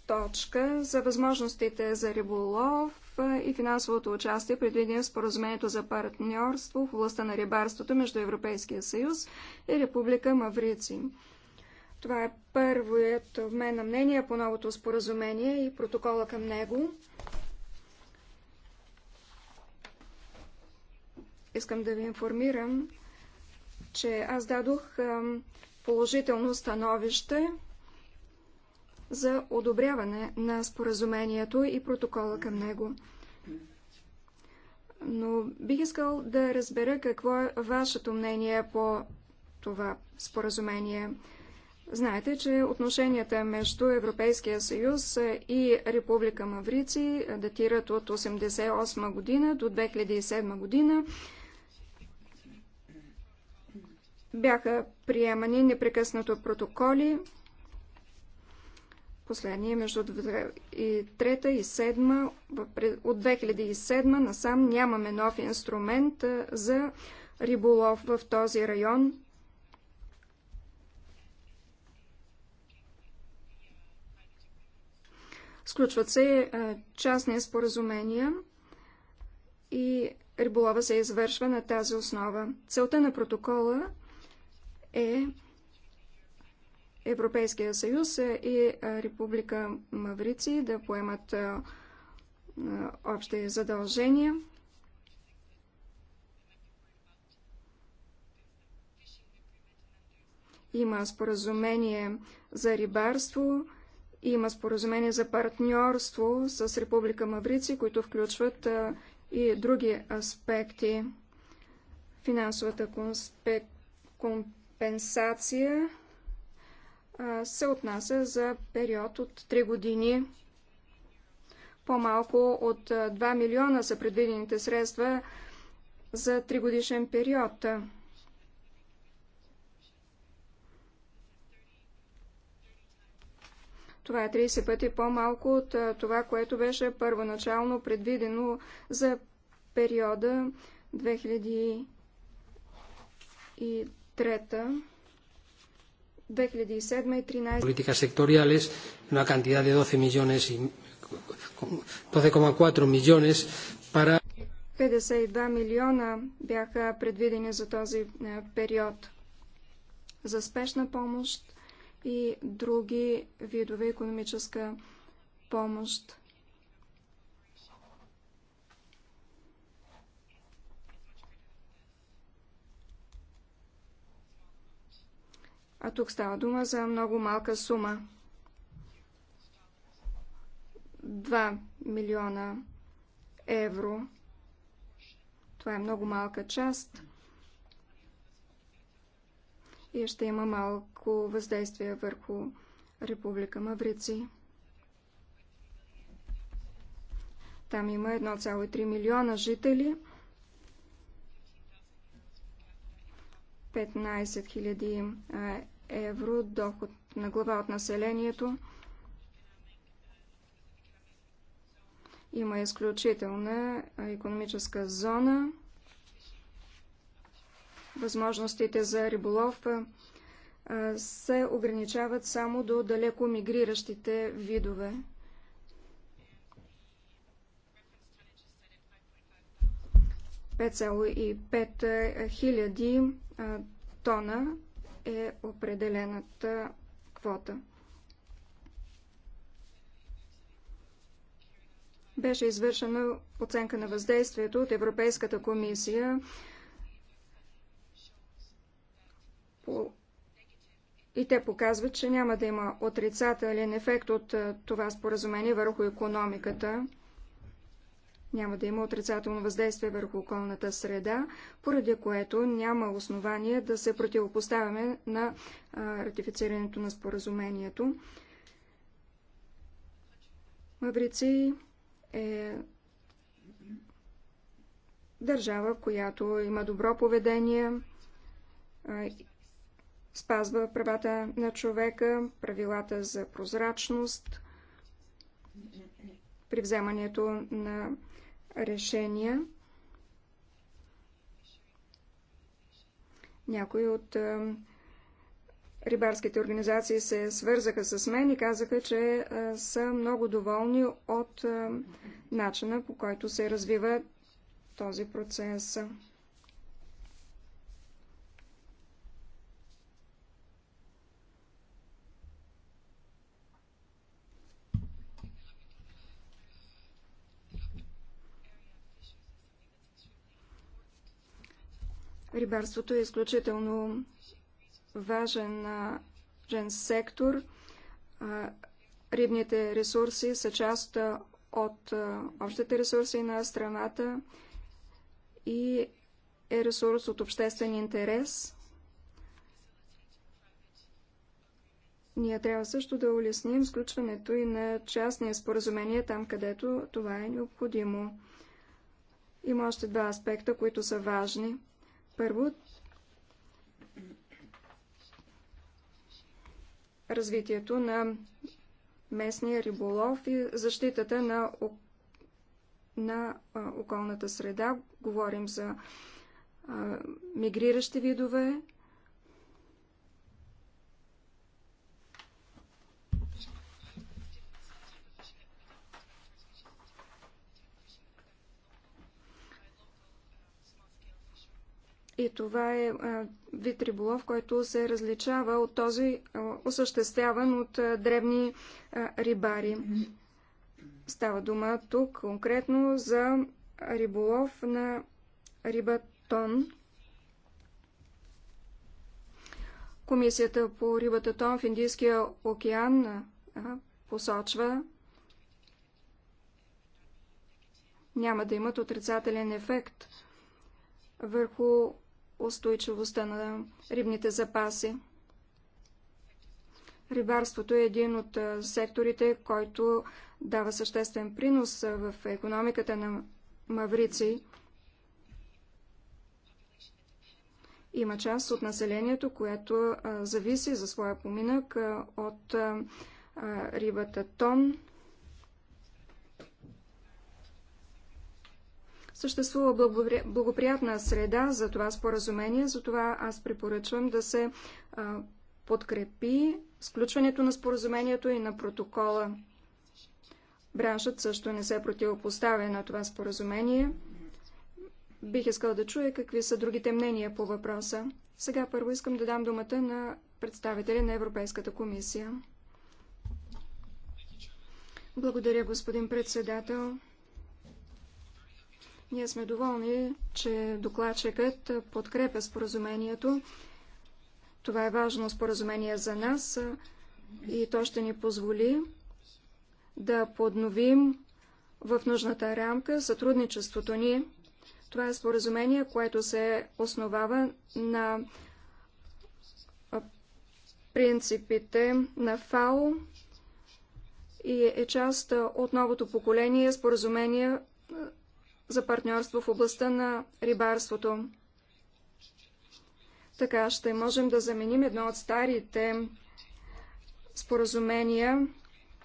точка за възможностите за риболов и финансовото участие, предвидено в споразумението за партньорство в областта на рибарството между Европейския съюз и Република Маврици. Това е първият обмен на мнение по новото споразумение и протокола към него. Искам да ви информирам, че аз дадох положително становище за одобряване на споразумението и протокола към него. Но бих искал да разбера какво е вашето мнение по това споразумение. Знаете, че отношенията между Европейския съюз и Република Маврици датират от 1988 година до 2007 година. Бяха приемани непрекъснато протоколи. Последния е между 3 и 7 от 2007 насам нямаме нов инструмент за риболов в този район. Сключват се частни споразумения и риболова се извършва на тази основа. Целта на протокола е е Европейския съюз и Република Маврици да поемат общи задължения. Има споразумение за рибарство, има споразумение за партньорство с Република Маврици, които включват и други аспекти. Финансовата конспект компенсация се отнася за период от 3 години. По-малко от 2 милиона са предвидените средства за 3 годишен период. Това е 30 пъти по-малко от това, което беше първоначално предвидено за периода 2000 и 2007 и 13. Políticas sectoriales, una cantidad de 12 millones y 12,4 millones para 52 милиона бяха предвидени за този е, период за спешна помощ и други видове економическа помощ. А тук става дума за много малка сума. 2 милиона евро. Това е много малка част. И ще има малко въздействие върху Република Маврици. Там има 1,3 милиона жители. 15 000 евро доход на глава от населението. Има изключителна економическа зона. Възможностите за риболов се ограничават само до далеко мигриращите видове. и 5,5 хиляди тона е определената квота. Беше извършена оценка на въздействието от Европейската комисия по и те показват, че няма да има отрицателен ефект от това споразумение върху економиката няма да има отрицателно въздействие върху околната среда, поради което няма основание да се противопоставяме на ратифицирането на споразумението. Маврици е държава, която има добро поведение, спазва правата на човека, правилата за прозрачност при вземането на решения. Някои от е, рибарските организации се свързаха с мен и казаха, че е, са много доволни от е, начина по който се развива този процес. Рибарството е изключително важен жен сектор. Рибните ресурси са част от общите ресурси на страната и е ресурс от обществен интерес. Ние трябва също да улесним сключването и на частни споразумения там, където това е необходимо. Има още два аспекта, които са важни – първо, развитието на местния риболов и защитата на, на околната среда. Говорим за а, мигриращи видове, И това е вид риболов, който се различава от този осъществяван от древни рибари. Става дума тук конкретно за риболов на рибатон. Комисията по рибата тон в Индийския океан посочва, няма да имат отрицателен ефект върху устойчивостта на рибните запаси. Рибарството е един от секторите, който дава съществен принос в економиката на Маврици. Има част от населението, което зависи за своя поминък от рибата тон. Съществува благоприятна среда за това споразумение, затова аз препоръчвам да се подкрепи сключването на споразумението и на протокола. Браншът също не се противопоставя на това споразумение. Бих искал да чуя какви са другите мнения по въпроса. Сега първо искам да дам думата на представители на Европейската комисия. Благодаря, господин председател. Ние сме доволни, че докладчикът подкрепя споразумението. Това е важно споразумение за нас и то ще ни позволи да подновим в нужната рамка сътрудничеството ни. Това е споразумение, което се основава на принципите на ФАО и е част от новото поколение споразумения за партньорство в областта на рибарството. Така ще можем да заменим едно от старите споразумения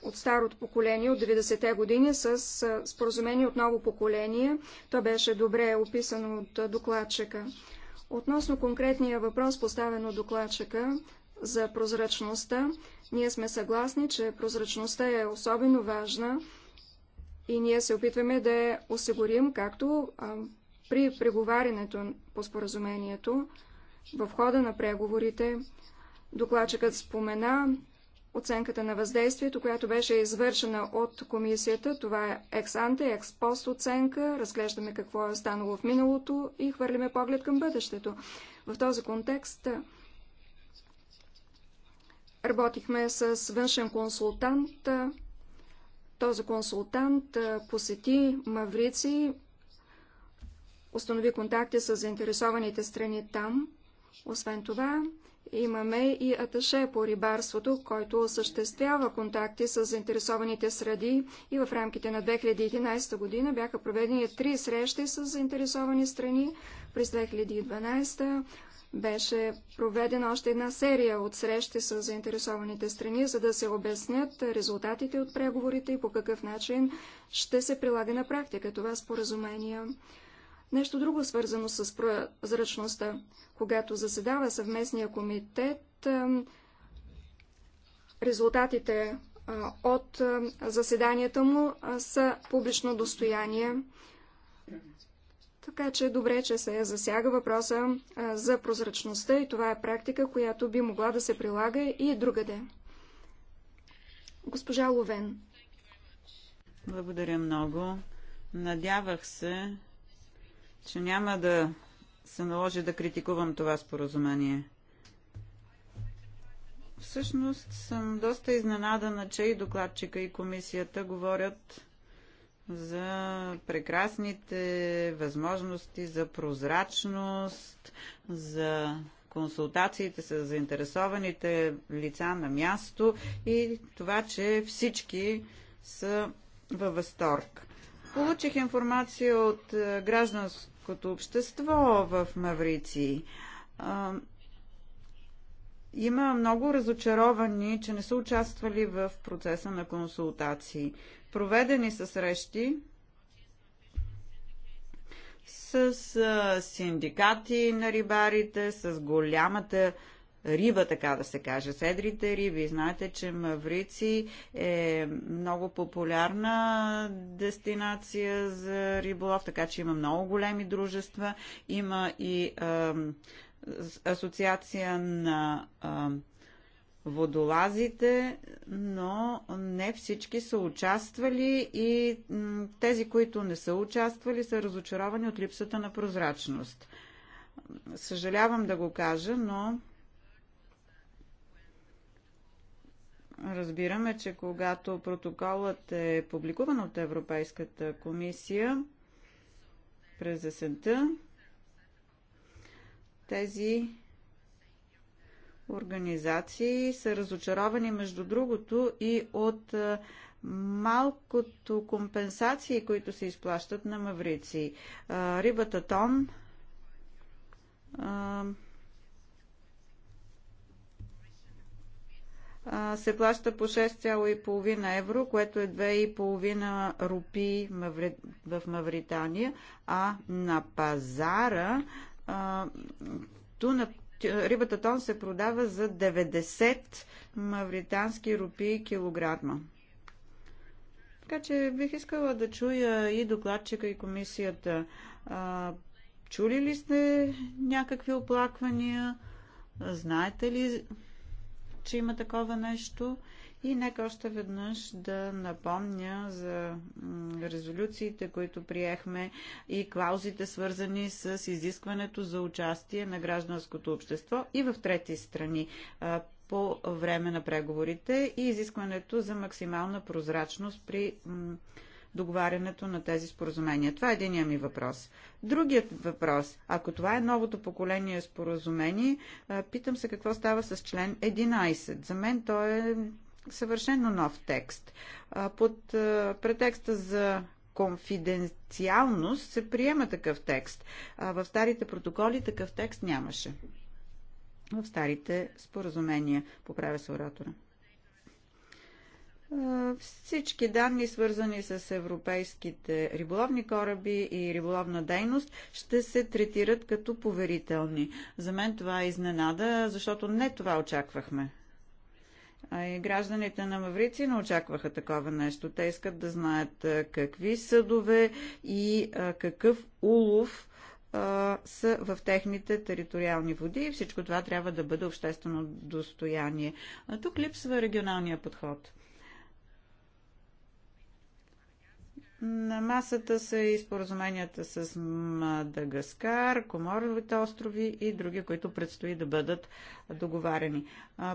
от старото поколение, от 90-те години, с споразумение от ново поколение. То беше добре описано от докладчика. Относно конкретния въпрос, поставен от докладчика за прозрачността, ние сме съгласни, че прозрачността е особено важна и ние се опитваме да я осигурим, както а, при преговарянето по споразумението, в хода на преговорите. Докладчикът спомена оценката на въздействието, която беше извършена от комисията. Това е екс-анте, оценка. Разглеждаме какво е станало в миналото и хвърляме поглед към бъдещето. В този контекст работихме с външен консултант, този консултант посети Маврици, установи контакти с заинтересованите страни там. Освен това, имаме и аташе по рибарството, който осъществява контакти с заинтересованите среди и в рамките на 2011 година бяха проведени три срещи с заинтересовани страни. През 2012 беше проведена още една серия от срещи с заинтересованите страни, за да се обяснят резултатите от преговорите и по какъв начин ще се прилага на практика това споразумение. Нещо друго свързано с прозрачността. Когато заседава съвместния комитет, е, резултатите е, от е, заседанията му са публично достояние. Така че е добре, че се засяга въпроса за прозрачността и това е практика, която би могла да се прилага и другаде. Госпожа Ловен. Благодаря много. Надявах се, че няма да се наложи да критикувам това споразумение. Всъщност съм доста изненадана, че и докладчика и комисията говорят за прекрасните възможности за прозрачност, за консултациите с заинтересованите лица на място и това, че всички са във възторг. Получих информация от е, гражданското общество в Маврици. Има много разочаровани, че не са участвали в процеса на консултации. Проведени са срещи с синдикати на рибарите, с голямата риба, така да се каже, седрите риби. Знаете, че Маврици е много популярна дестинация за риболов, така че има много големи дружества. Има и а, асоциация на а, водолазите, но не всички са участвали и тези, които не са участвали, са разочаровани от липсата на прозрачност. Съжалявам да го кажа, но разбираме, че когато протоколът е публикуван от Европейската комисия през есента, тези организации са разочаровани, между другото, и от малкото компенсации, които се изплащат на маврици. Рибата тон се плаща по 6,5 евро, което е 2,5 рупи в Мавритания, а на пазара тунът рибата тон се продава за 90 мавритански рупии килограма. Така че бих искала да чуя и докладчика, и комисията. А, чули ли сте някакви оплаквания? Знаете ли, че има такова нещо? И нека още веднъж да напомня за резолюциите, които приехме и клаузите свързани с изискването за участие на гражданското общество и в трети страни по време на преговорите и изискването за максимална прозрачност при договарянето на тези споразумения. Това е единия ми въпрос. Другият въпрос, ако това е новото поколение споразумение, питам се какво става с член 11. За мен то е съвършено нов текст. Под претекста за конфиденциалност се приема такъв текст. В старите протоколи такъв текст нямаше. В старите споразумения, поправя се оратора. Всички данни, свързани с европейските риболовни кораби и риболовна дейност, ще се третират като поверителни. За мен това е изненада, защото не това очаквахме. А и гражданите на Маврици не очакваха такова нещо. Те искат да знаят какви съдове и какъв улов са в техните териториални води и всичко това трябва да бъде обществено достояние. А тук липсва регионалния подход. На масата са и споразуменията с Мадагаскар, Коморовите острови и други, които предстои да бъдат договарени.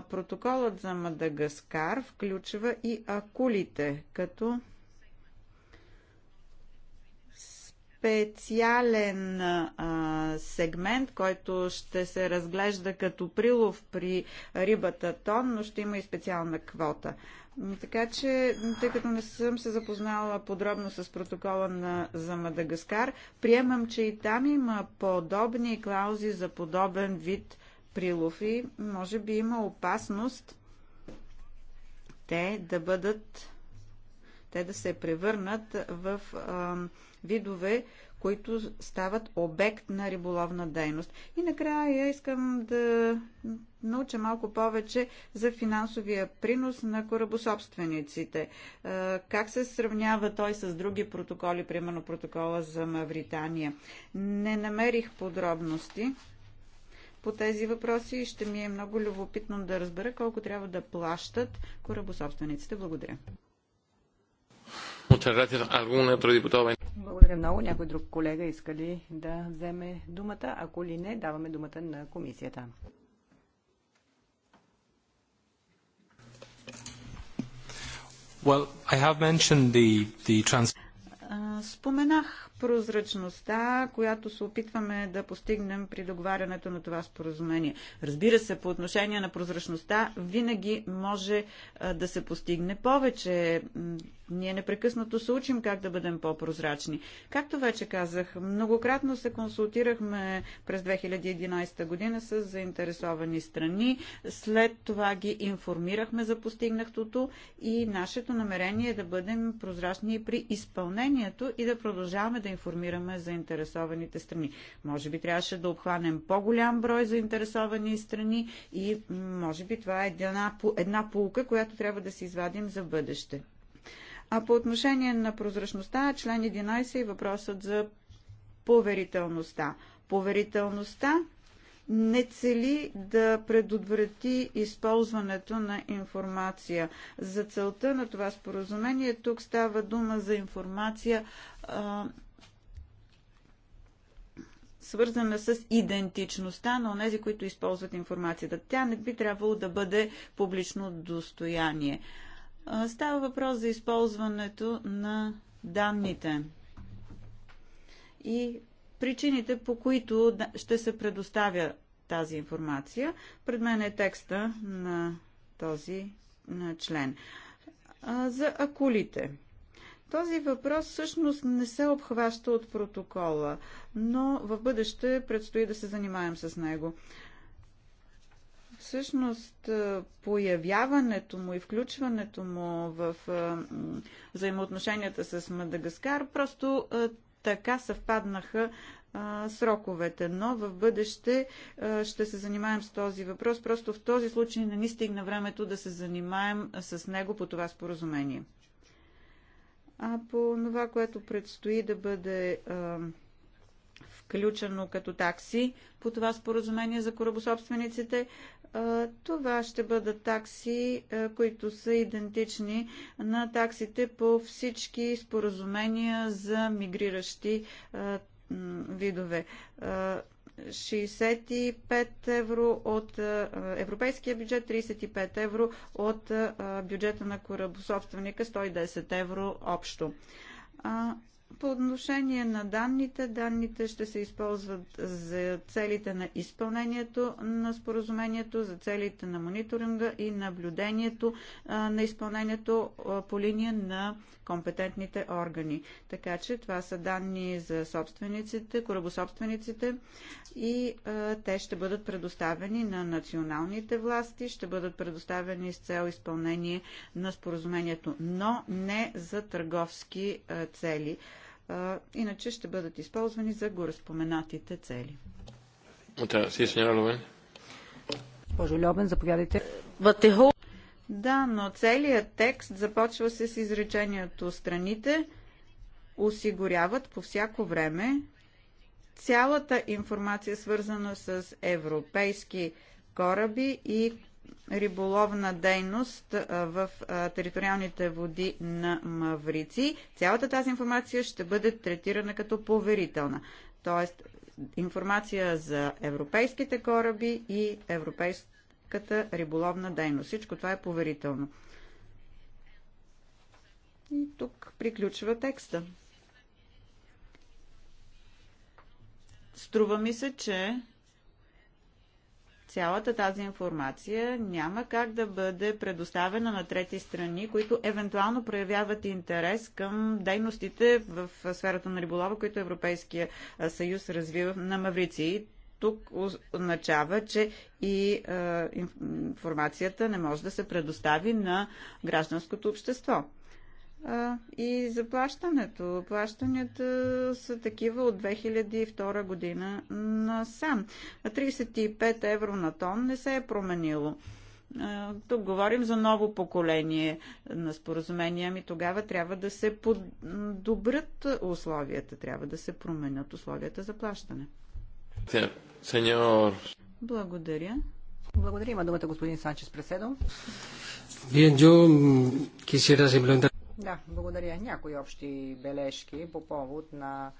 Протоколът за Мадагаскар включва и акулите, като специален а, сегмент, който ще се разглежда като прилов при рибата тон, но ще има и специална квота. Така че, тъй като не съм се запознала подробно с протокола на, за Мадагаскар, приемам, че и там има подобни клаузи за подобен вид прилов и може би има опасност те да бъдат те да се превърнат в а, видове, които стават обект на риболовна дейност. И накрая искам да науча малко повече за финансовия принос на корабособствениците. Как се сравнява той с други протоколи, примерно протокола за Мавритания? Не намерих подробности по тези въпроси и ще ми е много любопитно да разбера колко трябва да плащат корабособствениците. Благодаря. Благодаря много. Някой друг колега иска ли да вземе думата? Ако ли не, даваме думата на комисията. Well, I have mentioned the, the trans... Споменах прозрачността, която се опитваме да постигнем при договарянето на това споразумение. Разбира се, по отношение на прозрачността винаги може да се постигне повече. Ние непрекъснато се учим как да бъдем по-прозрачни. Както вече казах, многократно се консултирахме през 2011 година с заинтересовани страни. След това ги информирахме за постигнахтото и нашето намерение е да бъдем прозрачни при изпълнението и да продължаваме да информираме заинтересованите страни. Може би трябваше да обхванем по-голям брой заинтересовани страни и може би това е една, една полука, която трябва да се извадим за бъдеще. А по отношение на прозрачността, член 11 е въпросът за поверителността. Поверителността не цели да предотврати използването на информация. За целта на това споразумение тук става дума за информация свързана с идентичността на онези, които използват информацията. Тя не би трябвало да бъде публично достояние. става въпрос за използването на данните и причините, по които ще се предоставя тази информация. Пред мен е текста на този на член. За акулите. Този въпрос всъщност не се обхваща от протокола, но в бъдеще предстои да се занимаем с него. Всъщност, появяването му и включването му в взаимоотношенията с Мадагаскар просто така съвпаднаха сроковете, но в бъдеще ще се занимаем с този въпрос. Просто в този случай не ни стигна времето да се занимаем с него по това споразумение. А по това, което предстои да бъде а, включено като такси по това споразумение за корабособствениците. Това ще бъдат такси, които са идентични на таксите по всички споразумения за мигриращи видове. 65 евро от европейския бюджет, 35 евро от бюджета на корабособственика, 110 евро общо. По отношение на данните, данните ще се използват за целите на изпълнението на споразумението, за целите на мониторинга и наблюдението на изпълнението по линия на компетентните органи. Така че това са данни за собствениците, корабособствениците и а, те ще бъдат предоставени на националните власти, ще бъдат предоставени с цел изпълнение на споразумението, но не за търговски а, цели иначе ще бъдат използвани за гореспоменатите цели. Госпожо Льобен, заповядайте. Да, но целият текст започва се с изречението страните осигуряват по всяко време цялата информация, свързана с европейски кораби и риболовна дейност в териториалните води на Маврици. Цялата тази информация ще бъде третирана като поверителна. Тоест, информация за европейските кораби и европейската риболовна дейност. Всичко това е поверително. И тук приключва текста. Струва ми се, че Цялата тази информация няма как да бъде предоставена на трети страни, които евентуално проявяват интерес към дейностите в сферата на риболова, които Европейския съюз развива на Маврици тук означава, че и информацията не може да се предостави на гражданското общество и заплащането. Плащанията са такива от 2002 година на сам. 35 евро на тон не се е променило. Тук говорим за ново поколение на споразумения, ми. тогава трябва да се подобрят условията, трябва да се променят условията за плащане. Сеньор. Благодаря. Благодаря. Има думата господин Санчес Преседо. Bien, yo quisiera simplemente да, благодаря. Някои общи бележки по повод на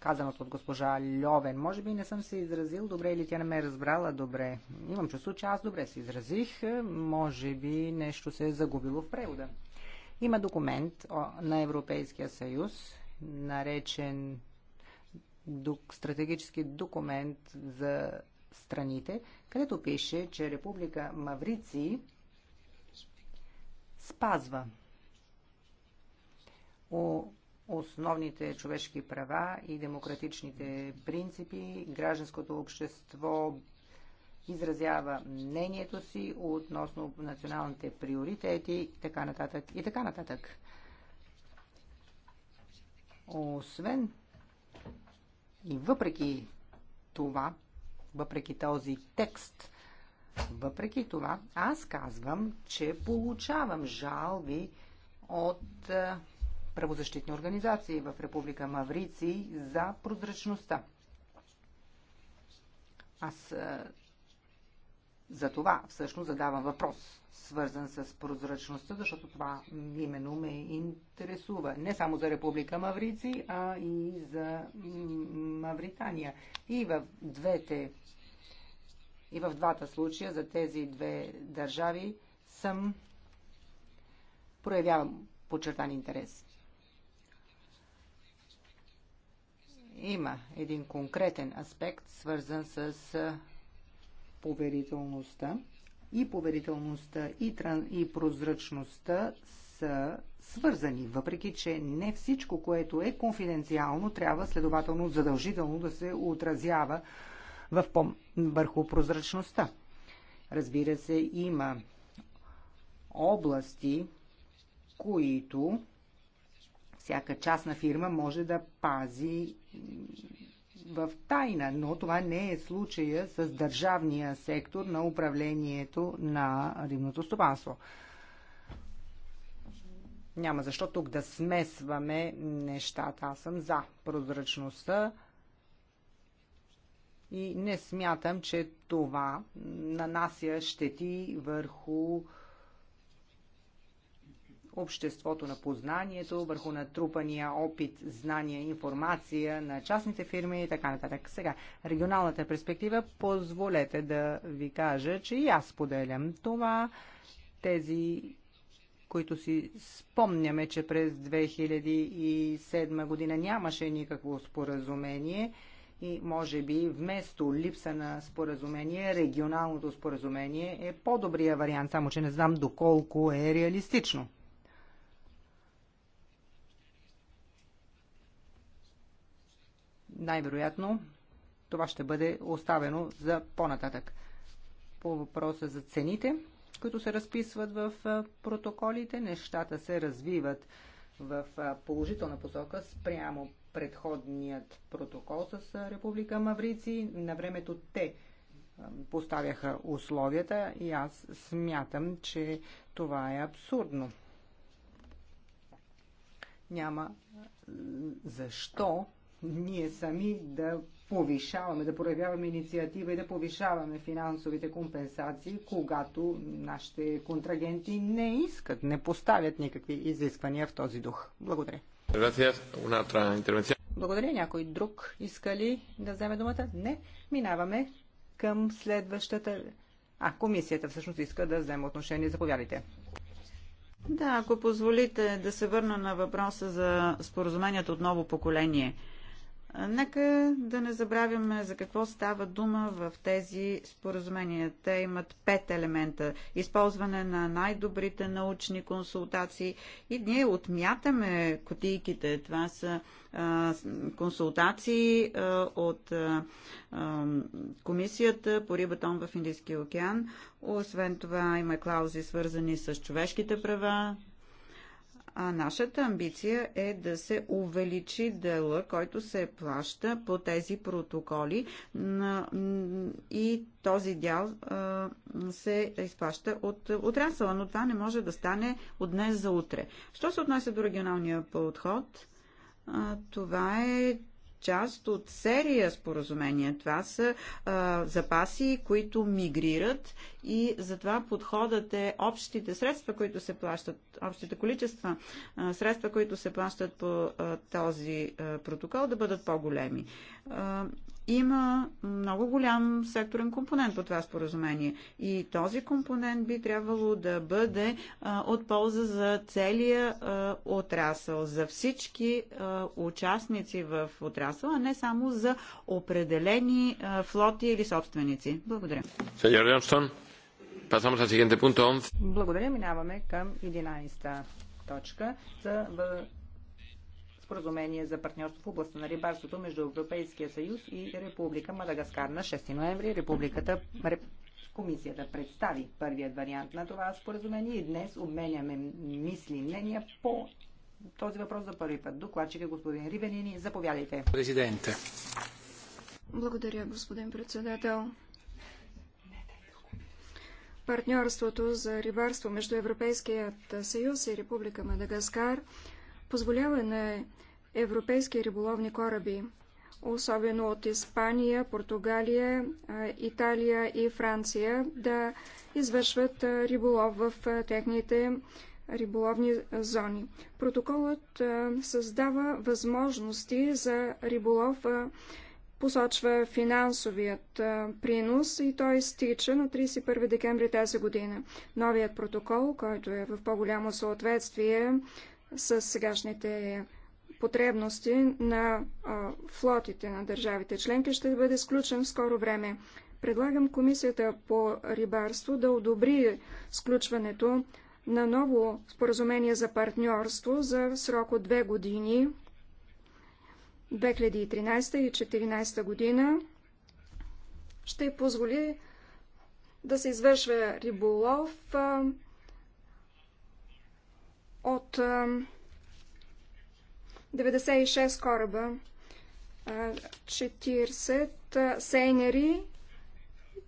казаното от госпожа Льовен. Може би не съм се изразил добре или тя не ме е разбрала добре. Имам чувство, че аз добре се изразих. Може би нещо се е загубило в превода. Има документ на Европейския съюз, наречен стратегически документ за страните, където пише, че Република Маврици спазва о основните човешки права и демократичните принципи. Гражданското общество изразява мнението си относно националните приоритети и така нататък. И така нататък. Освен и въпреки това, въпреки този текст, въпреки това, аз казвам, че получавам жалби от правозащитни организации в Република Маврици за прозрачността. Аз е, за това всъщност задавам въпрос, свързан с прозрачността, защото това именно ме интересува. Не само за Република Маврици, а и за Мавритания. И в двете, и в двата случая за тези две държави съм проявявам подчертан интерес. има един конкретен аспект, свързан с поверителността. И поверителността, и, тран... и прозрачността са свързани, въпреки че не всичко, което е конфиденциално, трябва следователно задължително да се отразява в пом... върху прозрачността. Разбира се, има области, които всяка частна фирма може да пази в тайна, но това не е случая с държавния сектор на управлението на рибното стопанство. Няма защо тук да смесваме нещата. Аз съм за прозрачността и не смятам, че това нанася щети върху обществото на познанието, върху натрупания опит, знания, информация на частните фирми и така нататък. Сега, регионалната перспектива, позволете да ви кажа, че и аз поделям това. Тези които си спомняме, че през 2007 година нямаше никакво споразумение и може би вместо липса на споразумение, регионалното споразумение е по-добрия вариант, само че не знам доколко е реалистично. най-вероятно това ще бъде оставено за по-нататък. По въпроса за цените, които се разписват в протоколите, нещата се развиват в положителна посока спрямо предходният протокол с Република Маврици. На времето те поставяха условията и аз смятам, че това е абсурдно. Няма защо ние сами да повишаваме, да проявяваме инициатива и да повишаваме финансовите компенсации, когато нашите контрагенти не искат, не поставят никакви изисквания в този дух. Благодаря. Благодаря. Някой друг иска ли да вземе думата? Не. Минаваме към следващата... А, комисията всъщност иска да вземе отношение. Заповядайте. Да, ако позволите да се върна на въпроса за споразумението от ново поколение – Нека да не забравяме за какво става дума в тези споразумения. Те имат пет елемента. Използване на най-добрите научни консултации. И ние отмятаме котийките. Това са а, консултации а, от а, Комисията по рибатон в Индийския океан. Освен това има клаузи свързани с човешките права, а нашата амбиция е да се увеличи дела, който се плаща по тези протоколи и този дял се изплаща от отрасъла, но това не може да стане от днес за утре. Що се отнася до регионалния подход? Това е част от серия споразумения. Това са а, запаси, които мигрират и затова подходът е общите средства, които се плащат, общите количества а, средства, които се плащат по а, този а, протокол, да бъдат по-големи има много голям секторен компонент по това споразумение. И този компонент би трябвало да бъде а, от полза за целия а, отрасъл, за всички а, участници в отрасъл, а не само за определени а, флоти или собственици. Благодаря. Благодаря. Минаваме към 11 точка за споразумение за партньорство в областта на рибарството между Европейския съюз и Република Мадагаскар. На 6 ноември Републиката Комисията представи първият вариант на това споразумение и днес обменяме мисли и мнения по този въпрос за първи път. Докладчик е господин Ривенини. Заповядайте. Президенте. Благодаря, господин председател. Партньорството за рибарство между Европейският съюз и Република Мадагаскар – позволява на европейски риболовни кораби, особено от Испания, Португалия, Италия и Франция, да извършват риболов в техните риболовни зони. Протоколът създава възможности за риболов, посочва финансовият принос и той стича на 31 декември тази година. Новият протокол, който е в по-голямо съответствие с сегашните потребности на флотите на държавите членки ще бъде сключен в скоро време. Предлагам Комисията по рибарство да одобри сключването на ново споразумение за партньорство за срок от две години 2013 и 2014 година ще позволи да се извършва риболов от 96 кораба, 40 сейнери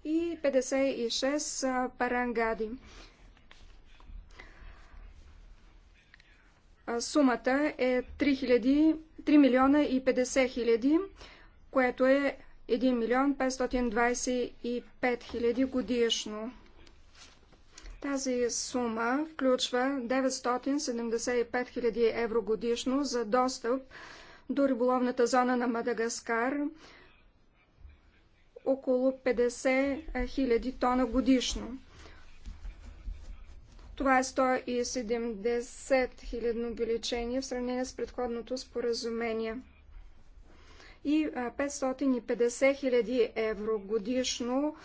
и 56 парангади. Сумата е 3 милиона и 50 хиляди, което е 1 милион 525 хиляди годишно. Тази сума включва 975 000 евро годишно за достъп до риболовната зона на Мадагаскар, около 50 000 тона годишно. Това е 170 000 увеличение в сравнение с предходното споразумение и 550 000 евро годишно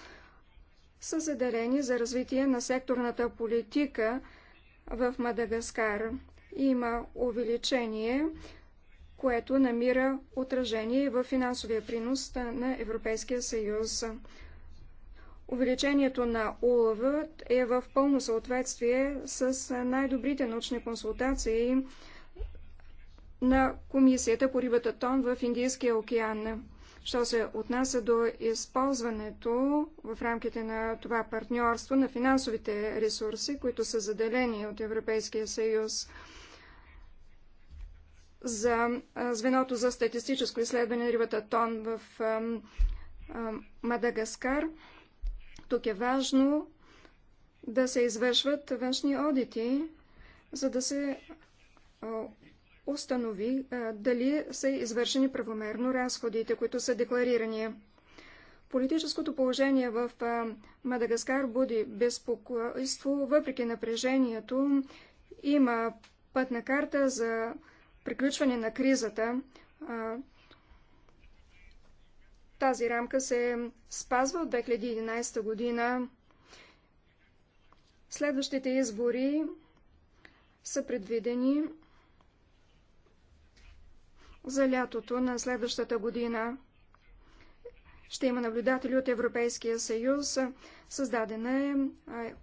са задарени за развитие на секторната политика в Мадагаскар. Има увеличение, което намира отражение в финансовия принос на Европейския съюз. Увеличението на улова е в пълно съответствие с най-добрите научни консултации на Комисията по рибата Тон в Индийския океан. Що се отнася до използването в рамките на това партньорство на финансовите ресурси, които са заделени от Европейския съюз за звеното за статистическо изследване рибата Тон в Мадагаскар, тук е важно да се извършват външни одити, за да се установи а, дали са извършени правомерно разходите, които са декларирани. Политическото положение в а, Мадагаскар буди безпокойство, въпреки напрежението. Има пътна карта за приключване на кризата. А, тази рамка се спазва от 2011 година. Следващите избори са предвидени за лятото на следващата година. Ще има наблюдатели от Европейския съюз. Създадена е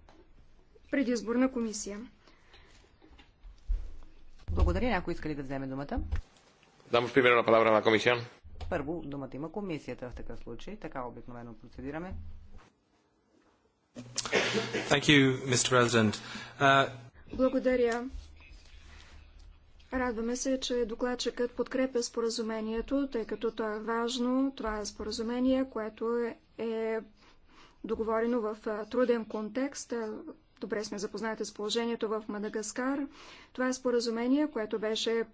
предизборна комисия. Благодаря. Някой иска ли да вземе думата? Дамос примерно на палавра на комисия. Първо думата има комисията в такъв случай. Така обикновено процедираме. Thank you, Mr. President. Uh... Благодаря. Радваме се, че докладчикът подкрепя споразумението, тъй като то е важно. Това е споразумение, което е договорено в труден контекст. Добре сме запознати с положението в Мадагаскар. Това е споразумение, което беше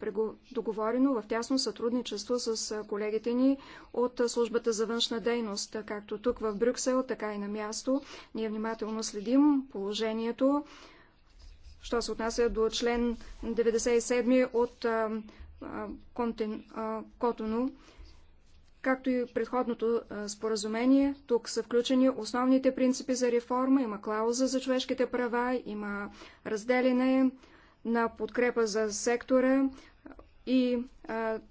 договорено в тясно сътрудничество с колегите ни от службата за външна дейност, както тук в Брюксел, така и на място. Ние внимателно следим положението що се отнася до член 97 от Котоно, както и предходното споразумение. Тук са включени основните принципи за реформа, има клауза за човешките права, има разделяне на подкрепа за сектора и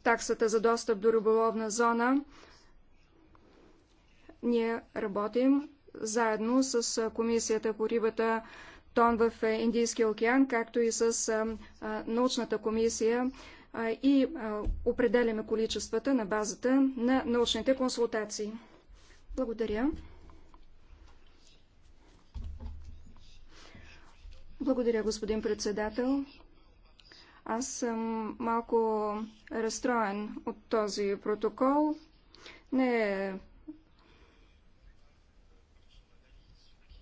таксата за достъп до риболовна зона. Ние работим заедно с Комисията по рибата тон в е, Индийския океан, както и с научната комисия и определяме количествата на базата на научните консултации. Благодаря. Благодаря, господин председател. Аз съм малко разстроен от този протокол. Не е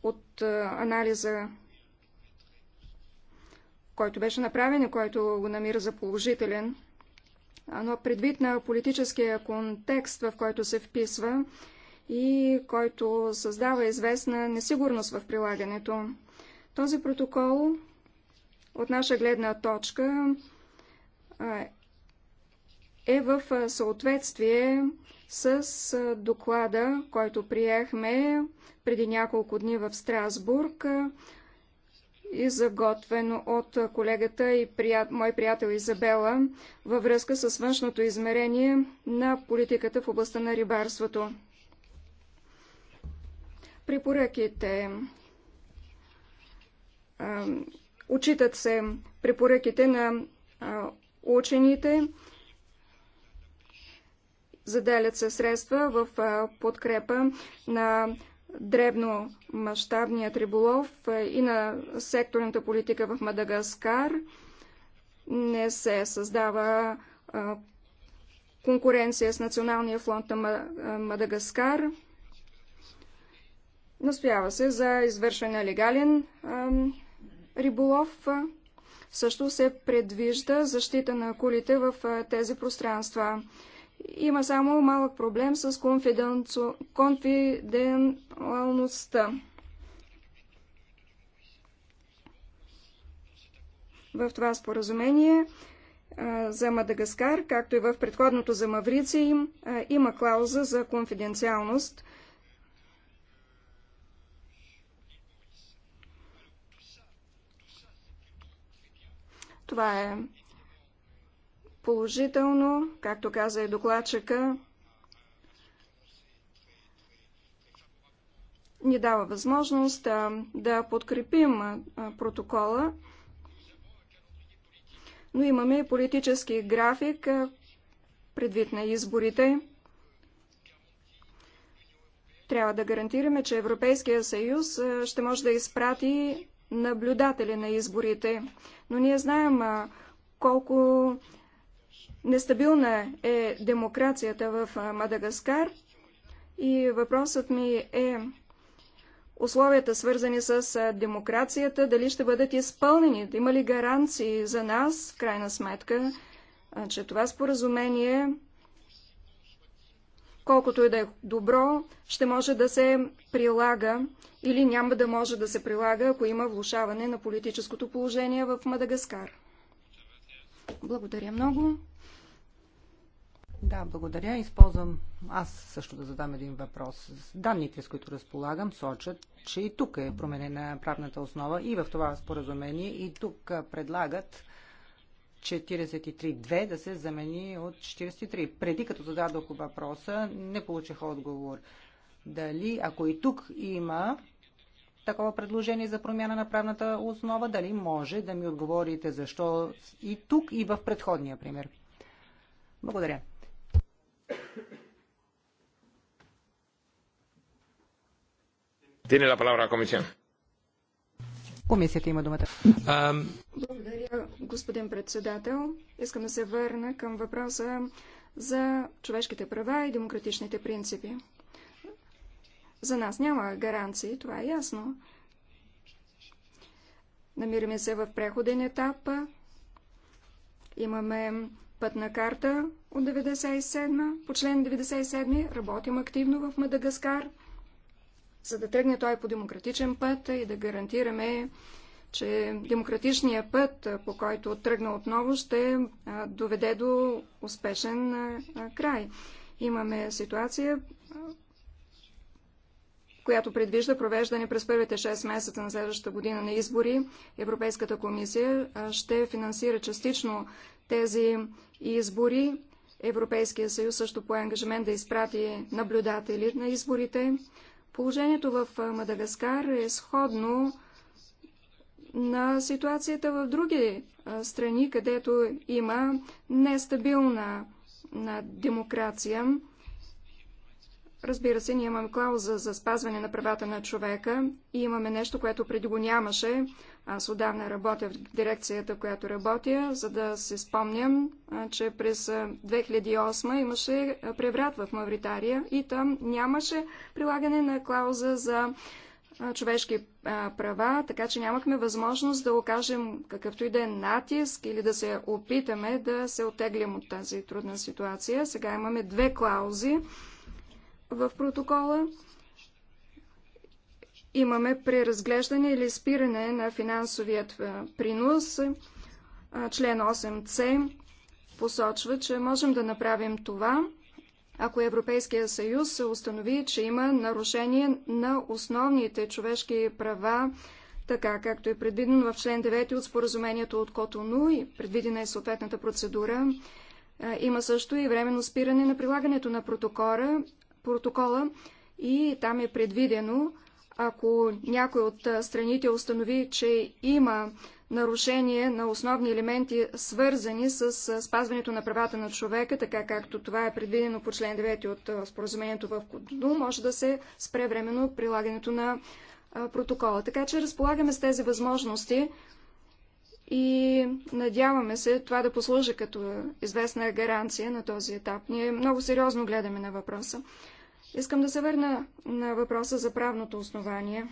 от анализа, който беше направен и който го намира за положителен. Но предвид на политическия контекст, в който се вписва и който създава известна несигурност в прилагането. Този протокол от наша гледна точка е в съответствие с доклада, който приехме преди няколко дни в Страсбург заготвено от колегата и прият... мой приятел Изабела във връзка с външното измерение на политиката в областта на рибарството. Препоръките Учитат се препоръките на учените, заделят се средства в подкрепа на дребномащабният риболов и на секторната политика в Мадагаскар. Не се създава конкуренция с Националния фонд на Мадагаскар. Настоява се за извършване на легален риболов. Също се предвижда защита на кулите в тези пространства. Има само малък проблем с конфиденциалността. В това споразумение за Мадагаскар, както и в предходното за Маврици, има клауза за конфиденциалност. Това е положително, както каза и докладчика, ни дава възможност да подкрепим протокола, но имаме политически график предвид на изборите. Трябва да гарантираме, че Европейския съюз ще може да изпрати наблюдатели на изборите. Но ние знаем колко Нестабилна е демокрацията в Мадагаскар и въпросът ми е условията свързани с демокрацията, дали ще бъдат изпълнени, има ли гаранции за нас, в крайна сметка, че това споразумение, колкото и да е добро, ще може да се прилага или няма да може да се прилага, ако има влушаване на политическото положение в Мадагаскар. Благодаря много. Да, благодаря. Използвам аз също да задам един въпрос. Данните, с които разполагам, сочат, че и тук е променена правната основа и в това споразумение, и тук предлагат 43.2 да се замени от 43. Преди като зададох въпроса, не получих отговор. Дали, ако и тук има такова предложение за промяна на правната основа, дали може да ми отговорите защо и тук, и в предходния пример? Благодаря. Tiene la комисия. Комисията има думата. Благодаря, господин председател. Искам да се върна към въпроса за човешките права и демократичните принципи. За нас няма гаранции, това е ясно. Намираме се в преходен етап. Имаме пътна карта от 97 По член 97 работим активно в Мадагаскар – за да тръгне той по демократичен път и да гарантираме, че демократичният път, по който тръгна отново, ще доведе до успешен край. Имаме ситуация, която предвижда провеждане през първите 6 месеца на следващата година на избори. Европейската комисия ще финансира частично тези избори. Европейския съюз също по ангажимент да изпрати наблюдатели на изборите. Положението в Мадагаскар е сходно на ситуацията в други страни, където има нестабилна на демокрация. Разбира се, ние имаме клауза за спазване на правата на човека и имаме нещо, което преди го нямаше аз отдавна работя в дирекцията, в която работя, за да се спомням, че през 2008 имаше преврат в Мавритария и там нямаше прилагане на клауза за човешки права, така че нямахме възможност да окажем какъвто и да е натиск или да се опитаме да се отеглим от тази трудна ситуация. Сега имаме две клаузи в протокола имаме преразглеждане или спиране на финансовият принос. Член 8c посочва, че можем да направим това, ако Европейския съюз се установи, че има нарушение на основните човешки права, така както е предвидено в член 9 от споразумението от Котону и предвидена е съответната процедура. Има също и временно спиране на прилагането на протокола, протокола и там е предвидено ако някой от страните установи, че има нарушение на основни елементи, свързани с спазването на правата на човека, така както това е предвидено по член 9 от споразумението в Кодуду, може да се спре временно прилагането на протокола. Така че разполагаме с тези възможности и надяваме се това да послужи като известна гаранция на този етап. Ние много сериозно гледаме на въпроса. Искам да се върна на въпроса за правното основание.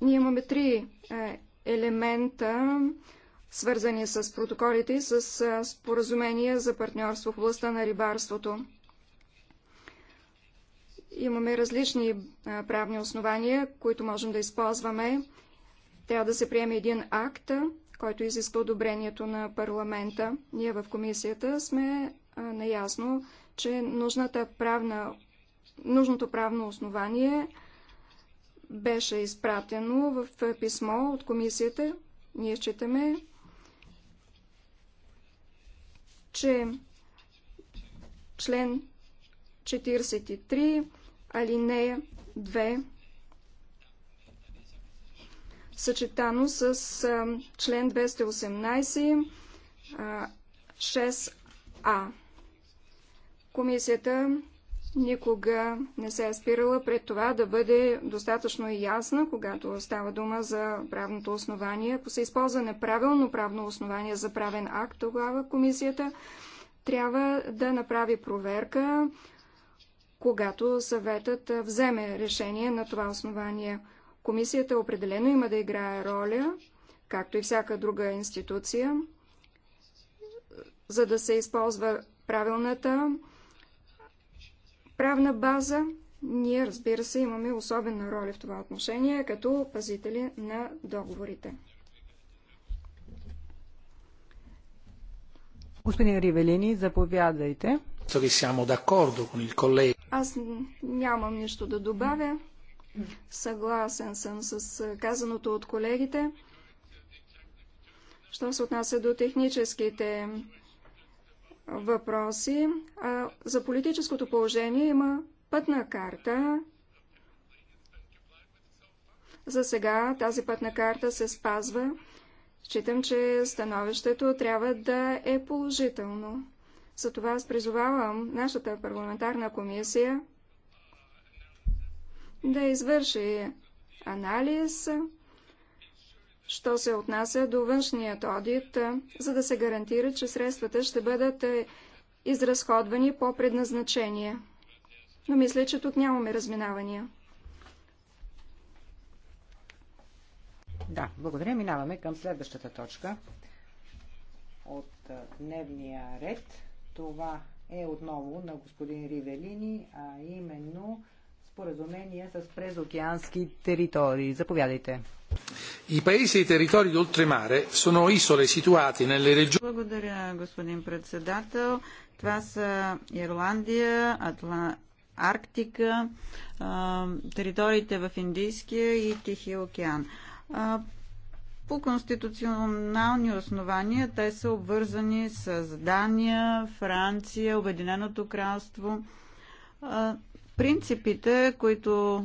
Ние имаме три е, елемента, свързани с протоколите и с е, споразумения за партньорство в областта на рибарството. Имаме различни е, правни основания, които можем да използваме. Трябва да се приеме един акт, който изисква одобрението на парламента. Ние в комисията сме наясно, че нужната правна, нужното правно основание беше изпратено в писмо от комисията. Ние считаме, че член 43, алинея 2, съчетано с член 218, 6а. Комисията никога не се е спирала пред това да бъде достатъчно ясна, когато става дума за правното основание. Ако се използва неправилно правно основание за правен акт, тогава комисията трябва да направи проверка, когато съветът вземе решение на това основание. Комисията определено има да играе роля, както и всяка друга институция, за да се използва правилната правна база. Ние, разбира се, имаме особена роля в това отношение, като пазители на договорите. Господин Ривелини, заповядайте. Аз нямам нищо да добавя. Съгласен съм с казаното от колегите. Що се отнася до техническите въпроси. А, за политическото положение има пътна карта. За сега тази пътна карта се спазва. Считам, че становището трябва да е положително. Затова аз призовавам нашата парламентарна комисия да извърши анализ, що се отнася до външният одит, за да се гарантира, че средствата ще бъдат изразходвани по предназначение. Но мисля, че тук нямаме разминавания. Да, благодаря. Минаваме към следващата точка от дневния ред. Това е отново на господин Ривелини, а именно споразумение с презокеански територии. Заповядайте. I paesi e territori d'oltremare sono isole situate nelle regioni... Благодаря, господин председател. Това са Ирландия, Атла... Арктика, териториите в Индийския и Тихия океан. По конституционални основания те са обвързани с Дания, Франция, Обединеното кралство. Принципите, които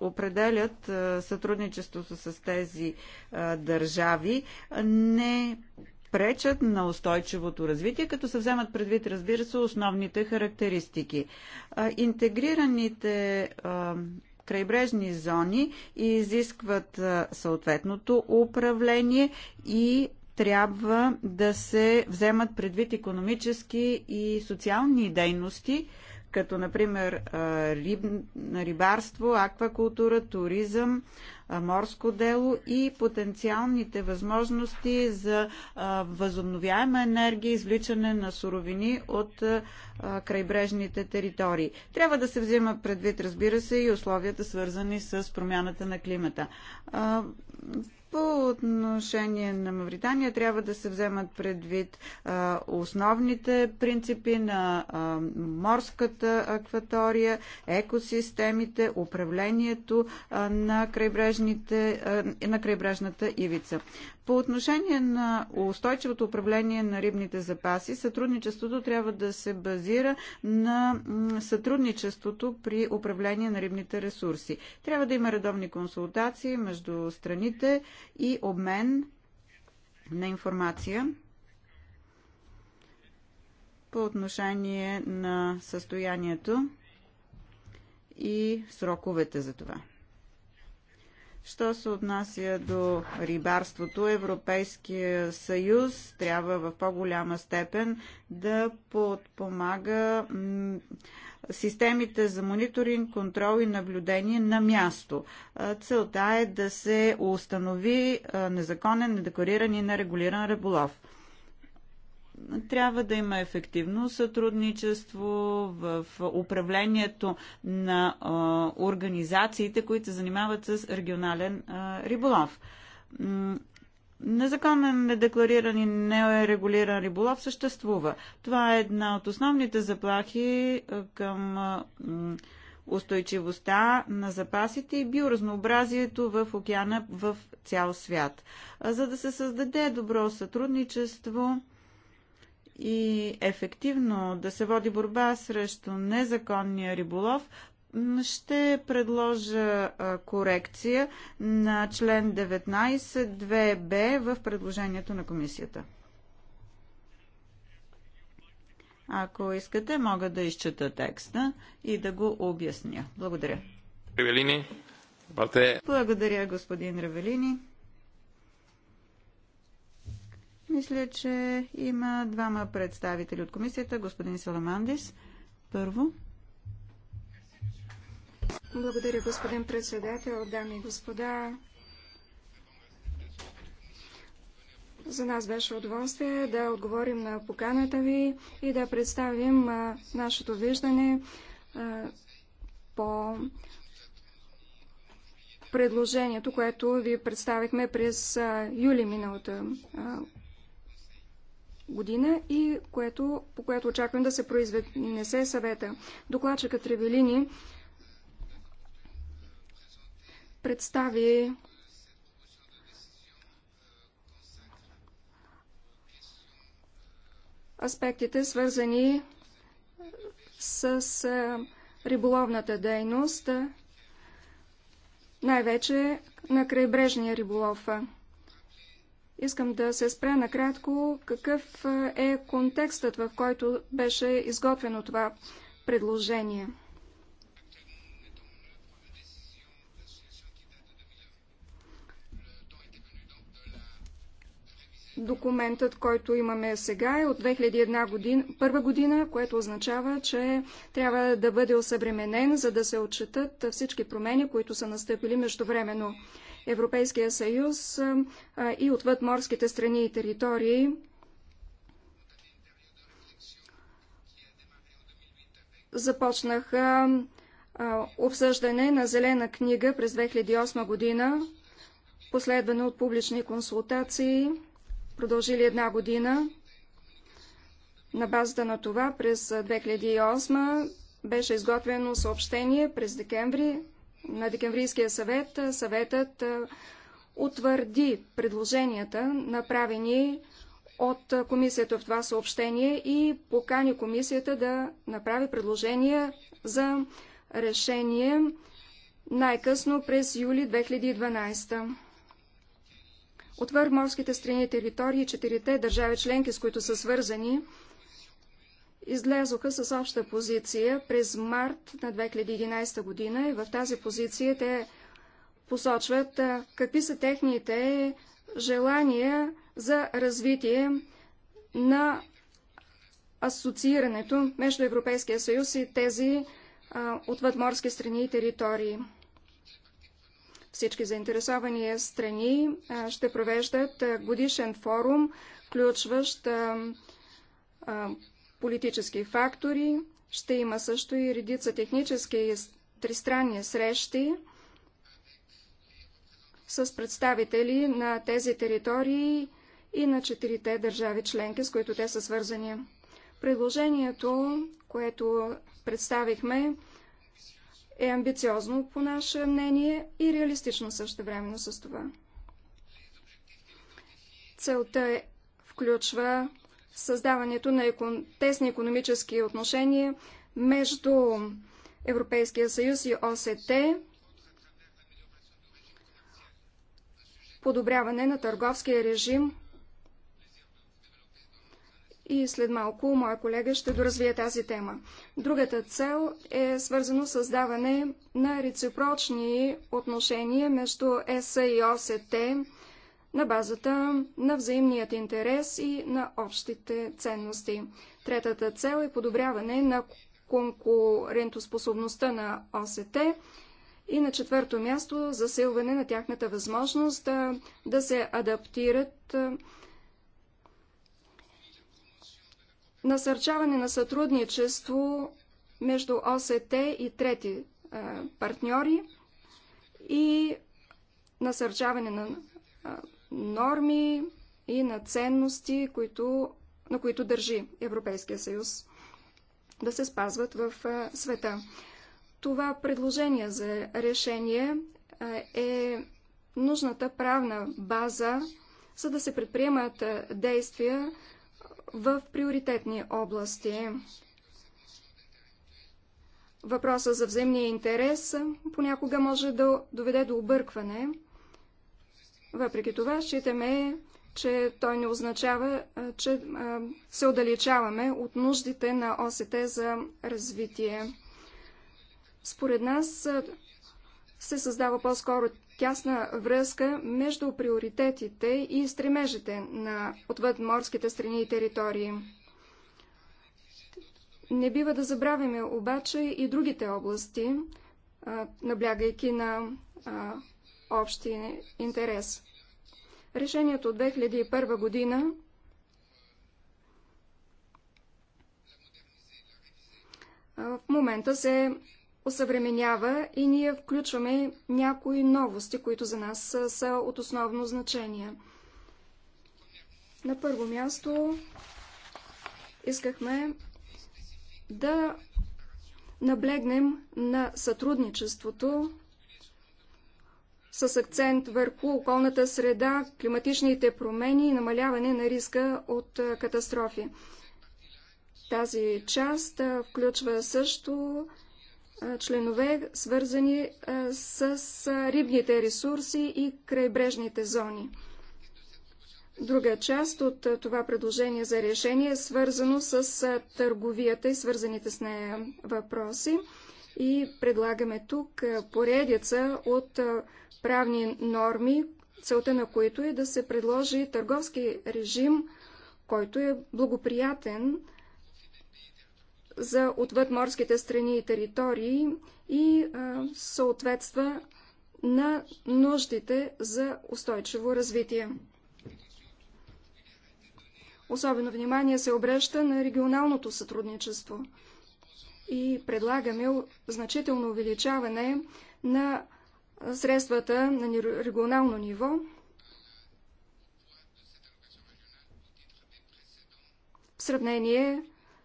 определят сътрудничеството с тези държави, не пречат на устойчивото развитие, като се вземат предвид, разбира се, основните характеристики. Интегрираните крайбрежни зони изискват съответното управление и трябва да се вземат предвид економически и социални дейности, като например риб, рибарство, аквакултура, туризъм, морско дело и потенциалните възможности за възобновяема енергия, извличане на суровини от крайбрежните територии. Трябва да се взема предвид, разбира се, и условията свързани с промяната на климата. По отношение на Мавритания трябва да се вземат предвид основните принципи на морската акватория, екосистемите, управлението на, крайбрежните, на крайбрежната ивица. По отношение на устойчивото управление на рибните запаси, сътрудничеството трябва да се базира на сътрудничеството при управление на рибните ресурси. Трябва да има редовни консултации между страните и обмен на информация по отношение на състоянието и сроковете за това. Що се отнася до рибарството, Европейския съюз трябва в по-голяма степен да подпомага системите за мониторинг, контрол и наблюдение на място. Целта е да се установи незаконен, недекориран и нерегулиран риболов трябва да има ефективно сътрудничество в управлението на организациите, които се занимават с регионален риболов. Незаконен, недеклариран и нерегулиран риболов съществува. Това е една от основните заплахи към устойчивостта на запасите и биоразнообразието в океана в цял свят. За да се създаде добро сътрудничество, и ефективно да се води борба срещу незаконния риболов, ще предложа корекция на член 192 b в предложението на комисията. Ако искате, мога да изчета текста и да го обясня. Благодаря. Ревелини, Благодаря, господин Ревелини. Мисля, че има двама представители от комисията. Господин Саламандис, първо. Благодаря, господин председател, дами и господа. За нас беше удоволствие да отговорим на поканата ви и да представим нашето виждане по предложението, което ви представихме през юли миналата година и което, по което очаквам да се произнесе съвета. Докладчика Тревелини представи аспектите, свързани с риболовната дейност, най-вече на крайбрежния риболов. Искам да се спре накратко какъв е контекстът, в който беше изготвено това предложение. Документът, който имаме сега е от 2001 година, първа година, което означава, че трябва да бъде осъвременен, за да се отчитат всички промени, които са настъпили междувременно. Европейския съюз и отвъд морските страни и територии. Започнаха обсъждане на зелена книга през 2008 година, последвано от публични консултации, продължили една година. На базата на това през 2008 беше изготвено съобщение през декември на Декемврийския съвет съветът утвърди предложенията, направени от комисията в това съобщение и покани комисията да направи предложение за решение най-късно през юли 2012. Отвър морските страни и територии, четирите държави членки, с които са свързани, излязоха с обща позиция през март на 2011 година и в тази позиция те посочват какви са техните желания за развитие на асоциирането между Европейския съюз и тези отвъдморски страни и територии. Всички заинтересовани страни ще провеждат годишен форум, включващ политически фактори. Ще има също и редица технически и тристранни срещи с представители на тези територии и на четирите държави членки, с които те са свързани. Предложението, което представихме, е амбициозно по наше мнение и реалистично също времено с това. Целта е, включва създаването на тесни економически отношения между Европейския съюз и ОСТ, подобряване на търговския режим. И след малко моя колега ще доразвие тази тема. Другата цел е свързано с даване на реципрочни отношения между ЕС и ОСТ, на базата на взаимният интерес и на общите ценности. Третата цел е подобряване на конкурентоспособността на ОСТ и на четвърто място засилване на тяхната възможност да, да се адаптират насърчаване на сътрудничество между ОСТ и трети партньори и насърчаване на норми и на ценности, които, на които държи Европейския съюз да се спазват в света. Това предложение за решение е нужната правна база, за да се предприемат действия в приоритетни области. Въпроса за взаимния интерес понякога може да доведе до объркване – въпреки това, считаме, че той не означава, че се отдалечаваме от нуждите на ОСТ за развитие. Според нас се създава по-скоро тясна връзка между приоритетите и стремежите на отвъд морските страни и територии. Не бива да забравяме обаче и другите области, наблягайки на общи интерес. Решението от 2001 година в момента се осъвременява и ние включваме някои новости, които за нас са, са от основно значение. На първо място искахме да наблегнем на сътрудничеството с акцент върху околната среда, климатичните промени и намаляване на риска от катастрофи. Тази част включва също членове, свързани с рибните ресурси и крайбрежните зони. Друга част от това предложение за решение е свързано с търговията и свързаните с нея въпроси и предлагаме тук поредица от правни норми, целта на които е да се предложи търговски режим, който е благоприятен за отвъдморските страни и територии и съответства на нуждите за устойчиво развитие. Особено внимание се обръща на регионалното сътрудничество – и предлагаме значително увеличаване на средствата на регионално ниво. В сравнение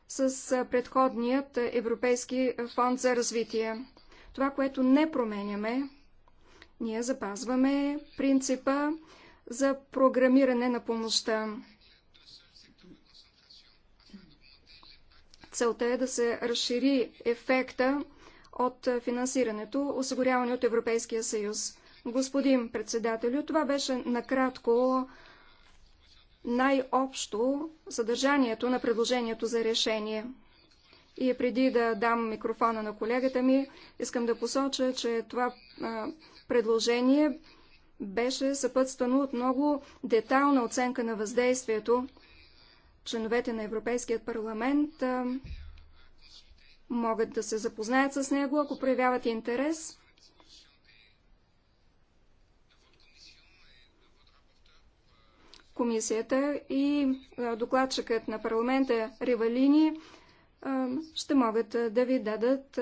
с предходният Европейски фонд за развитие. Това, което не променяме, ние запазваме принципа за програмиране на помощта. Целта е да се разшири ефекта от финансирането, осигуряване от Европейския съюз. Господин председателю, това беше накратко най-общо съдържанието на предложението за решение. И преди да дам микрофона на колегата ми, искам да посоча, че това предложение беше съпътствано от много детална оценка на въздействието членовете на Европейският парламент могат да се запознаят с него, ако проявяват интерес. Комисията и докладчикът на парламента Ривалини ще могат да ви дадат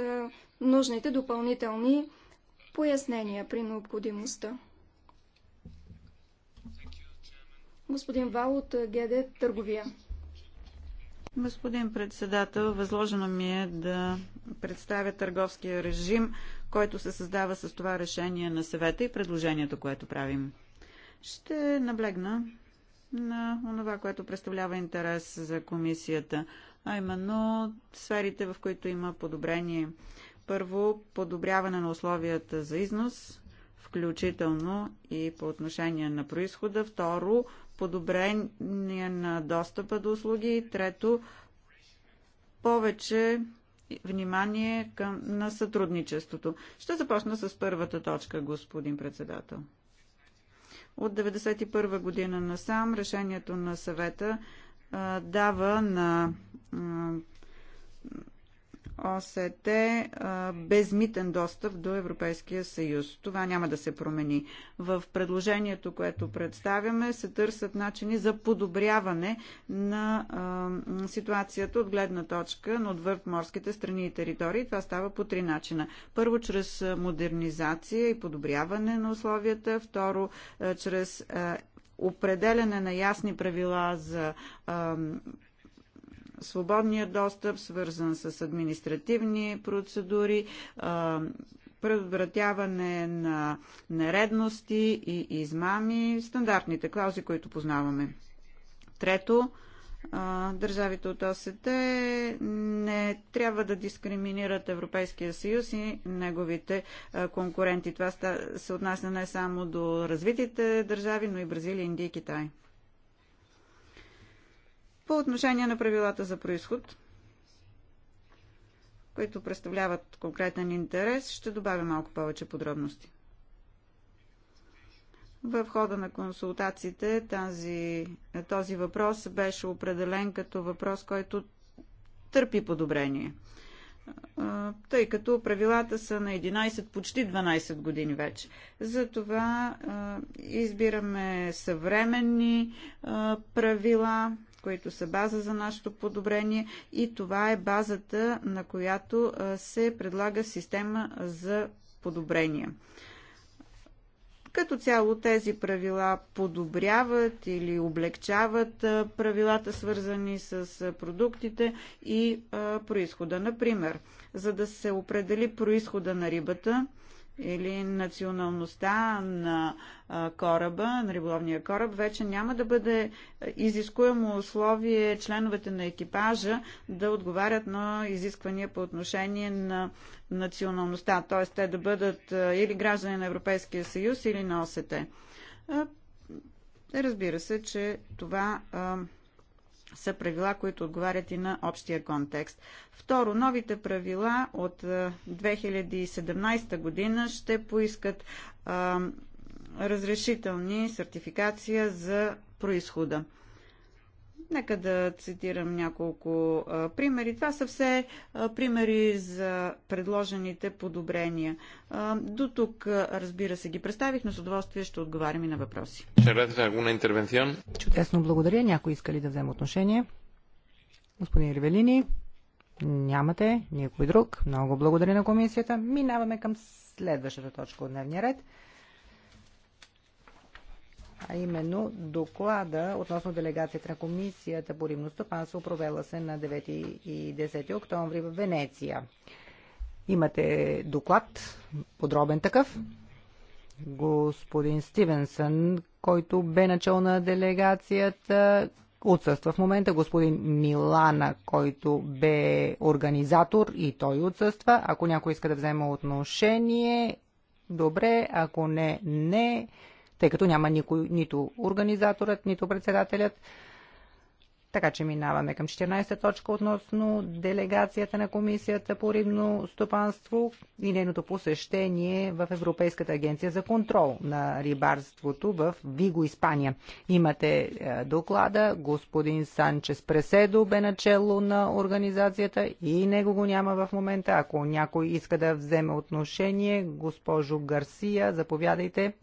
нужните допълнителни пояснения при необходимостта. Господин Вал от ГД Търговия. Господин председател, възложено ми е да представя търговския режим, който се създава с това решение на съвета и предложението, което правим. Ще наблегна на това, което представлява интерес за комисията, а именно сферите, в които има подобрение. Първо, подобряване на условията за износ, включително и по отношение на происхода. Второ, подобрение на достъпа до услуги. Трето, повече внимание към, на сътрудничеството. Ще започна с първата точка, господин председател. От 1991 година насам решението на съвета а, дава на а, ОСТ безмитен достъп до Европейския съюз. Това няма да се промени. В предложението, което представяме, се търсят начини за подобряване на а, ситуацията от гледна точка на морските страни и територии. Това става по три начина. Първо, чрез модернизация и подобряване на условията. Второ, чрез а, определяне на ясни правила за свободния достъп, свързан с административни процедури, предотвратяване на нередности и измами, стандартните клаузи, които познаваме. Трето, държавите от ОСТ не трябва да дискриминират Европейския съюз и неговите конкуренти. Това се отнася не само до развитите държави, но и Бразилия, Индия и Китай. По отношение на правилата за происход, които представляват конкретен интерес, ще добавя малко повече подробности. В хода на консултациите тази, този въпрос беше определен като въпрос, който търпи подобрение. Тъй като правилата са на 11, почти 12 години вече. Затова избираме съвременни правила, които са база за нашето подобрение и това е базата, на която се предлага система за подобрение. Като цяло тези правила подобряват или облегчават правилата, свързани с продуктите и происхода. Например, за да се определи происхода на рибата, или националността на кораба, на риболовния кораб, вече няма да бъде изискуемо условие членовете на екипажа да отговарят на изисквания по отношение на националността, т.е. те да бъдат или граждани на Европейския съюз, или на ОСТ. Разбира се, че това са правила, които отговарят и на общия контекст. Второ, новите правила от 2017 година ще поискат а, разрешителни сертификация за происхода. Нека да цитирам няколко а, примери. Това са все а, примери за предложените подобрения. А, до тук, а, разбира се, ги представих, но с удоволствие ще отговарям и на въпроси. Чудесно, благодаря. Някой иска ли да вземе отношение? Господин Ривелини, нямате никой друг. Много благодаря на комисията. Минаваме към следващата точка от дневния ред а именно доклада относно делегацията на Комисията по рибно стопанство, провела се на 9 и 10 октомври в Венеция. Имате доклад, подробен такъв. Господин Стивенсън, който бе начал на делегацията, отсъства в момента. Господин Милана, който бе организатор и той отсъства. Ако някой иска да вземе отношение, добре. Ако не, не тъй като няма никой, нито организаторът, нито председателят така че минаваме към 14 та точка относно делегацията на Комисията по рибно стопанство и нейното посещение в Европейската агенция за контрол на рибарството в Виго, Испания. Имате е, доклада. Господин Санчес Преседо бе начало на организацията и него го няма в момента. Ако някой иска да вземе отношение, госпожо Гарсия, заповядайте.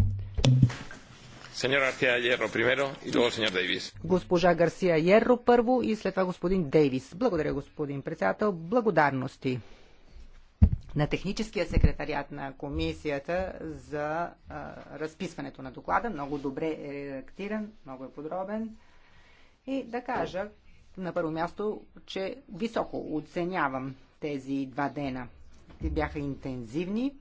Госпожа Гарсия Ерро първо и след това господин Дейвис. Благодаря, господин председател. Благодарности на техническия секретариат на комисията за а, разписването на доклада. Много добре е редактиран, много е подробен. И да кажа на първо място, че високо оценявам тези два дена. Те бяха интензивни.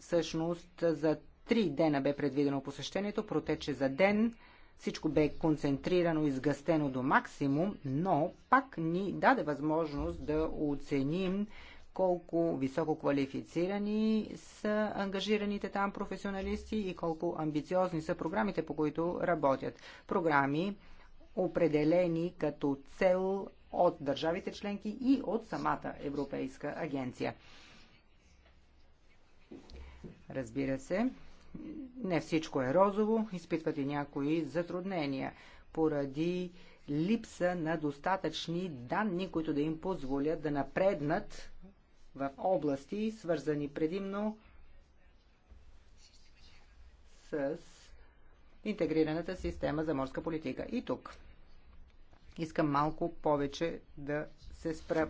Всъщност за Три дена бе предвидено посещението, протече за ден, всичко бе концентрирано, изгъстено до максимум, но пак ни даде възможност да оценим колко високо квалифицирани са ангажираните там професионалисти и колко амбициозни са програмите, по които работят. Програми, определени като цел от държавите членки и от самата Европейска агенция. Разбира се, не всичко е розово, изпитват и някои затруднения поради липса на достатъчни данни, които да им позволят да напреднат в области, свързани предимно с интегрираната система за морска политика. И тук искам малко повече да се спра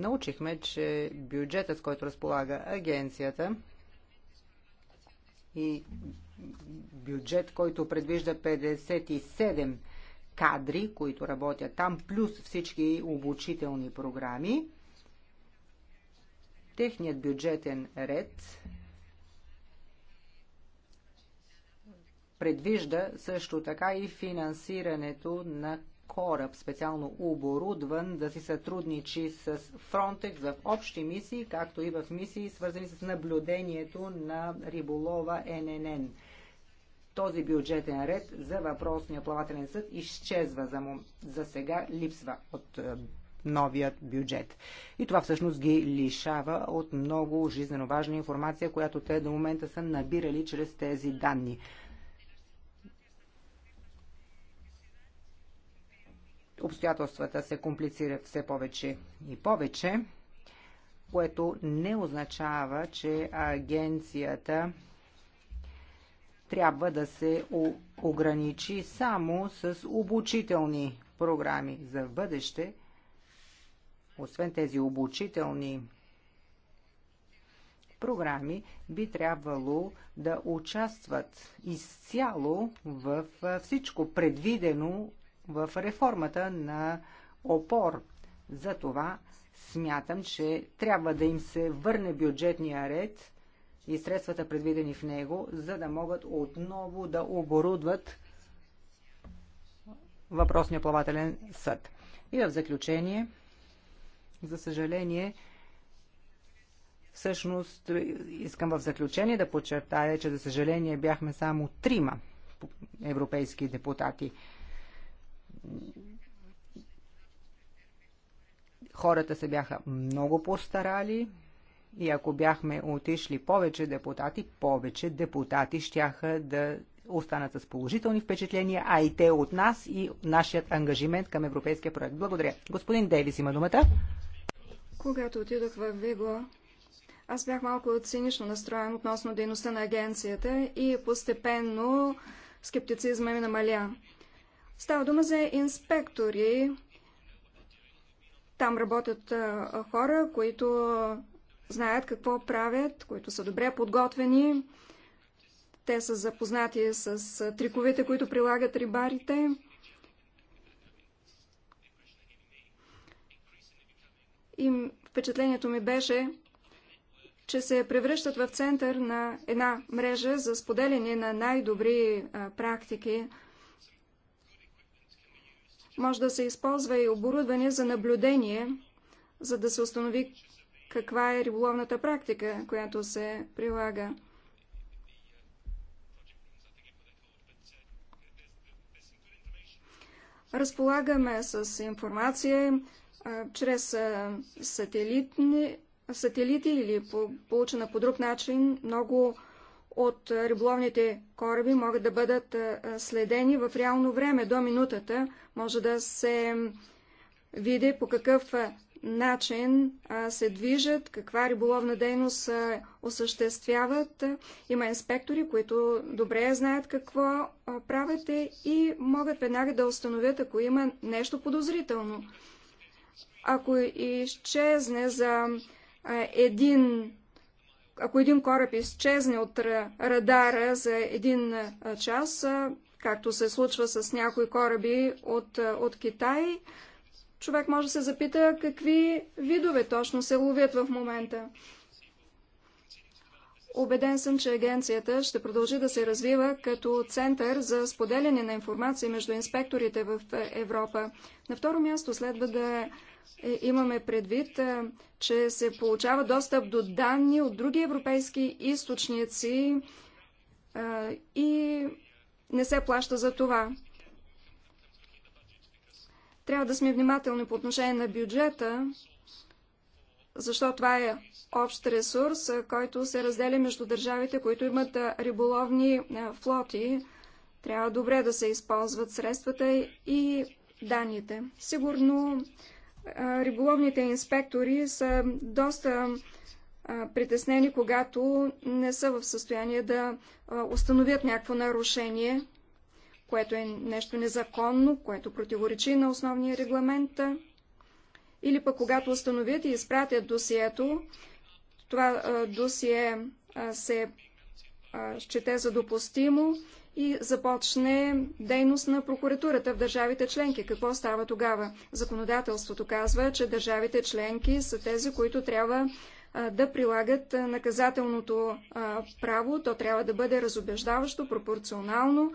научихме, че бюджетът, с който разполага агенцията и бюджет, който предвижда 57 кадри, които работят там, плюс всички обучителни програми, техният бюджетен ред предвижда също така и финансирането на кораб, специално оборудван, да си сътрудничи с Frontex в общи мисии, както и в мисии, свързани с наблюдението на риболова ННН. Този бюджетен ред за въпросния плавателен съд изчезва за, му, за сега, липсва от е, новият бюджет. И това всъщност ги лишава от много жизненно важна информация, която те до момента са набирали чрез тези данни. обстоятелствата се комплицират все повече и повече, което не означава, че агенцията трябва да се ограничи само с обучителни програми за бъдеще. Освен тези обучителни програми, би трябвало да участват изцяло в всичко предвидено в реформата на опор. За това смятам, че трябва да им се върне бюджетния ред и средствата предвидени в него, за да могат отново да оборудват въпросния плавателен съд. И в заключение, за съжаление, всъщност искам в заключение да подчертая, че за съжаление бяхме само трима европейски депутати – хората се бяха много постарали и ако бяхме отишли повече депутати, повече депутати щяха да останат с положителни впечатления, а и те от нас и нашият ангажимент към европейския проект. Благодаря. Господин Дейвис има думата. Когато отидох в Виго, аз бях малко цинично настроен относно дейността на агенцията и постепенно скептицизма ми намаля. Става дума за инспектори. Там работят хора, които знаят какво правят, които са добре подготвени. Те са запознати с триковете, които прилагат рибарите. И впечатлението ми беше, че се превръщат в център на една мрежа за споделяне на най-добри практики, може да се използва и оборудване за наблюдение, за да се установи каква е риболовната практика, която се прилага. Разполагаме с информация а, чрез а, сателитни, сателити или по, получена по друг начин много от риболовните кораби могат да бъдат следени в реално време до минутата. Може да се види по какъв начин се движат, каква риболовна дейност осъществяват. Има инспектори, които добре знаят какво правят и могат веднага да установят, ако има нещо подозрително. Ако изчезне за един ако един кораб изчезне от радара за един час, както се случва с някои кораби от, от Китай, човек може да се запита какви видове точно се ловят в момента. Обеден съм, че агенцията ще продължи да се развива като център за споделяне на информация между инспекторите в Европа. На второ място следва да е, имаме предвид, е, че се получава достъп до данни от други европейски източници е, и не се плаща за това. Трябва да сме внимателни по отношение на бюджета, защото това е общ ресурс, който се разделя между държавите, които имат риболовни флоти. Трябва добре да се използват средствата и данните. Сигурно риболовните инспектори са доста притеснени, когато не са в състояние да установят някакво нарушение, което е нещо незаконно, което противоречи на основния регламент, или пък когато установят и изпратят досието, това досие се счете за допустимо и започне дейност на прокуратурата в държавите членки. Какво става тогава? Законодателството казва, че държавите членки са тези, които трябва да прилагат наказателното право. То трябва да бъде разобеждаващо, пропорционално.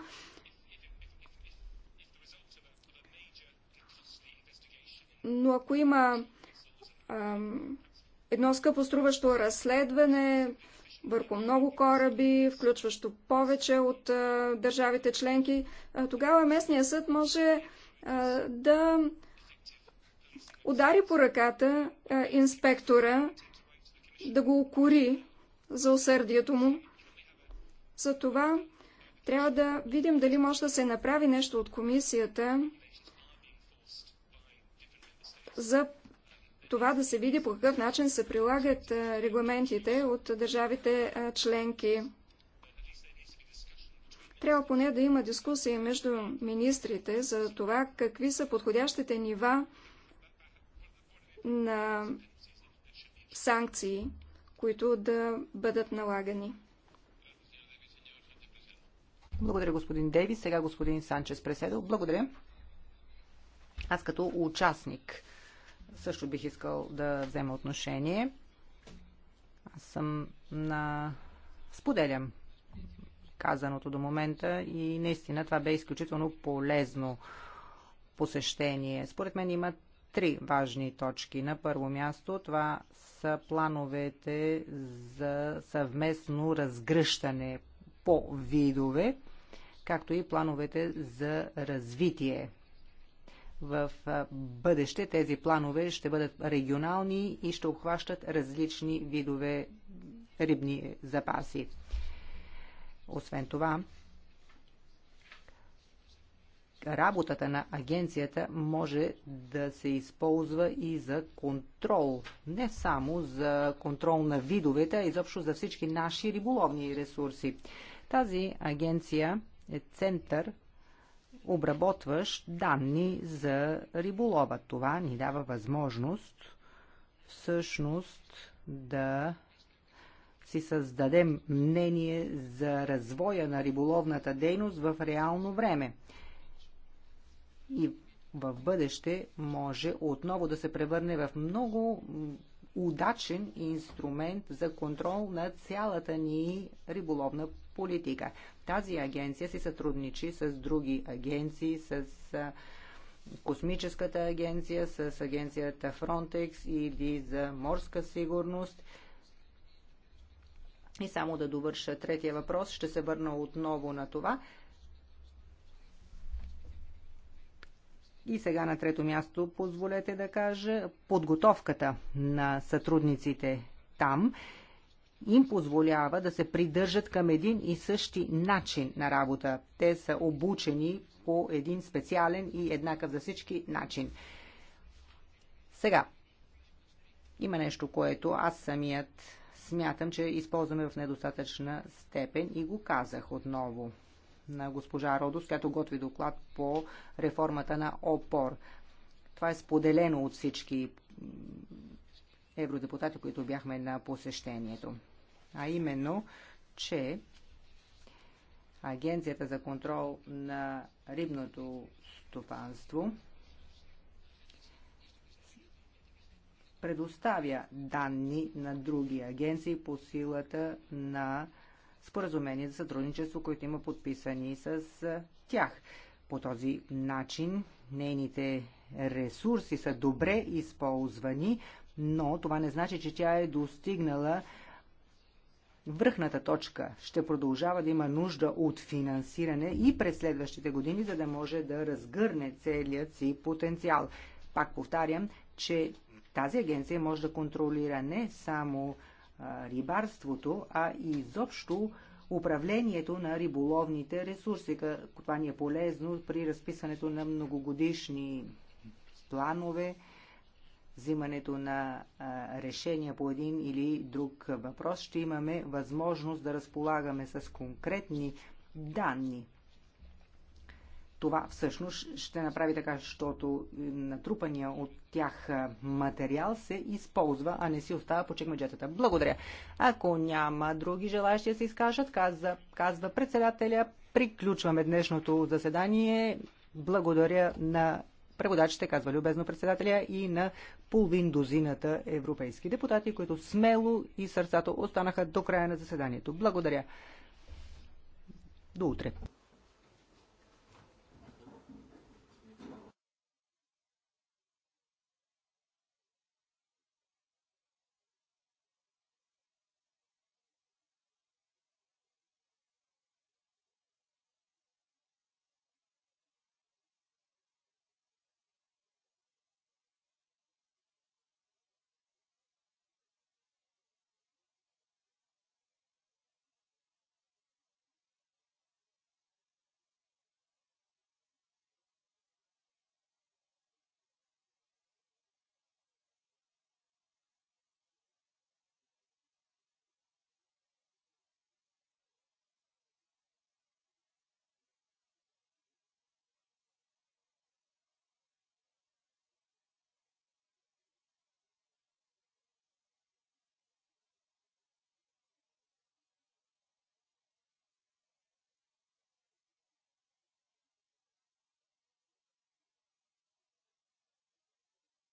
Но ако има едно скъпоструващо разследване, върху много кораби, включващо повече от а, държавите членки, а, тогава местния съд може а, да удари по ръката а, инспектора, да го укори за усърдието му. За това трябва да видим дали може да се направи нещо от комисията за това да се види по какъв начин се прилагат регламентите от държавите членки. Трябва поне да има дискусия между министрите за това какви са подходящите нива на санкции, които да бъдат налагани. Благодаря, господин Дейвис. Сега господин Санчес преседал. Благодаря. Аз като участник също бих искал да взема отношение. Аз съм на... Споделям казаното до момента и наистина това бе изключително полезно посещение. Според мен има три важни точки. На първо място това са плановете за съвместно разгръщане по видове, както и плановете за развитие в бъдеще тези планове ще бъдат регионални и ще обхващат различни видове рибни запаси. Освен това, работата на агенцията може да се използва и за контрол. Не само за контрол на видовете, а изобщо за всички наши риболовни ресурси. Тази агенция е център, обработващ данни за риболова. Това ни дава възможност всъщност да си създадем мнение за развоя на риболовната дейност в реално време. И в бъдеще може отново да се превърне в много удачен инструмент за контрол на цялата ни риболовна политика. Тази агенция си сътрудничи с други агенции, с Космическата агенция, с агенцията Frontex или за морска сигурност. И само да довърша третия въпрос, ще се върна отново на това. И сега на трето място, позволете да кажа, подготовката на сътрудниците там им позволява да се придържат към един и същи начин на работа. Те са обучени по един специален и еднакъв за всички начин. Сега, има нещо, което аз самият смятам, че използваме в недостатъчна степен и го казах отново на госпожа Родос, която готви доклад по реформата на ОПОР. Това е споделено от всички евродепутати, които бяхме на посещението а именно, че Агенцията за контрол на рибното стопанство предоставя данни на други агенции по силата на споразумения за сътрудничество, които има подписани с тях. По този начин нейните ресурси са добре използвани, но това не значи, че тя е достигнала връхната точка ще продължава да има нужда от финансиране и през следващите години, за да може да разгърне целият си потенциал. Пак повтарям, че тази агенция може да контролира не само рибарството, а и изобщо управлението на риболовните ресурси. Това ни е полезно при разписването на многогодишни планове, взимането на решения по един или друг въпрос, ще имаме възможност да разполагаме с конкретни данни. Това всъщност ще направи така, защото е, натрупания от тях материал се използва, а не си остава по чекмеджетата. Благодаря. Ако няма други желаящи да се изкажат, казва, казва председателя, приключваме днешното заседание. Благодаря на преводачите, казва любезно председателя, и на половин дозината европейски депутати, които смело и сърцато останаха до края на заседанието. Благодаря. До утре.